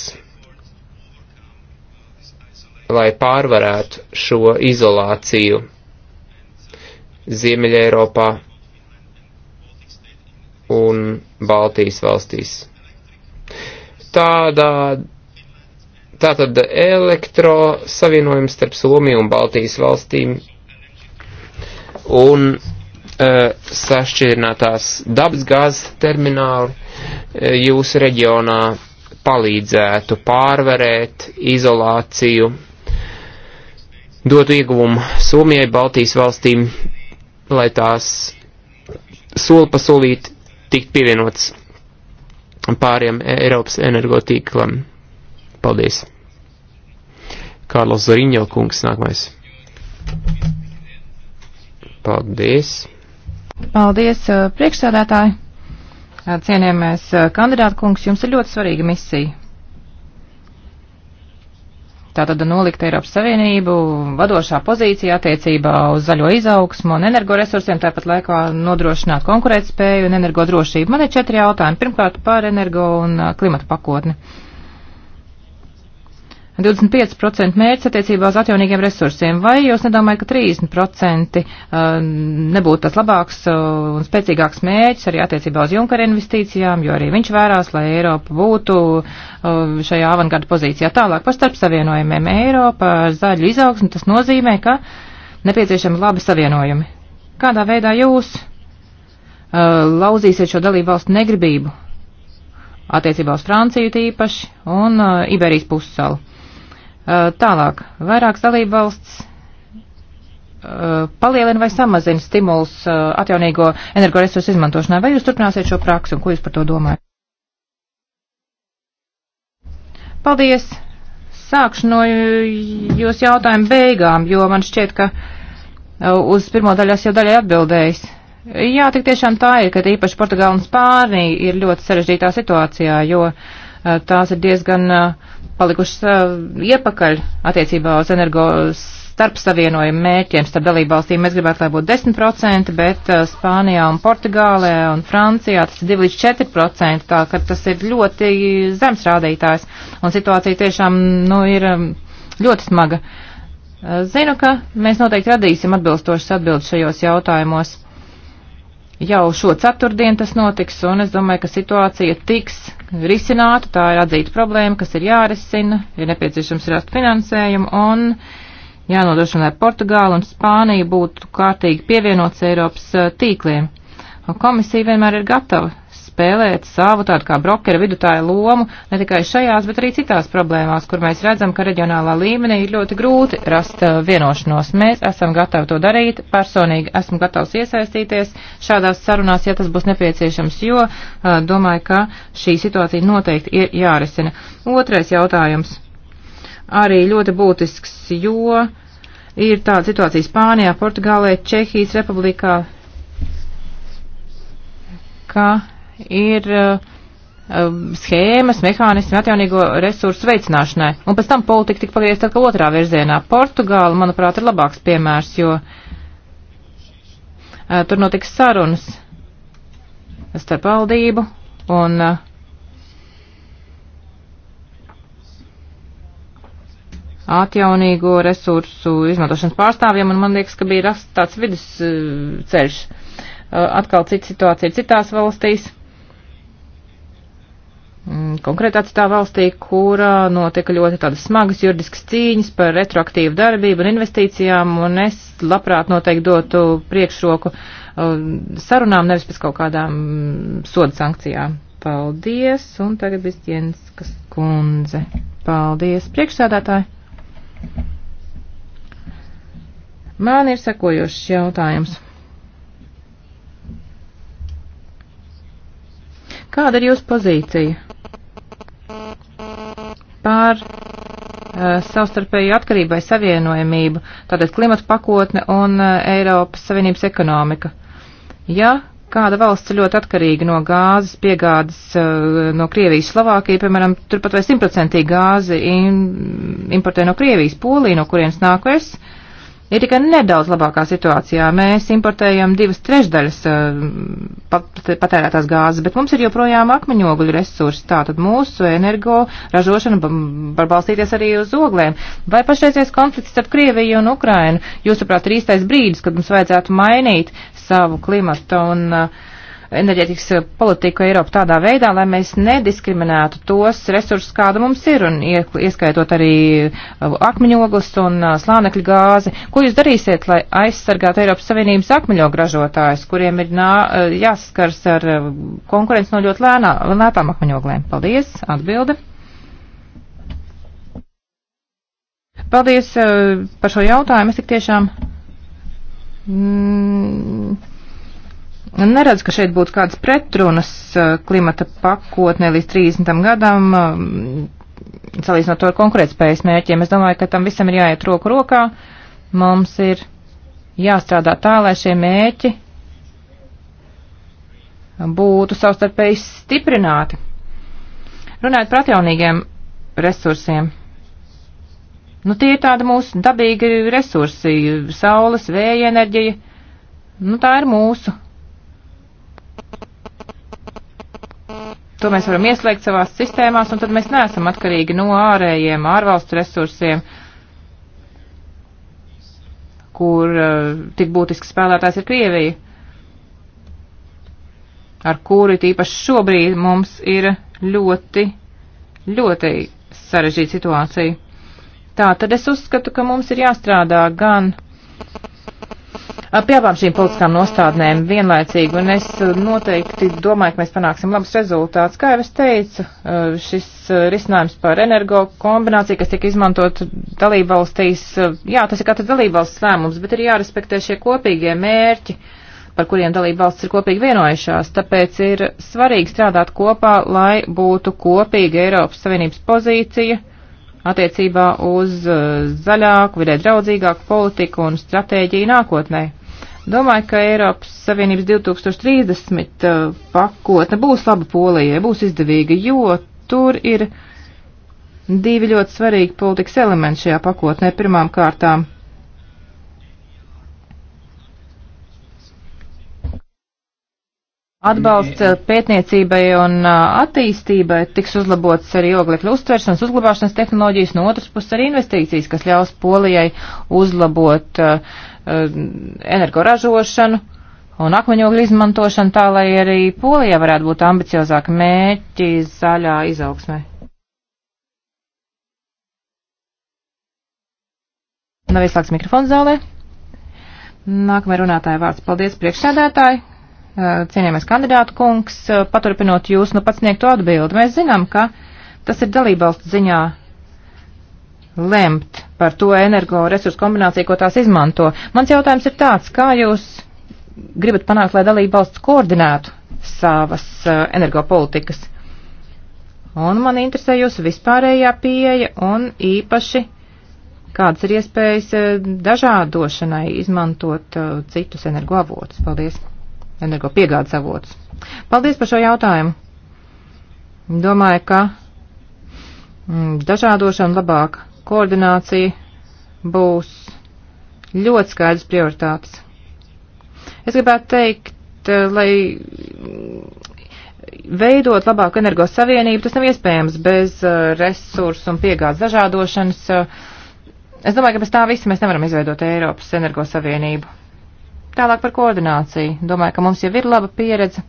lai pārvarētu šo izolāciju Ziemeļa Eiropā un Baltijas valstīs. Tādā Tātad elektro savienojums starp Somiju un Baltijas valstīm un uh, sašķirinātās dabasgāzes termināli uh, e, jūsu reģionā palīdzētu pārvarēt izolāciju, dotu ieguvumu Somijai, Baltijas valstīm, lai tās soli pa solīt tikt pievienots pāriem Eiropas energotīklam. Paldies! Kārlis Zariņo kungs nākamais. Paldies. Paldies, uh, priekšsēdētāji. Uh, cienījamies uh, kandidātu kungs, jums ir ļoti svarīga misija. Tātad nolikt Eiropas Savienību vadošā pozīcija attiecībā uz zaļo izaugsmu un energoresursiem, tāpat laikā nodrošināt konkurētspēju un energodrošību. Man ir četri jautājumi. Pirmkārt par energo un klimatu pakotni. Uh, 25% mērķis attiecībā uz atjaunīgiem resursiem, vai jūs nedomājat, ka 30% uh, nebūtu tas labāks uh, un spēcīgāks mērķis arī attiecībā uz Junkara investīcijām, jo arī viņš vērās, lai Eiropa būtu uh, šajā avangarda pozīcijā tālāk par starp savienojumiem Eiropa ar zaļu izaugsmu, tas nozīmē, ka nepieciešami labi savienojumi. Kādā veidā jūs lauzīsiet šo dalību valstu negribību attiecībā uz Franciju tīpaši un uh, Iberijas pussalu? Uh, tālāk, vairākas dalībvalsts uh, palielina vai samazina stimulus uh, atjaunīgo energoresursu izmantošanai. Vai jūs turpināsiet šo praksi un ko jūs par to domājat? Paldies! Sākšu no jūsu jautājumu beigām, jo man šķiet, ka uz pirmo daļu es jau daļai atbildējis. Jā, tik tiešām tā ir, ka īpaši Portugāla un Spānija ir ļoti sarežģītā situācijā, jo tās ir diezgan uh, palikušas uh, iepakaļ attiecībā uz energo starp savienojumu mērķiem starp dalībvalstīm. Mēs gribētu, lai būtu 10%, bet uh, Spānijā un Portugālē un Francijā tas ir 2 līdz 4%, tā ka tas ir ļoti zems rādītājs. Un situācija tiešām nu, ir um, ļoti smaga. Uh, zinu, ka mēs noteikti radīsim atbilstošas atbildes šajos jautājumos. Jau šo ceturtdienu tas notiks, un es domāju, ka situācija tiks risināta. Tā ir atzīta problēma, kas ir jārisina, ir nepieciešams rast finansējumu, un jānodrošina, lai Portugāla un Spānija būtu kārtīgi pievienots Eiropas tīkliem. Komisija vienmēr ir gatava spēlēt savu tādu kā brokera vidutāju lomu ne tikai šajās, bet arī citās problēmās, kur mēs redzam, ka reģionālā līmenī ir ļoti grūti rast eh, vienošanos. Mēs esam gatavi to darīt, personīgi esmu gatavs iesaistīties šādās sarunās, ja tas būs nepieciešams, jo eh, domāju, ka šī situācija noteikti ir jārisina. Otrais jautājums. Arī ļoti būtisks, jo ir tāda situācija Spānijā, Portugālē, Čehijas republikā, ka ir uh, schēmas, mehānismi atjaunīgo resursu veicināšanai. Un pēc tam politika tika pagriezta atkal otrā virzienā. Portugāla, manuprāt, ir labāks piemērs, jo uh, tur notika sarunas starp valdību un uh, atjaunīgo resursu izmantošanas pārstāvjiem, un man liekas, ka bija rasts tāds vidusceļš. Atkal cita situācija ir citās valstīs. Mm, konkrēti atstā valstī, kurā notika ļoti tādas smagas juridiskas cīņas par retroaktīvu darbību un investīcijām, un es labprāt noteikti dotu priekšroku um, sarunām, nevis pēc kaut kādām mm, soda sankcijām. Paldies, un tagad viss Jenskas kundze. Paldies, priekšsādātāji. Man ir sekojošs jautājums. Kāda ir jūsu pozīcija par uh, savstarpēju atkarību vai savienojamību, tātad klimata pakotne un uh, Eiropas Savienības ekonomika. Ja kāda valsts ir ļoti atkarīga no gāzes piegādes uh, no Krievijas, Slovākija, piemēram, turpat vai simtprocentīgi gāzi in, importē no Krievijas, Polija, no kurienes nāku es, uh, ir tikai nedaudz labākā situācijā. Mēs importējam divas trešdaļas eh, pat, patērētās gāzes, bet mums ir joprojām akmeņoguļu resursi. Tātad mūsu energo ražošana var balstīties arī uz oglēm. Vai pašreizies konflikts starp Krieviju un Ukrainu, jūsuprāt, ir īstais brīdis, kad mums vajadzētu mainīt savu klimatu un uh, enerģētikas politiku Eiropu tādā veidā, lai mēs nediskriminētu tos resursus, kāda mums ir, un ieskaitot arī uh, akmeņoglis un uh, slānekļa gāzi. Ko jūs darīsiet, lai aizsargātu Eiropas Savienības akmeņogu ražotājus, kuriem ir nā, uh, jāsaskars ar konkurenci no ļoti lēnā, lētām akmeņoglēm? Paldies, atbilde. Paldies par šo jautājumu. Es tik tiešām. Mm, Nu, neredz, ka šeit būtu kādas pretrunas uh, klimata pakotnē līdz 30. gadam, um, salīdzinot to ar konkurētspējas mērķiem. Es domāju, ka tam visam ir jāiet roku rokā. Mums ir jāstrādā tā, lai šie mērķi būtu savstarpēji stiprināti. Runājot par atjaunīgiem resursiem. Nu, tie ir tādi mūsu dabīgi resursi - saules, vēja enerģija. Nu, tā ir mūsu To mēs varam ieslēgt savās sistēmās, un tad mēs neesam atkarīgi no ārējiem, ārvalstu resursiem, kur uh, tik būtisks spēlētājs ir Krievija, ar kuri tīpaši šobrīd mums ir ļoti, ļoti sarežģīta situācija. Tā tad es uzskatu, ka mums ir jāstrādā gan pie abām šīm politiskām nostādnēm vienlaicīgi, un es uh, noteikti domāju, ka mēs panāksim labus rezultātus. Kā jau es teicu, uh, šis uh, risinājums par energo kombināciju, kas tika izmantot dalībvalstīs, jā, tas ir katrs dalībvalsts lēmums, bet ir jārespektē šie kopīgie mērķi par kuriem dalībvalsts ir kopīgi vienojušās, tāpēc ir svarīgi strādāt kopā, lai būtu kopīga Eiropas Savienības pozīcija attiecībā uz uh, zaļāku, vidē draudzīgāku politiku un stratēģiju nākotnē. Domāju, ka Eiropas Savienības 2030 uh, pakotne būs laba polijai, būs izdevīga, jo tur ir divi ļoti svarīgi politikas elementi šajā pakotnē. Pirmām kārtām Atbalsts eh, pētniecībai un eh, attīstībai tiks uzlabots arī oglekļa uztveršanas, uzglabāšanas tehnoloģijas, no otras puses arī investīcijas, kas ļaus Polijai uzlabot uh, energoražošanu un akmeņogļu izmantošanu tā, lai arī Polijā varētu būt ambiciozāki mērķi zaļā izaugsmē. Nav ieslēgts mikrofons zālē. Nākamajai runātāja vārds. Paldies, priekšsēdētāji! Eh, cienījamais kandidātu kungs, eh, paturpinot jūs nu pats sniegto atbildi. Mēs zinām, ka tas ir dalībvalsts ziņā lemt par to energoresursu kombināciju, ko tās izmanto. Mans jautājums ir tāds, kā jūs gribat panākt, lai dalībvalsts koordinētu savas eh, energopolitikas? Un man interesē jūsu vispārējā pieeja un īpaši kādas ir iespējas dažādošanai izmantot citus energoavotus. Paldies! energopiegādes avots. Paldies par šo jautājumu. Domāju, ka mm, dažādošana, labāka koordinācija būs ļoti skaidrs prioritātes. Es gribētu teikt, eh, lai mm, veidot labāku energos savienību, tas nav iespējams bez eh, resursu un piegādes dažādošanas. Eh, es domāju, ka bez tā visa mēs nevaram izveidot Eiropas energos savienību. Tālāk par koordināciju. Domāju, ka mums jau ir laba pieredze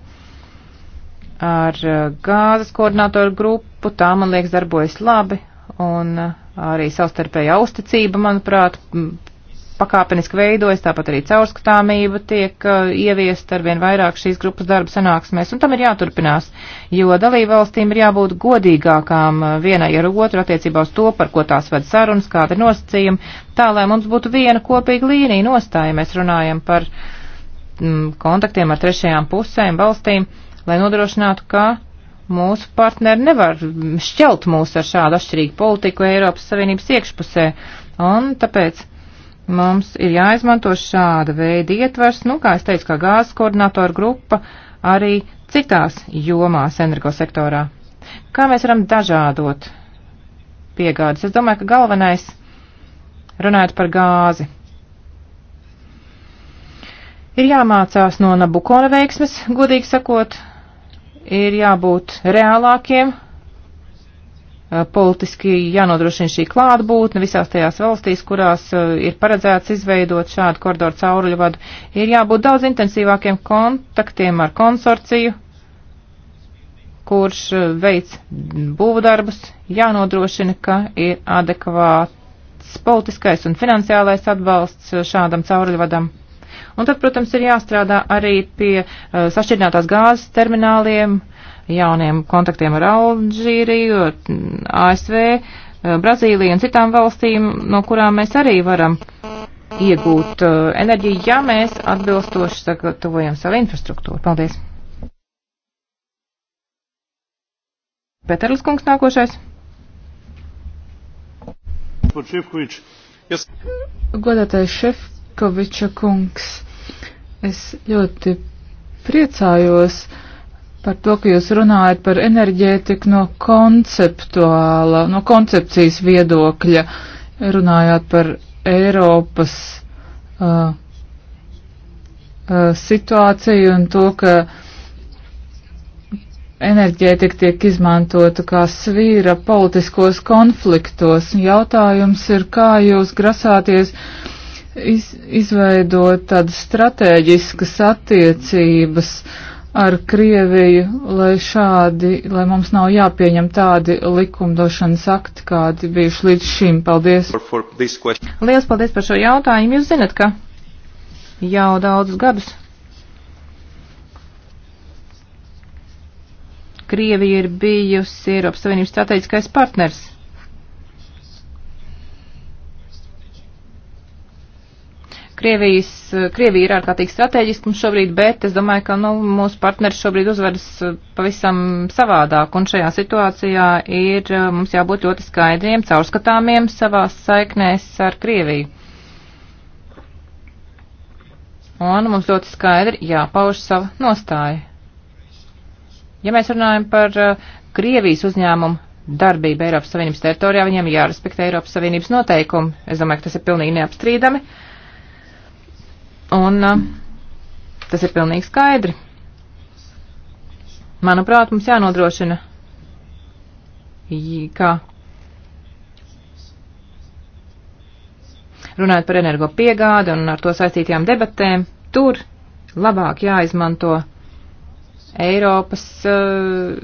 ar uh, gāzes koordinātoru grupu. Tā, man liekas, darbojas labi. Un uh, arī savstarpējā uzticība, manuprāt, pakāpeniski veidojas, tāpat arī caurskatāmība tiek uh, ieviest ar vien vairāk šīs grupas darba sanāksmēs, un tam ir jāturpinās, jo dalību valstīm ir jābūt godīgākām uh, vienai ar otru attiecībā uz to, par ko tās ved sarunas, kāda ir nosacījuma, tā lai mums būtu viena kopīga līnija nostāja, mēs runājam par mm, kontaktiem ar trešajām pusēm, valstīm, lai nodrošinātu, ka mūsu partneri nevar šķelt mūs ar šādu atšķirīgu politiku Eiropas Savienības iekšpusē. Un tāpēc Mums ir jāizmanto šāda veida ietvers, nu, kā es teicu, kā gāzes koordinātora grupa, arī citās jomās energosektorā. Kā mēs varam dažādot piegādes? Es domāju, ka galvenais, runājot par gāzi, ir jāmācās no Nabukona veiksmes, godīgi sakot, ir jābūt reālākiem Eh, politiski jānodrošina šī klātbūtne visās tajās valstīs, kurās eh, ir paredzēts izveidot šādu koridoru cauruļu vadu, ir jābūt daudz intensīvākiem kontaktiem ar konsorciju, kurš eh, veids būvdarbus, jānodrošina, ka ir adekvāts politiskais un finansiālais atbalsts šādam cauruļvadam. Un tad, protams, ir jāstrādā arī pie uh, sašķirinātās gāzes termināliem, uh, jauniem kontaktiem ar Alžīriju, ASV, Brazīliju un citām valstīm, no kurām mēs arī varam iegūt uh, enerģiju, ja mēs atbilstoši sagatavojam savu infrastruktūru. Paldies! Peterlis kungs nākošais. Godātais Šefkoviča kungs, es ļoti priecājos, uh, par to, ka jūs runājat par enerģētiku no konceptuāla, no koncepcijas viedokļa, runājāt par Eiropas uh, uh, situāciju un to, ka enerģētika tiek izmantota kā svīra politiskos konfliktos. Jautājums ir, kā jūs grasāties iz, izveidot tādas strateģiskas attiecības, uh, ar Krieviju, lai šādi, lai mums nav jāpieņem tādi likumdošanas akti, kādi bijuši līdz šim. Paldies! For, for Lielas paldies par šo jautājumu. Jūs zinat, ka jau daudzus gadus Krievija ir bijusi Eiropas Savienības strateģiskais partners Krievijas, Krievija ir ārkārtīgi strateģiski mums šobrīd, bet es domāju, ka nu, mūsu partneri šobrīd uzvedas uh, pavisam savādāk, un šajā situācijā ir uh, mums jābūt ļoti skaidriem, caurskatāmiem savās saiknēs ar Krieviju. Un mums ļoti skaidri jāpauž sava nostāja. Ja mēs runājam par uh, Krievijas uzņēmumu darbība Eiropas Savienības teritorijā, viņiem jārespektē Eiropas Savienības noteikumi. Es domāju, ka tas ir pilnīgi neapstrīdami. Un uh, tas ir pilnīgi skaidri. Manuprāt, mums jānodrošina, kā runājot par energo piegādi un ar to saistītajām debatēm, tur labāk jāizmanto Eiropas uh,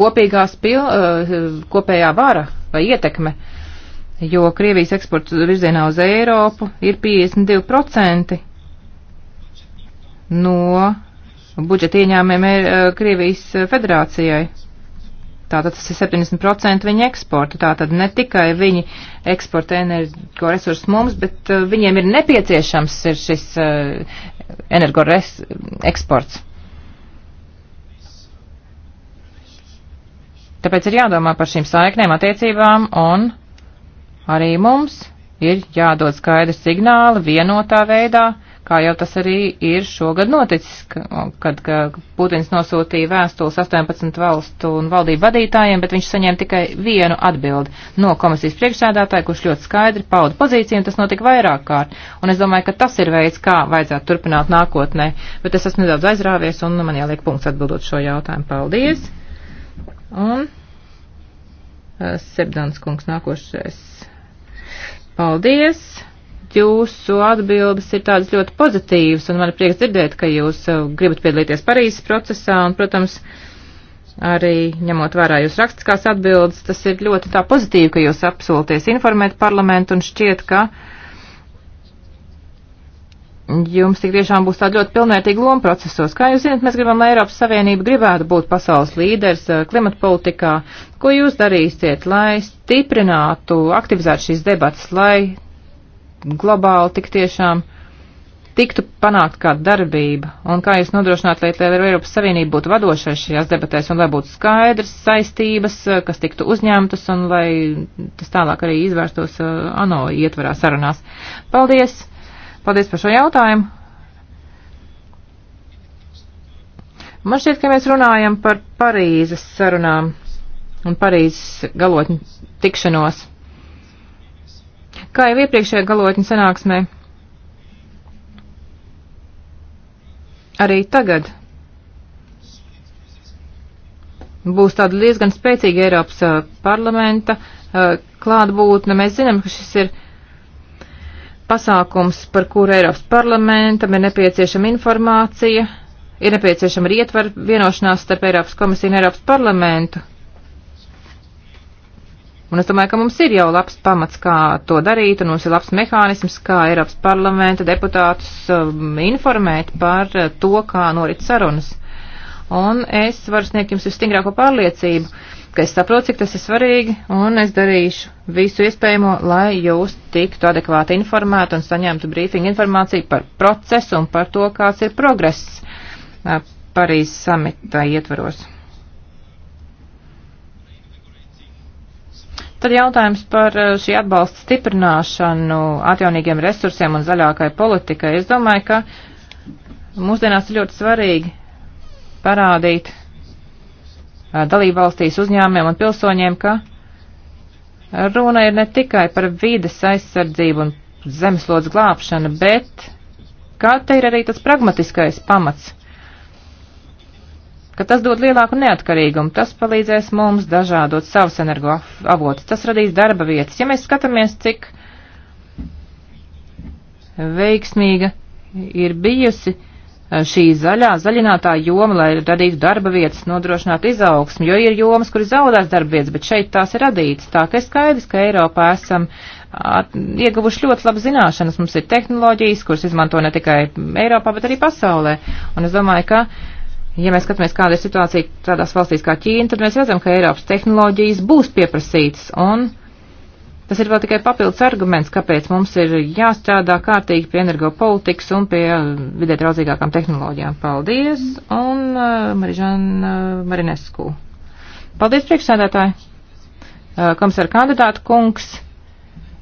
kopīgās pil, uh, kopējā vara vai ietekme. Uh, jo Krievijas eksports virzienā uz Eiropu ir 52% no budžeta ieņēmumiem eh, Krievijas eh, federācijai. Tātad tas ir 70% viņa eksporta. Tātad ne tikai viņi eksporta energoresursus mums, bet eh, viņiem ir nepieciešams ir šis energoresursu eksports. Tāpēc ir jādomā par šīm saiknēm, attiecībām un arī mums ir jādod skaidri signāli vienotā veidā, kā jau tas arī ir šogad noticis, kad Putins nosūtīja vēstules 18 valstu un valdību vadītājiem, bet viņš saņēma tikai vienu atbildi no komisijas priekšsēdātāja, kurš ļoti skaidri pauda pozīciju, un tas notika vairāk kārt. Un es domāju, ka tas ir veids, kā vajadzētu turpināt nākotnē, bet es esmu nedaudz aizrāvies, un man jāliek punkts atbildot šo jautājumu. Paldies! Un eh, Sebdans kungs nākošais Paldies! Jūsu atbildes ir tādas ļoti pozitīvas, un man ir prieks dzirdēt, ka jūs uh, gribat piedalīties Parīzes procesā, un, protams, arī ņemot vērā jūs rakstiskās atbildes, tas ir ļoti tā pozitīvi, ka jūs apsolties informēt parlamentu, un šķiet, ka uh, jums tik tiešām būs tāda ļoti pilnvērtīga loma procesos. Kā jūs zinat, mēs gribam, lai Eiropas Savienība gribētu būt pasaules līderis eh, klimata politikā. Ko jūs darīsiet, lai stiprinātu, aktivizētu šīs debatas, lai globāli tik tiešām tiktu panākt kāda darbība? Un kā jūs nodrošināt, lai, lai Eiropas Savienība būtu vadošai šajās debatēs un lai būtu skaidrs saistības, eh, kas tiktu uzņemtas un lai tas tālāk arī izvērstos eh, ANO ietvarā sarunās? Paldies! Paldies par šo jautājumu. Man šķiet, ka mēs runājam par Parīzes sarunām un Parīzes galotņu tikšanos. Kā jau iepriekšējā galotņu sanāksmē, arī tagad būs tāda diezgan spēcīga Eiropas uh, parlamenta uh, klātbūtne. Mēs zinām, ka šis ir pasākums, par kuru Eiropas parlamentam ir nepieciešama informācija, ir nepieciešama arī ietver vienošanās starp Eiropas komisiju un Eiropas parlamentu. Un es domāju, ka mums ir jau labs pamats, kā to darīt, un mums ir labs mehānisms, kā Eiropas parlamenta deputātus um, informēt par uh, to, kā norit sarunas. Un es varu sniegt jums visstingrāko pārliecību, ka es saprotu, cik tas ir svarīgi, un es darīšu visu iespējamo, lai jūs tiktu adekvāti informēti un saņemtu brīfingu informāciju par procesu un par to, kāds ir progress Parīzes samita ietvaros. Tad jautājums par šī atbalsta stiprināšanu atjaunīgiem resursiem un zaļākai politikai. Es domāju, ka mūsdienās ir ļoti svarīgi parādīt dalībvalstīs uzņēmumiem un pilsoņiem, ka runa ir ne tikai par vides aizsardzību un zemeslodes glābšanu, bet kā te ir arī tas pragmatiskais pamats, ka tas dod lielāku neatkarīgumu, tas palīdzēs mums dažādot savus energoavotus, tas radīs darba vietas. Ja mēs skatāmies, cik veiksmīga ir bijusi Eh, šī zaļā, zaļinātā joma, lai radītu darba vietas, nodrošinātu izaugsmu, jo ir jomas, kur zaudēs darba vietas, bet šeit tās ir radītas. Tā ka ir skaidrs, ka Eiropā esam at, ieguvuši ļoti labu zināšanas. Mums ir tehnoloģijas, kuras izmanto ne tikai Eiropā, bet arī pasaulē. Un es domāju, ka. Ja mēs skatāmies, kāda ir situācija tādās valstīs kā Ķīna, tad mēs redzam, ka Eiropas tehnoloģijas būs pieprasītas, un Tas ir vēl tikai papildus arguments, kāpēc mums ir jāstrādā kārtīgi pie energopolitikas un pie uh, vidē draudzīgākām tehnoloģijām. Paldies! Un uh, Marižana uh, Marinesku. Paldies, priekšsēdētāji! Uh, komisāra kandidāta kungs.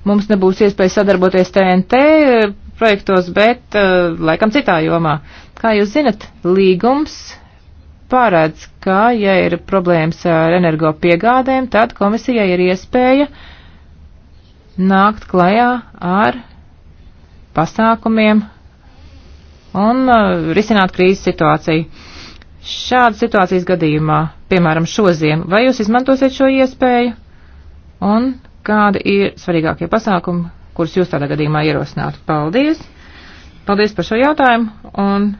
Mums nebūs iespēja sadarboties TNT uh, projektos, bet uh, laikam citā jomā. Kā jūs zinat, līgums pārēdz, ka, ja ir problēmas ar energo piegādēm, tad komisijai ir iespēja uh, nākt klajā ar pasākumiem un uh, risināt krīzes situāciju. Šādas situācijas gadījumā, piemēram, šoziem, vai jūs izmantosiet šo iespēju un kādi ir svarīgākie pasākumi, kurus jūs tādā gadījumā ierosinātu? Paldies! Paldies par šo jautājumu un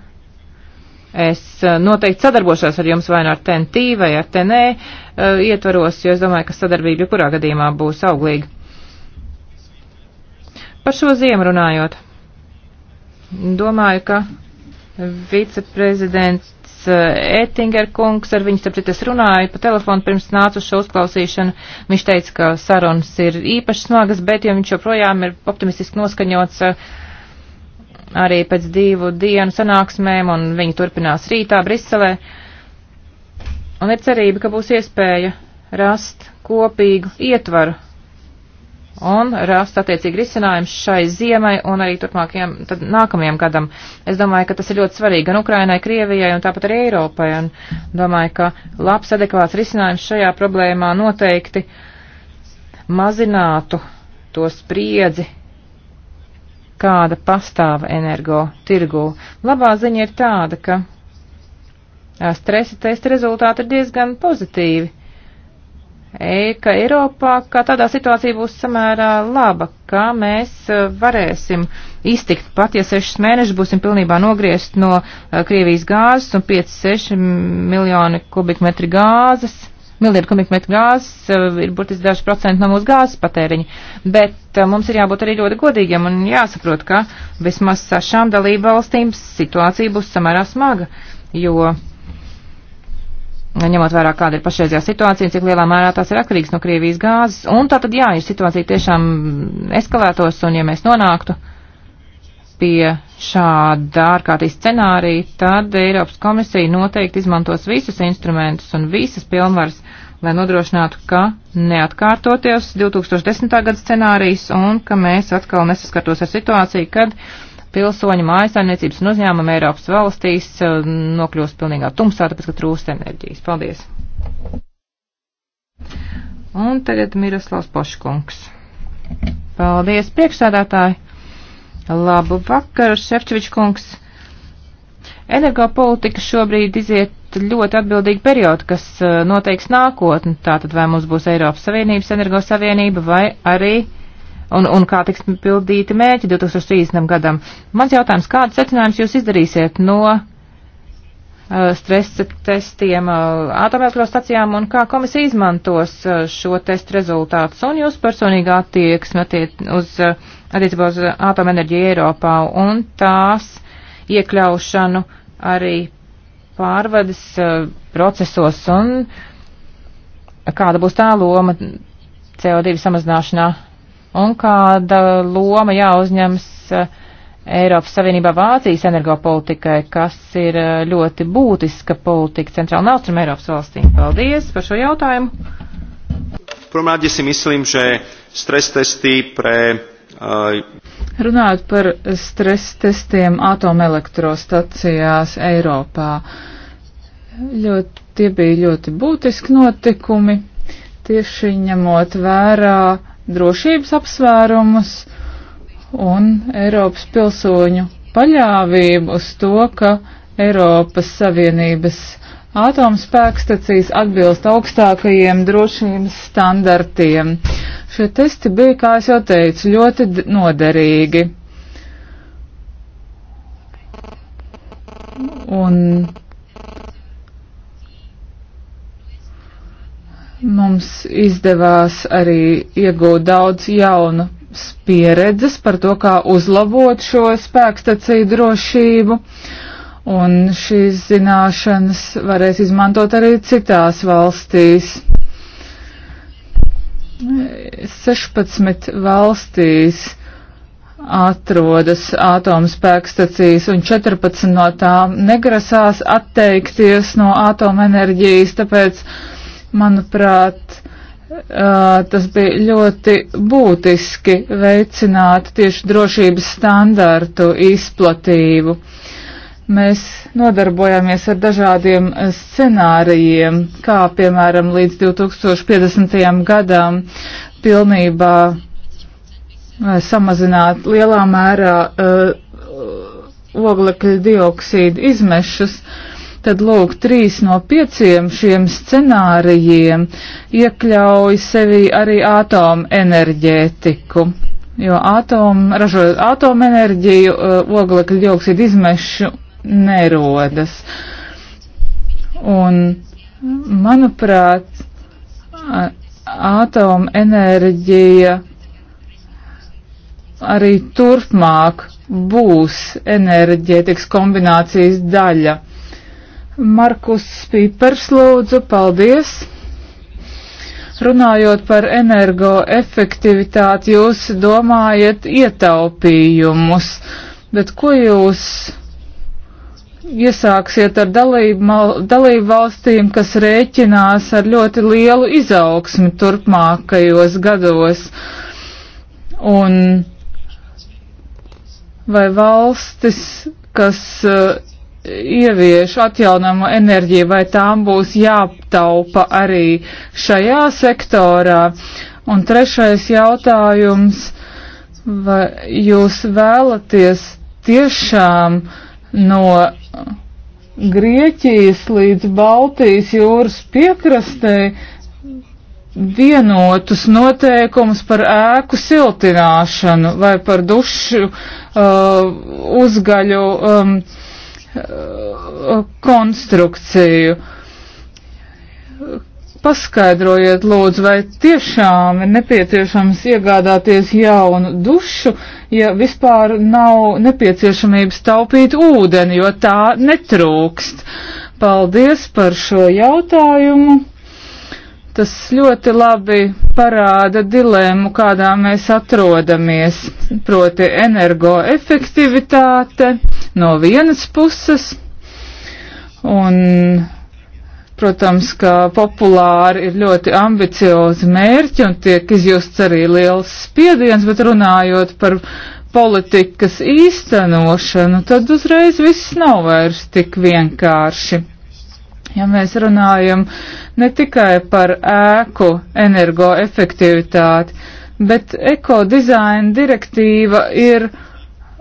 es uh, noteikti sadarbošos ar jums vai nu ar TNT vai ar TNE uh, ietvaros, jo es domāju, ka sadarbība jebkurā gadījumā būs auglīga. Par šo ziemu runājot, domāju, ka viceprezidents eh, Ettinger kungs, ar viņu starp citu es runāju pa telefonu pirms nācu uz šo uzklausīšanu. Viņš teica, ka sarunas ir īpaši smagas, bet ja viņš joprojām ir optimistiski noskaņots eh, arī pēc divu dienu sanāksmēm un viņi turpinās rītā Briselē. Un ir cerība, ka būs iespēja rast kopīgu ietvaru un rast attiecīgi risinājums šai ziemai un arī turpmākajam, tad nākamajam gadam. Es domāju, ka tas ir ļoti svarīgi gan Ukrainai, Krievijai un tāpat arī Eiropai. Un domāju, ka labs adekvāts risinājums šajā problēmā noteikti mazinātu to spriedzi, kāda pastāv energo tirgū. Labā ziņa ir tāda, ka stresa testa rezultāti ir diezgan pozitīvi e, ka Eiropā, ka tādā situācija būs samērā laba, ka mēs e, varēsim iztikt pat, ja sešas mēnešas būsim pilnībā nogriezt no e, Krievijas gāzes un 5-6 miljoni kubikmetri gāzes. Miljardu kubikmetru gāzes e, ir burtiski daži procenti no mūsu gāzes patēriņa, bet mums ir jābūt arī ļoti godīgiem un jāsaprot, ka vismaz šām dalību valstīm situācija būs samērā smaga, jo Nu, ņemot vērā, kāda ir pašreizējā situācija un cik lielā mērā tās ir atkarīgs no Krievijas gāzes. Un tā tad, jā, ja situācija tiešām eskalētos un ja mēs nonāktu pie šāda ārkārtīgi scenārija, tad Eiropas komisija noteikti izmantos visus instrumentus un visas pilnvaras, lai nodrošinātu, ka neatkārtoties 2010. gada scenārijs un ka mēs atkal nesaskartos ar situāciju, kad uh, pilsoņi mājasainiecības un uzņēmumi Eiropas valstīs eh, nokļūst pilnīgā tumsā, tāpēc, ka trūkst enerģijas. Paldies! Un tagad Miroslavs Poškungs. Paldies, priekšsādātāji! Labu vakaru, Šefčovičs kungs! Energopolitika šobrīd iziet ļoti atbildīgu periodu, kas eh, noteiks nākotni. Tātad vai mums būs Eiropas Savienības energosavienība vai arī uh, un, un kā tiks pildīti mērķi 2030. gadam. Mans jautājums, kādas secinājumus jūs izdarīsiet no uh, stresa testiem uh, atomelektrostacijām un kā komisija izmantos uh, šo testu rezultātus un jūsu personīgā attieksme attiec uz, uh, attiecībā uz atomenerģiju Eiropā un tās iekļaušanu arī pārvades uh, procesos un kāda būs tā loma CO2 samazināšanā un kāda loma jāuzņems eh, Eiropas Savienībā Vācijas energopolitikai, kas ir eh, ļoti būtiska politika centrāla un austruma Eiropas valstīm. Paldies par šo jautājumu. Prvom rade si myslím, že stres testy pre. Uh... Runājot par stres testiem atomelektrostacijās Eiropā, ļoti, tie bija ļoti būtiski notikumi, tieši ņemot vērā uh, drošības apsvērumus un Eiropas pilsoņu paļāvību uz to, ka Eiropas Savienības atomspēkstacijas atbilst augstākajiem drošības standartiem. Šie testi bija, kā es jau teicu, ļoti noderīgi. Un Mums izdevās arī iegūt daudz jaunu pieredzes par to, kā uzlabot šo spēkstacīju drošību, un šīs zināšanas varēs izmantot arī citās valstīs. 16 valstīs atrodas atomspēkstacijas, un 14 no tām negrasās atteikties no atomenerģijas, tāpēc Manuprāt, tas bija ļoti būtiski veicināt tieši drošības standārtu izplatību. Mēs nodarbojamies ar dažādiem scenārijiem, kā piemēram līdz 2050. gadam pilnībā samazināt lielā mērā uh, oglekļa dioksīdu izmešus, uh, tad lūk, trīs no pieciem šiem scenārijiem iekļauj sevi arī atomenerģētiku. Jo atom, ražojot atomenerģiju, uh, oglekļa dioksīda izmešu nerodas. Un, manuprāt, atomenerģija arī turpmāk būs enerģētikas kombinācijas daļa. Markus Pīpers lūdzu, paldies. Runājot par energoefektivitāti, jūs domājat ietaupījumus, bet ko jūs iesāksiet ar dalību, dalību valstīm, kas rēķinās ar ļoti lielu izaugsmi turpmākajos gados. Un vai valstis, kas ievieš atjaunamo enerģiju, vai tām būs jātaupa arī šajā sektorā. Un trešais jautājums, vai jūs vēlaties tiešām no Grieķijas līdz Baltijas jūras piekrastei vienotus noteikumus par ēku siltināšanu vai par dušu uh, uzgaļu um, uh, Uh, konstrukciju. Paskaidrojiet, lūdzu, vai tiešām ir nepieciešams iegādāties jaunu dušu, ja vispār nav nepieciešamības taupīt ūdeni, jo tā netrūkst. Paldies par šo jautājumu. Tas ļoti labi parāda dilēmu, kādā mēs atrodamies, proti energoefektivitāte no vienas puses un protams, ka populāri ir ļoti ambiciozi mērķi un tiek izjusts arī liels spiediens, bet runājot par politikas īstenošanu, tad uzreiz viss nav vairs tik vienkārši. Ja mēs runājam ne tikai par ēku energoefektivitāti, bet ekodizaina direktīva ir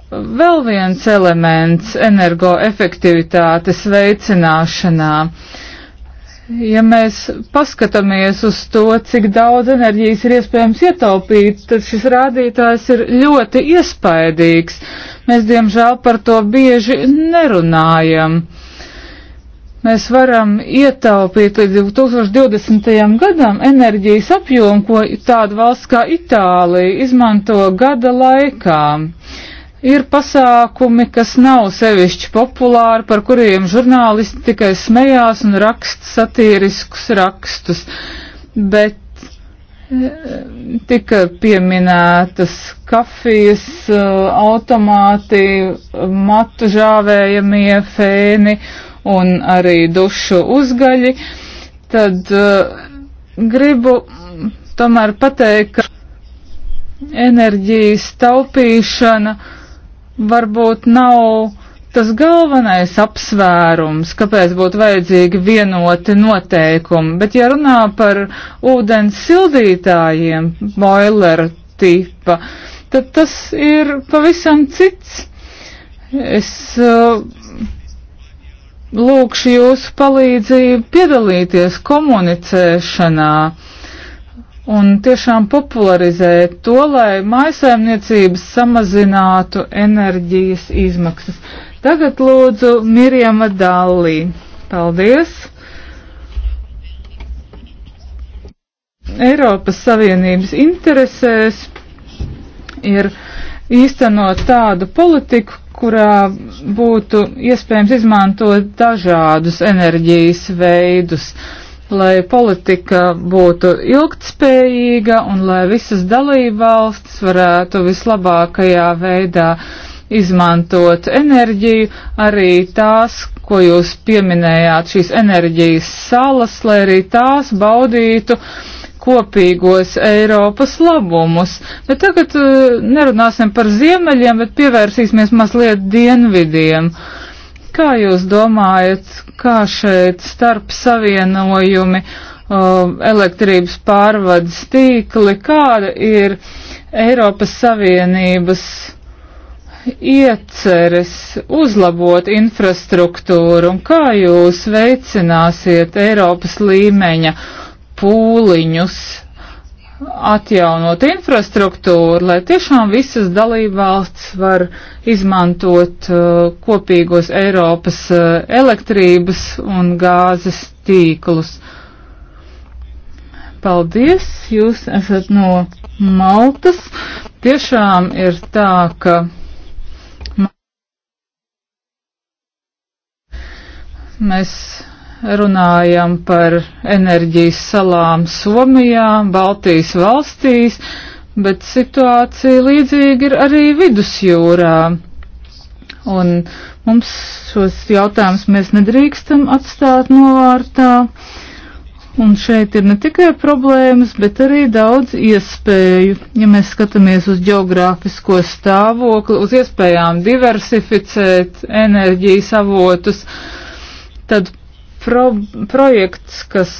vēl viens elements energoefektivitātes veicināšanā. Ja mēs paskatāmies uz to, cik daudz enerģijas ir iespējams ietaupīt, tad šis rādītājs ir ļoti iespaidīgs. Mēs, diemžēl, par to bieži nerunājam mēs varam ietaupīt līdz 2020. gadam enerģijas apjomu, ko tāda valsts kā Itālija izmanto gada laikā. Ir pasākumi, kas nav sevišķi populāri, par kuriem žurnālisti tikai smējās un rakst satīriskus rakstus, bet e, tika pieminētas kafijas e, automāti, matu žāvējamie fēni un arī dušu uzgaļi, tad uh, gribu tomēr pateikt, ka enerģijas taupīšana varbūt nav tas galvenais apsvērums, kāpēc būtu vajadzīgi vienoti noteikumi, bet ja runā par ūdens sildītājiem, boileru tipa, tad tas ir pavisam cits. Es uh, lūkšu jūsu palīdzību piedalīties komunicēšanā un tiešām popularizēt to, lai maisaimniecības samazinātu enerģijas izmaksas. Tagad lūdzu Mirjama Dallī. Paldies! Eiropas Savienības interesēs ir īstenot tādu politiku, kurā būtu iespējams izmantot dažādus enerģijas veidus, lai politika būtu ilgtspējīga un lai visas dalībvalstis varētu vislabākajā veidā izmantot enerģiju, arī tās, ko jūs pieminējāt, šīs enerģijas salas, lai arī tās baudītu uh, kopīgos Eiropas labumus. Bet tagad uh, nerunāsim par ziemeļiem, bet pievērsīsimies mazliet dienvidiem. Kā jūs domājat, kā šeit starp savienojumi, uh, elektrības pārvades tīkli, kāda ir Eiropas Savienības ieceres uzlabot infrastruktūru un kā jūs veicināsiet Eiropas līmeņa uh, pūliņus atjaunot infrastruktūru, lai tiešām visas dalībvalsts var izmantot uh, kopīgos Eiropas uh, elektrības un gāzes tīklus. Paldies, jūs esat no Maltas. Tiešām ir tā, ka. Mēs runājam par enerģijas salām Somijā, Baltijas valstīs, bet situācija līdzīga ir arī vidusjūrā. Un mums šos jautājumus mēs nedrīkstam atstāt novārtā. Un šeit ir ne tikai problēmas, bet arī daudz iespēju. Ja mēs skatāmies uz geogrāfisko stāvokli, uz iespējām diversificēt enerģijas avotus, tad pro, projekts, kas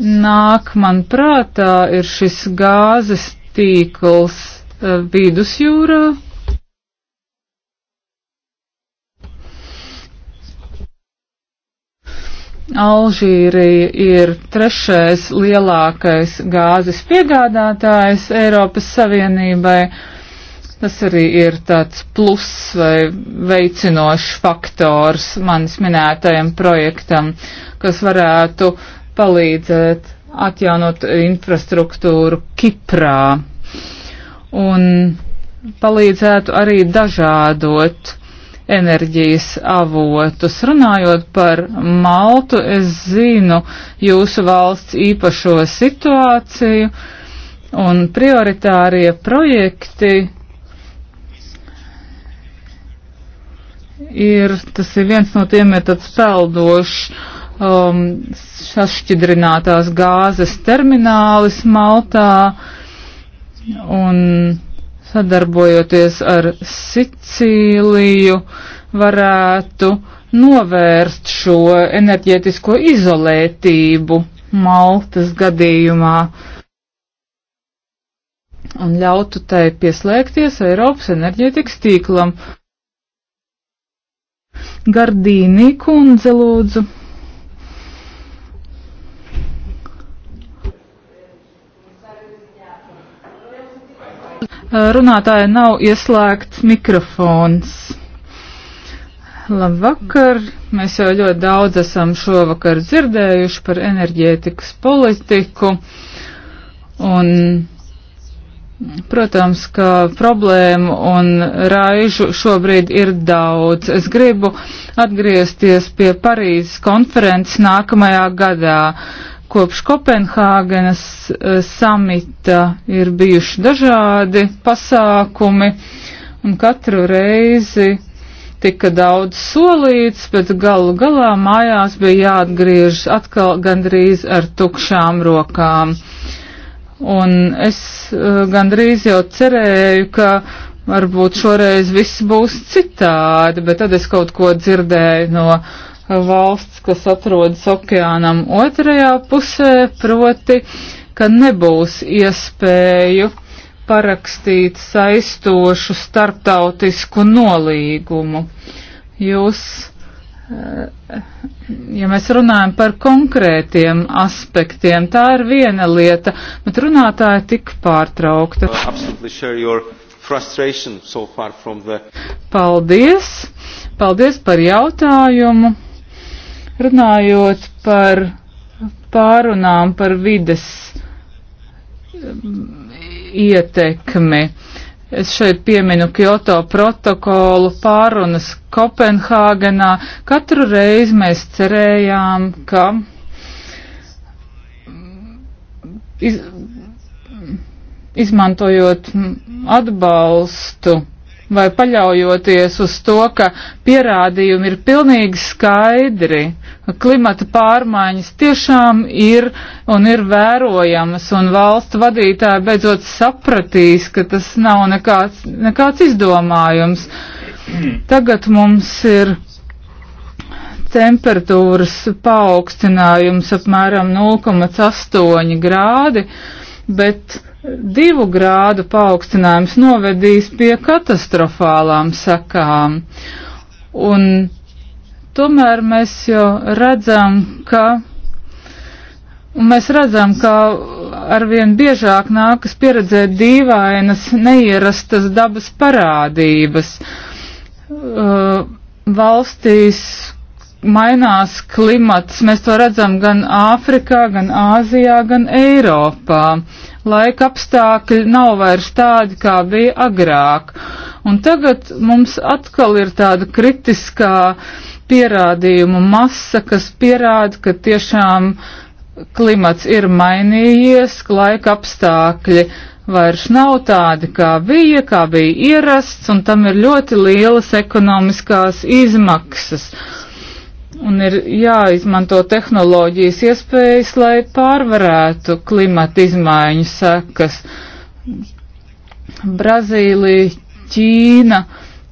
nāk man prātā, ir šis gāzes tīkls uh, vidusjūrā. Alžīrija ir trešais lielākais gāzes piegādātājs Eiropas Savienībai Tas arī ir tāds plus vai veicinošs faktors manis minētajam projektam, kas varētu palīdzēt atjaunot infrastruktūru Kiprā un palīdzētu arī dažādot enerģijas avotus. Runājot par Maltu, es zinu jūsu valsts īpašo situāciju un prioritārie projekti ir, tas ir viens no tiem ir tāds peldošs um, sašķidrinātās gāzes terminālis Maltā un sadarbojoties ar Sicīliju varētu novērst šo enerģētisko izolētību Maltas gadījumā un ļautu tai pieslēgties Eiropas enerģētikas tīklam. Gardīnī kundze lūdzu. Runātāja nav ieslēgts mikrofons. Labvakar! Mēs jau ļoti daudz esam šovakar dzirdējuši par enerģētikas politiku un Protams, ka problēmu un raižu šobrīd ir daudz. Es gribu atgriezties pie Parīzes konferences nākamajā gadā. Kopš Kopenhāgenes eh, samita ir bijuši dažādi pasākumi, un katru reizi tika daudz solīts, bet galu galā mājās bija jāatgriežas atkal gandrīz ar tukšām rokām. Un es uh, gandrīz jau cerēju, ka varbūt šoreiz viss būs citādi, bet tad es kaut ko dzirdēju no eh, valsts, kas atrodas okeānam otrajā pusē, proti, ka nebūs iespēju parakstīt saistošu starptautisku nolīgumu. Jūs ja mēs runājam par konkrētiem aspektiem, tā ir viena lieta, bet runātāja tik pārtraukta. Uh, so the... Paldies! Paldies par jautājumu. Runājot par pārunām par vides um, ietekmi. Es šeit pieminu Kyoto protokolu pārunas Kopenhāgenā. Katru reizi mēs cerējām, ka iz, izmantojot atbalstu vai paļaujoties uz to, ka pierādījumi ir pilnīgi skaidri, klimata pārmaiņas tiešām ir un ir vērojamas, un valstu vadītāji beidzot sapratīs, ka tas nav nekāds, nekāds izdomājums. Tagad mums ir temperatūras paaugstinājums apmēram 0,8 grādi, bet divu grādu paaugstinājums novedīs pie katastrofālām sakām. Un tomēr mēs jau redzam, ka. Un mēs redzam, ka arvien biežāk nākas pieredzēt dīvainas, neierastas dabas parādības. Uh, valstīs mainās klimats, mēs to redzam gan Āfrikā, gan Āzijā, gan Eiropā. Uh, laika apstākļi nav vairs tādi, kā bija agrāk. Un tagad mums atkal ir tāda kritiskā pierādījumu masa, kas pierāda, ka tiešām klimats ir mainījies, ka laika apstākļi vairs nav tādi, kā bija, kā bija ierasts, un tam ir ļoti lielas ekonomiskās izmaksas un ir jāizmanto tehnoloģijas iespējas, lai pārvarētu klimata izmaiņu sekas. Brazīlija, Ķīna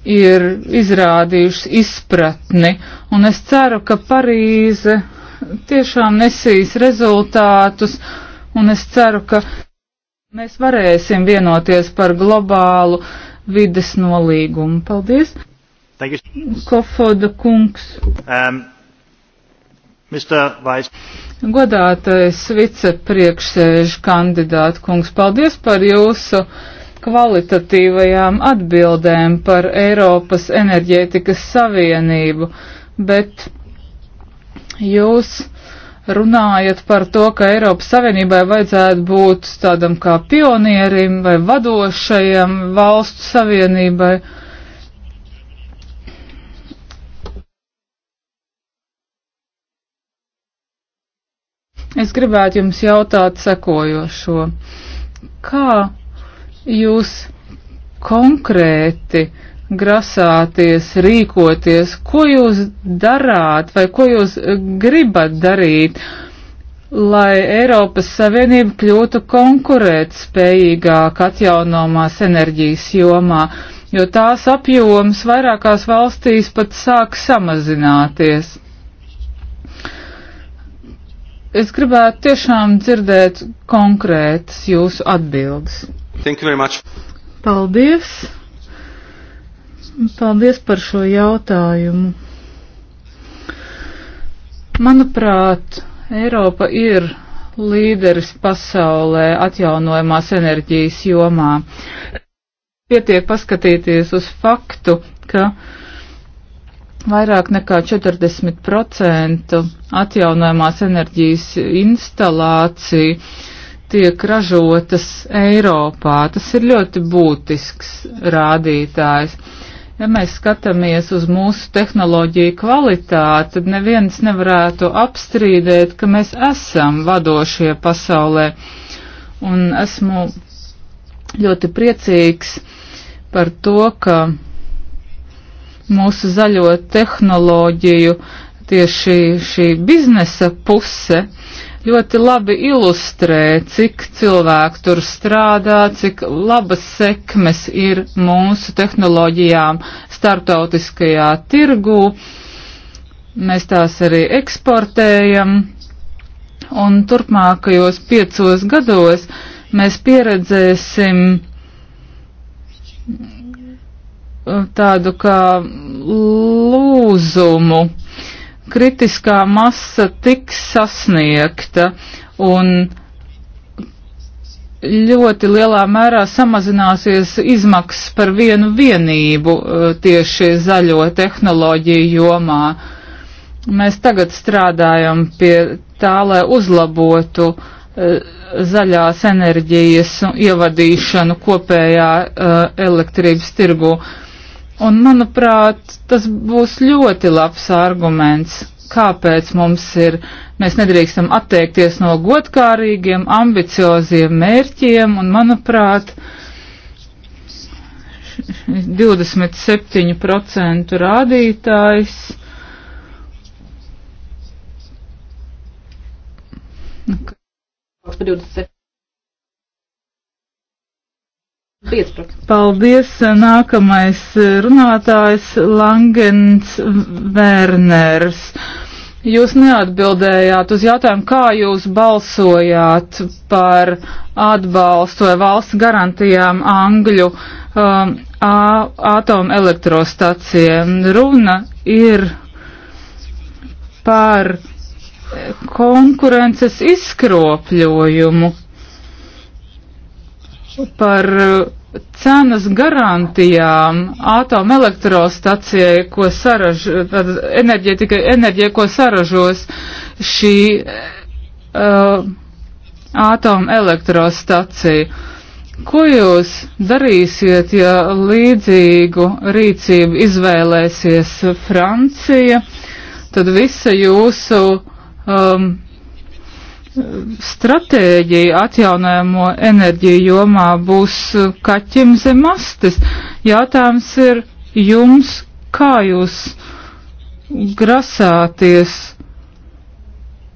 ir izrādījušas izpratni, un es ceru, ka Parīze tiešām nesīs rezultātus, un es ceru, ka mēs varēsim vienoties par globālu vides nolīgumu. Paldies! Kofoda kungs. Um. Godātais vicepriekšsēžu kandidāta kungs, paldies par jūsu kvalitatīvajām atbildēm par Eiropas enerģētikas savienību, bet jūs runājat par to, ka Eiropas Savienībai vajadzētu būt tādam kā pionierim vai vadošajam valstu savienībai. Es gribētu jums jautāt sekojošo. Kā jūs konkrēti grasāties, rīkoties, ko jūs darāt vai ko jūs gribat darīt, lai Eiropas Savienība kļūtu konkurētspējīgāk atjaunojumās enerģijas jomā, jo tās apjoms vairākās valstīs pat sāk samazināties. Es gribētu tiešām dzirdēt konkrētas jūsu atbildes. Thank you very much. Paldies. Paldies par šo jautājumu. Manuprāt, Eiropa ir līderis pasaulē atjaunojumās enerģijas jomā. Pietiek paskatīties uz faktu, ka Vairāk nekā 40% atjaunojamās enerģijas instalācija tiek ražotas Eiropā. Tas ir ļoti būtisks rādītājs. Ja mēs skatāmies uz mūsu tehnoloģiju kvalitāti, tad neviens nevarētu apstrīdēt, ka mēs esam vadošie pasaulē. Un esmu ļoti priecīgs par to, ka mūsu zaļo tehnoloģiju tieši šī biznesa puse ļoti labi ilustrē, cik cilvēki tur strādā, cik labas sekmes ir mūsu tehnoloģijām starptautiskajā tirgū. Mēs tās arī eksportējam, un turpmākajos piecos gados mēs pieredzēsim tādu kā lūzumu. Kritiskā masa tiks sasniegta un ļoti lielā mērā samazināsies izmaksas par vienu vienību uh, tieši zaļo tehnoloģiju jomā. Mēs tagad strādājam pie tā, lai uzlabotu uh, zaļās enerģijas ievadīšanu kopējā uh, elektrības tirgu. Un, manuprāt, tas būs ļoti labs arguments, kāpēc mums ir, mēs nedrīkstam atteikties no godkārīgiem, ambicioziem mērķiem, un, manuprāt, 27% rādītājs. Par nu, 27. 5%. Paldies. Nākamais runātājs Langens Werners. Jūs neatbildējāt uz jautājumu, kā jūs balsojāt par atbalstu vai valsts garantijām Angļu um, atomelektrostacijiem. Runa ir par konkurences izskropļojumu, par eh, cenas garantijām atomelektrostacijai, ko saraž, enerģija, enerģija, ko saražos šī uh, atomelektrostacija. Ko jūs darīsiet, ja līdzīgu rīcību izvēlēsies Francija? Tad visa jūsu um, stratēģija atjaunojamo enerģiju jomā būs kaķim zem astes. Jātājums ir jums, kā jūs grasāties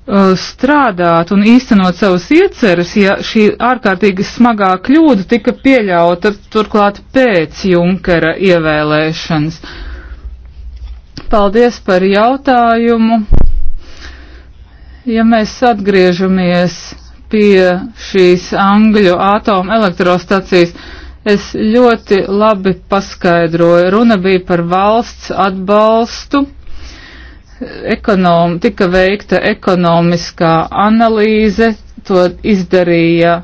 uh, strādāt un īstenot savus ieceres, ja šī ārkārtīgi smagā kļūda tika pieļauta turklāt pēc Junkera ievēlēšanas. Paldies par jautājumu. Ja mēs atgriežamies pie šīs Angļu atomelektrostacijas, es ļoti labi paskaidroju. Runa bija par valsts atbalstu, ekonom, tika veikta ekonomiskā analīze, to izdarīja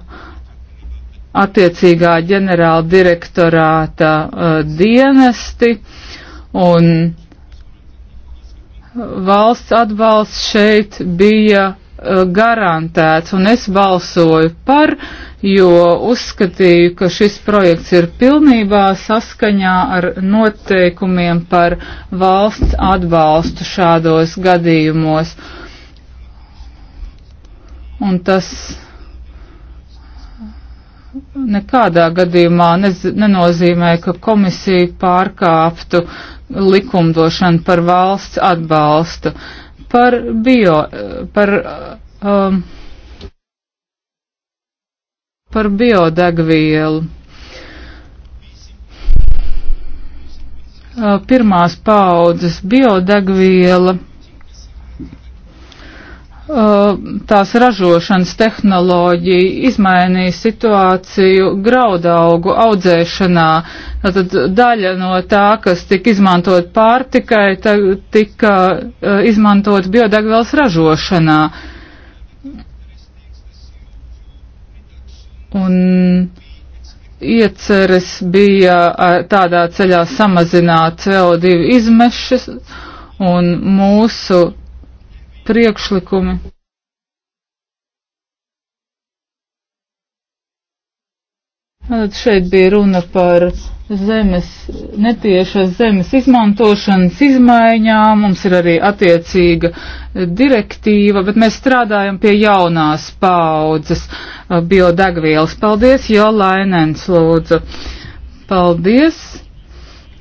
attiecīgā ģenerāla direktorāta uh, dienesti un valsts atbalsts šeit bija e, garantēts, un es balsoju par, jo uzskatīju, ka šis projekts ir pilnībā saskaņā ar noteikumiem par valsts atbalstu šādos gadījumos. Un tas nekādā gadījumā nez, nenozīmē, ka komisija pārkāptu likumdošanu par valsts atbalstu, par bio, par, um, par biodegvielu. Uh, pirmās paudzes biodegviela Eh, tās ražošanas tehnoloģija izmainīja situāciju graudaugu audzēšanā. Tad daļa no tā, kas tika izmantot pārtikai, tika eh, izmantot biodegvielas ražošanā. Un ieceres bija eh, tādā ceļā samazināt CO2 izmešas un mūsu priekšlikumi. Tad šeit bija runa par zemes, netiešas zemes izmantošanas izmaiņām, mums ir arī attiecīga direktīva, bet mēs strādājam pie jaunās paudzes uh, biodegvielas. Paldies, Jo Lainens, lūdzu. Paldies.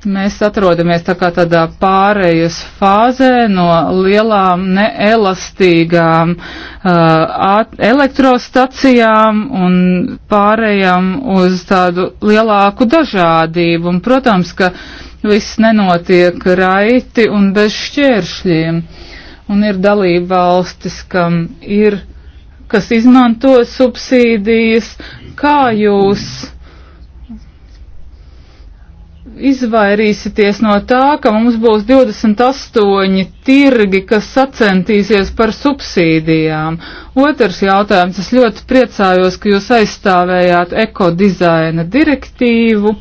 Mēs atrodamies tā kā tādā pārējas fāzē no lielām neelastīgām uh, elektrostacijām un pārējām uz tādu lielāku dažādību. Un, protams, ka viss nenotiek raiti un bez šķēršļiem. Un ir dalība valstis, kam ir, kas izmanto subsīdijas. Kā jūs? izvairīsities no tā, ka mums būs 28 tirgi, kas sacentīsies par subsīdijām? Otrs jautājums. Es ļoti priecājos, ka jūs aizstāvējāt ekodizaina direktīvu.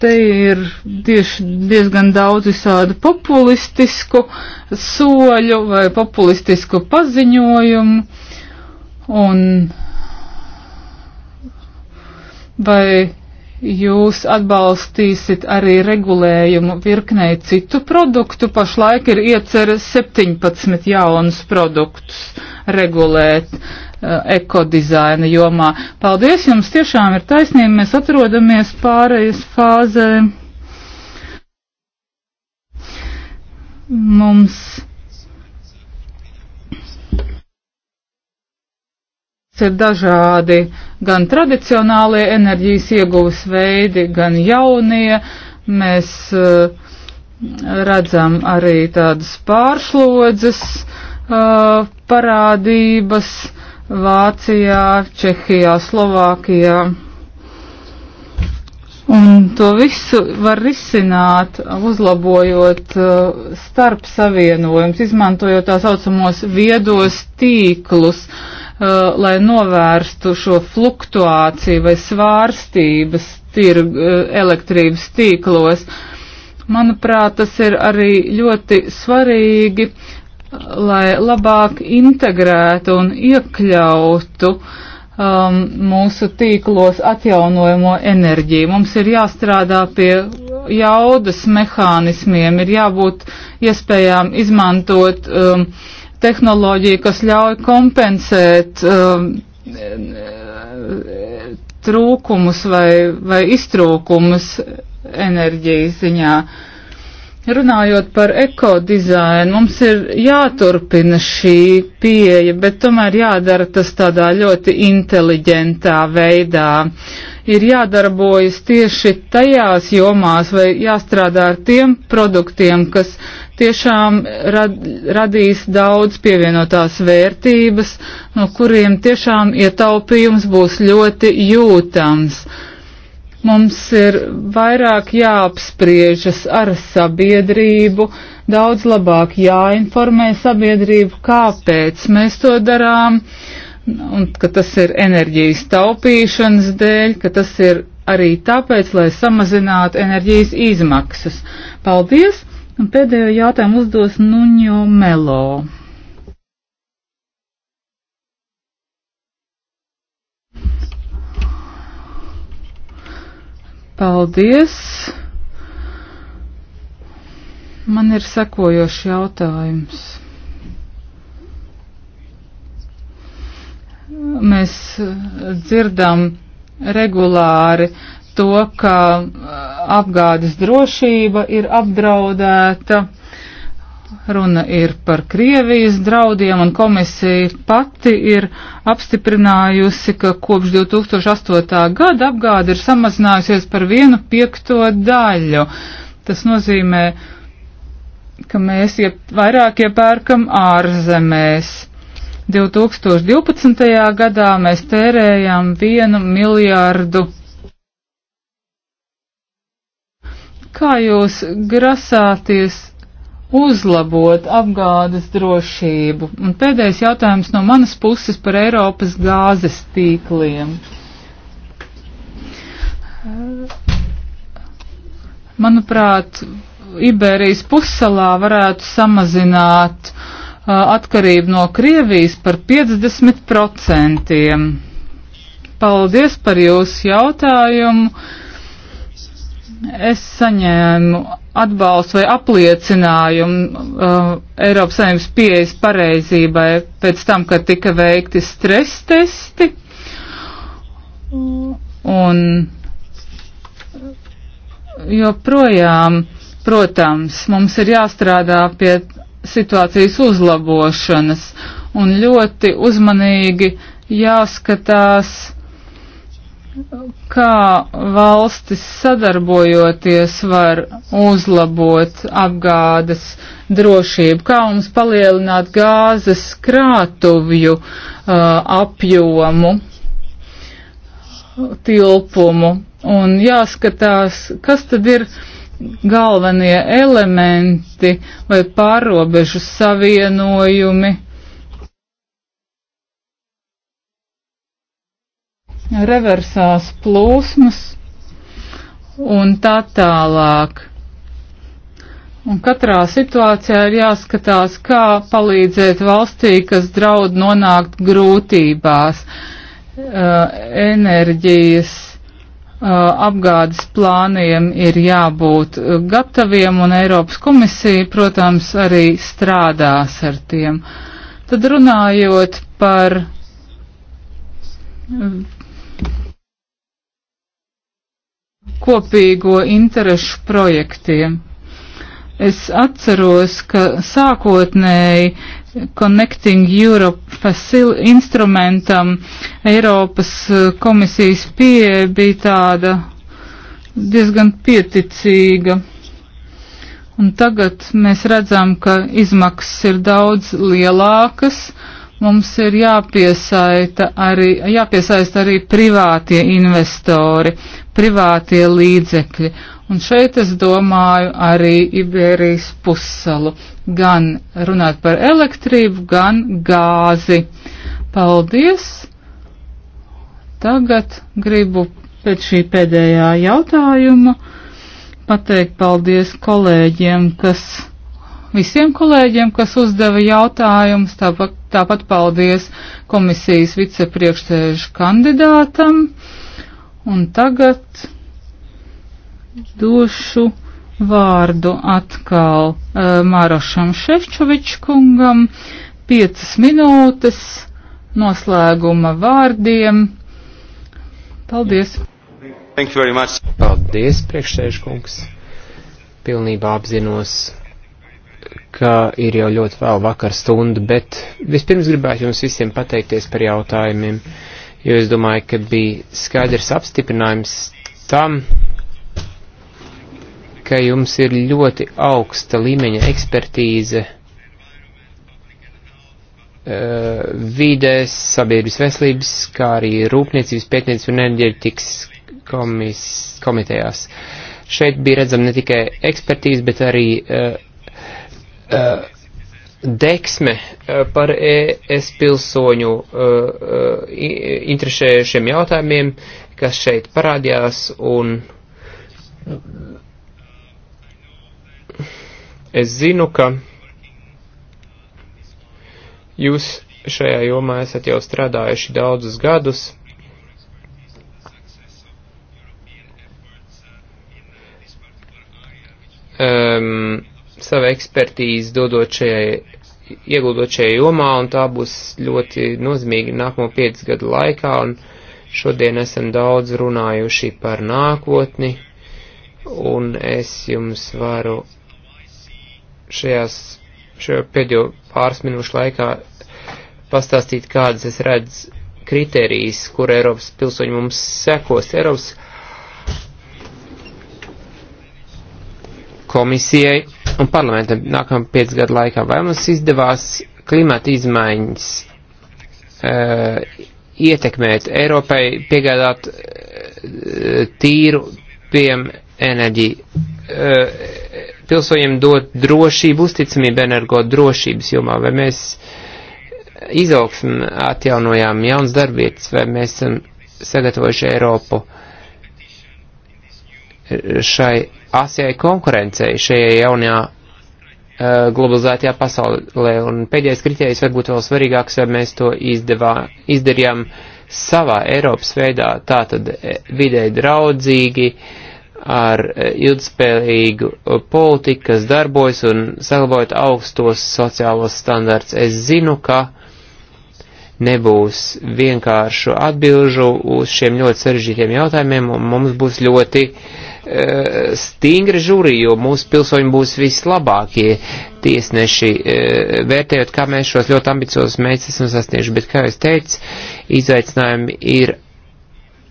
Te ir tieši diezgan daudz visādu populistisku soļu vai populistisku paziņojumu. Un vai jūs atbalstīsit arī regulējumu virknei citu produktu. Pašlaik ir ieceras 17 jaunus produktus regulēt uh, ekodizaina jomā. Paldies, jums tiešām ir taisnība, mēs atrodamies pārējas fāzē. Mums ir dažādi gan tradicionālie enerģijas ieguves veidi, gan jaunie. Mēs uh, redzam arī tādas pārslodzes uh, parādības Vācijā, Čehijā, Slovākijā. Un to visu var risināt, uzlabojot eh, starp savienojumus, izmantojot tā saucamos viedos tīklus. Uh, Uh, lai novērstu šo fluktuāciju vai svārstības tirgu, uh, elektrības tīklos. Manuprāt, tas ir arī ļoti svarīgi, lai labāk integrētu un iekļautu um, mūsu tīklos atjaunojamo enerģiju. Mums ir jāstrādā pie jaudas mehānismiem, ir jābūt iespējām izmantot um, uh, tehnoloģija, kas ļauj kompensēt um, trūkumus vai, vai iztrūkumus enerģijas ziņā. Runājot par ekodizainu, mums ir jāturpina šī pieeja, bet tomēr jādara tas tādā ļoti inteliģentā veidā. Ir jādarbojas tieši tajās jomās vai jāstrādā ar tiem produktiem, kas uh, tiešām rad, radīs daudz pievienotās vērtības, no kuriem tiešām ietaupījums būs ļoti jūtams. Mums ir vairāk jāapspriežas ar sabiedrību, daudz labāk jāinformē sabiedrību, kāpēc mēs to darām, un ka tas ir enerģijas taupīšanas dēļ, ka tas ir arī tāpēc, lai samazinātu enerģijas izmaksas. Paldies! Un pēdējo jautājumu uzdos Nuņo Melo. Paldies! Man ir sekojošs jautājums. Mēs dzirdam regulāri to, ka uh, apgādes drošība ir apdraudēta. Runa ir par Krievijas draudiem, un komisija pati ir apstiprinājusi, ka kopš 2008. gada apgāde ir samazinājusies par vienu piekto daļu. Tas nozīmē, ka mēs iep, vairāk iepērkam ārzemēs. 2012. gadā mēs tērējām vienu miljārdu Kā jūs grasāties uzlabot apgādes drošību? Un pēdējais jautājums no manas puses par Eiropas gāzes tīkliem. Manuprāt, Iberijas pussalā varētu samazināt uh, atkarību no Krievijas par 50%. Paldies par jūsu jautājumu es saņēmu atbalstu vai apliecinājumu uh, Eiropas Savienības pieejas pareizībai pēc tam, kad tika veikti stres testi. Un joprojām, protams, mums ir jāstrādā pie situācijas uzlabošanas un ļoti uzmanīgi jāskatās, kā valstis sadarbojoties var uzlabot apgādes drošību, kā mums palielināt gāzes krātuvju uh, apjomu, tilpumu un jāskatās, kas tad ir galvenie elementi vai pārobežu savienojumi reversās plūsmas un tā tālāk. Un katrā situācijā ir jāskatās, kā palīdzēt valstī, kas draud nonākt grūtībās. Eh, enerģijas eh, apgādes plāniem ir jābūt eh, gataviem, un Eiropas komisija, protams, arī strādās ar tiem. Tad runājot par kopīgo interešu projektiem. Es atceros, ka sākotnēji Connecting Europe facil instrumentam Eiropas e, komisijas pieeja bija tāda diezgan pieticīga. Un tagad mēs redzam, ka izmaksas ir daudz lielākas, uh, Mums ir jāpiesaista arī, jāpiesaista arī privātie investori, privātie līdzekļi. Un šeit es domāju arī Iberijas pussalu. Gan runāt par elektrību, gan gāzi. Paldies! Tagad gribu pēc šī pēdējā jautājuma pateikt paldies kolēģiem, kas visiem kolēģiem, kas uzdeva jautājumus. Tāpat, tāpat paldies komisijas vicepriekšsēžu kandidātam. Un tagad došu vārdu atkal uh, Marošam Šefčovičkungam. Piecas minūtes noslēguma vārdiem. Paldies! Thank you very much. Paldies, priekšsēžkungs. Pilnībā apzinos ka ir jau ļoti vēl vakar stundu, bet vispirms gribētu jums visiem pateikties par jautājumiem, jo es domāju, ka bija skaidrs apstiprinājums tam, ka jums ir ļoti augsta līmeņa ekspertīze eh, vides, sabiedrības veselības, kā arī rūpniecības, pētniecības un enerģētikas komis, komitejās. Šeit bija redzama ne tikai ekspertīze, bet arī uh, Uh, deksme uh, par ES pilsoņu uh, interesējušiem jautājumiem, kas šeit parādījās, un es zinu, ka jūs šajā jomā esat jau strādājuši daudzus gadus. Um, savu ekspertīzi dodot šajai, ieguldot šajā jomā, un tā būs ļoti nozīmīga nākamo 5 gadu laikā, un šodien esam daudz runājuši par nākotni, un es jums varu šajās, šajā pēdējo pāris minūšu laikā pastāstīt, kādas es redzu kritērijas, kur Eiropas pilsoņi mums sekos. Eiropas komisijai un parlamentam nākamā piecu gadu laikā. Vai mums izdevās klimata izmaiņas uh, ietekmēt Eiropai, piegādāt uh, tīru piem enerģiju, uh, eh, pilsoņiem dot drošību, uzticamību energo drošības jomā, vai mēs izaugsmi atjaunojām jauns darbietis, vai mēs esam sagatavojuši Eiropu šai asijai konkurencei šajā jaunajā eh, globalizētajā pasaulē. Un pēdējais kritērijs varbūt vēl svarīgāks, vai mēs to izdevā, izdarījām savā Eiropas veidā, tātad eh, videi draudzīgi, ar eh, ilgspējīgu politiku, kas darbojas un saglabājot augstos sociālos standarts. Es zinu, ka nebūs vienkāršu atbilžu uz šiem ļoti sarežģītiem jautājumiem, un mums būs ļoti uh, Eh, stingri žūri, jo mūsu pilsoņi būs vislabākie tiesneši, eh, vērtējot, kā mēs šos ļoti ambiciozus mērķus esam sasnieguši. Bet, kā jau es teicu, izaicinājumi ir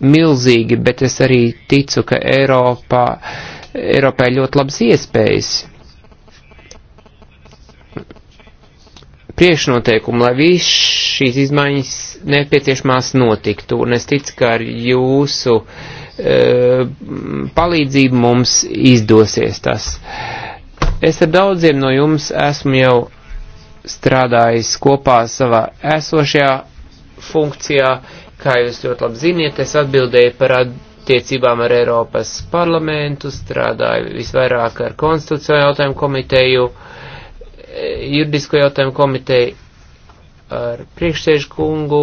milzīgi, bet es arī ticu, ka Eiropā, Eiropai ļoti labas iespējas. priekšnoteikumu, lai viss šīs izmaiņas nepieciešamās notiktu, un es ticu, ka ar jūsu uh, Eh, palīdzību mums izdosies tas. Es ar daudziem no jums esmu jau strādājis kopā savā esošajā funkcijā, kā jūs ļoti labi ziniet, es atbildēju par attiecībām ar Eiropas parlamentu, strādāju visvairāk ar konstitucionālo jautājumu komiteju, eh, juridisko jautājumu komiteju, ar priekšsēžu kungu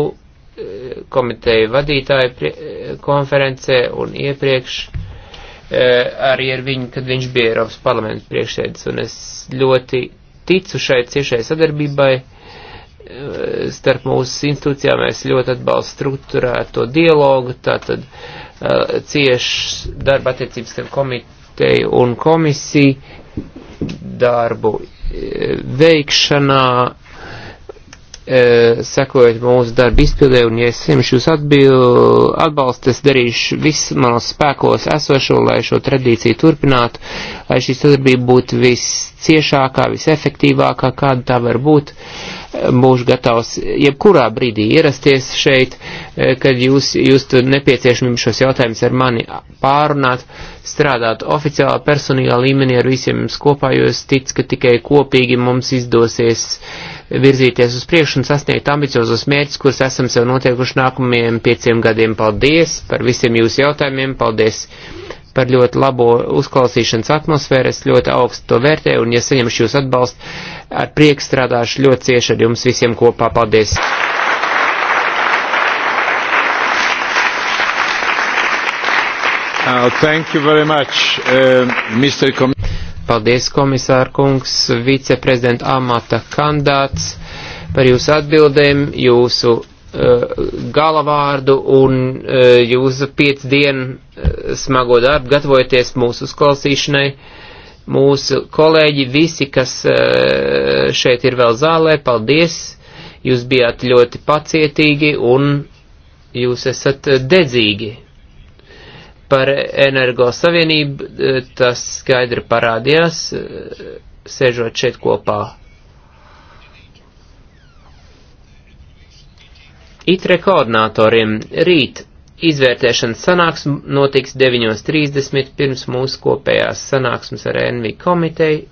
komiteju vadītāju konferencē un iepriekš eh, arī ar viņu, kad viņš bija Eiropas parlamenta priekšsēdis, un es ļoti ticu šai ciešai sadarbībai eh, starp mūsu institūcijām. Es ļoti atbalstu struktūrēto dialogu, tātad eh, cieši darba attiecības starp komiteju un komisiju, darbu veikšanā, E, sekojot mūsu darbu izpildē, un ja es saņemšu jūs atbalstu, es darīšu visu manos spēkos esošo, lai šo tradīciju turpinātu, lai šī sadarbība būtu visciešākā, visefektīvākā, kāda tā var būt. E, būšu gatavs jebkurā brīdī ierasties šeit, e, kad jūs, jūs nepieciešamību šos jautājumus ar mani pārunāt, strādāt oficiālā personīgā līmenī ar visiem jums kopā, jo es ticu, ka tikai kopīgi mums izdosies uh, virzīties uz priekšu un sasniegt ambiciozos mērķus, kurus esam sev noteikuši nākamajiem pieciem gadiem. Paldies par visiem jūsu jautājumiem, paldies par ļoti labo uzklausīšanas atmosfēru, es ļoti augstu to vērtēju un, ja saņemšu jūs atbalstu, ar prieku strādāšu ļoti cieši ar jums visiem kopā. Paldies! Uh, thank you very much, uh, Mr. Com Paldies, komisārkungs, viceprezidenta amata kandāts par jūsu atbildēm, jūsu eh, galavārdu un eh, jūsu piec dienu eh, smago darbu gatavojoties mūsu uzklausīšanai. Mūsu kolēģi, visi, kas šeit ir vēl zālē, paldies! Jūs bijāt ļoti pacietīgi un jūs esat dedzīgi Par energo savienību eh, tas skaidri parādījās, eh, sēžot šeit kopā. ITRE koordinatoriem rīt izvērtēšanas sanāksme notiks 9.30 pirms mūsu kopējās sanāksmes ar NV komiteju.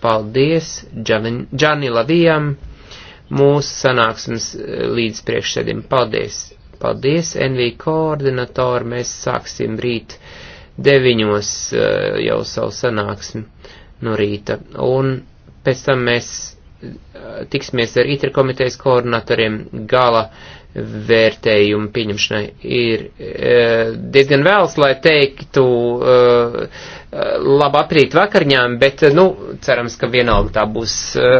Paldies Džani Lavijam, mūsu sanāksmes eh, līdz priekšsēdim. Paldies! Paldies, NV koordinatori, mēs sāksim rīt deviņos eh, jau savu sanāksmi no rīta. Un pēc tam mēs eh, tiksimies ar ITR komitejas koordinatoriem gala vērtējumu pieņemšanai ir e, diezgan vēls, lai teiktu e, labu aprīt vakarņām, bet, nu, cerams, ka vienalga tā būs. E,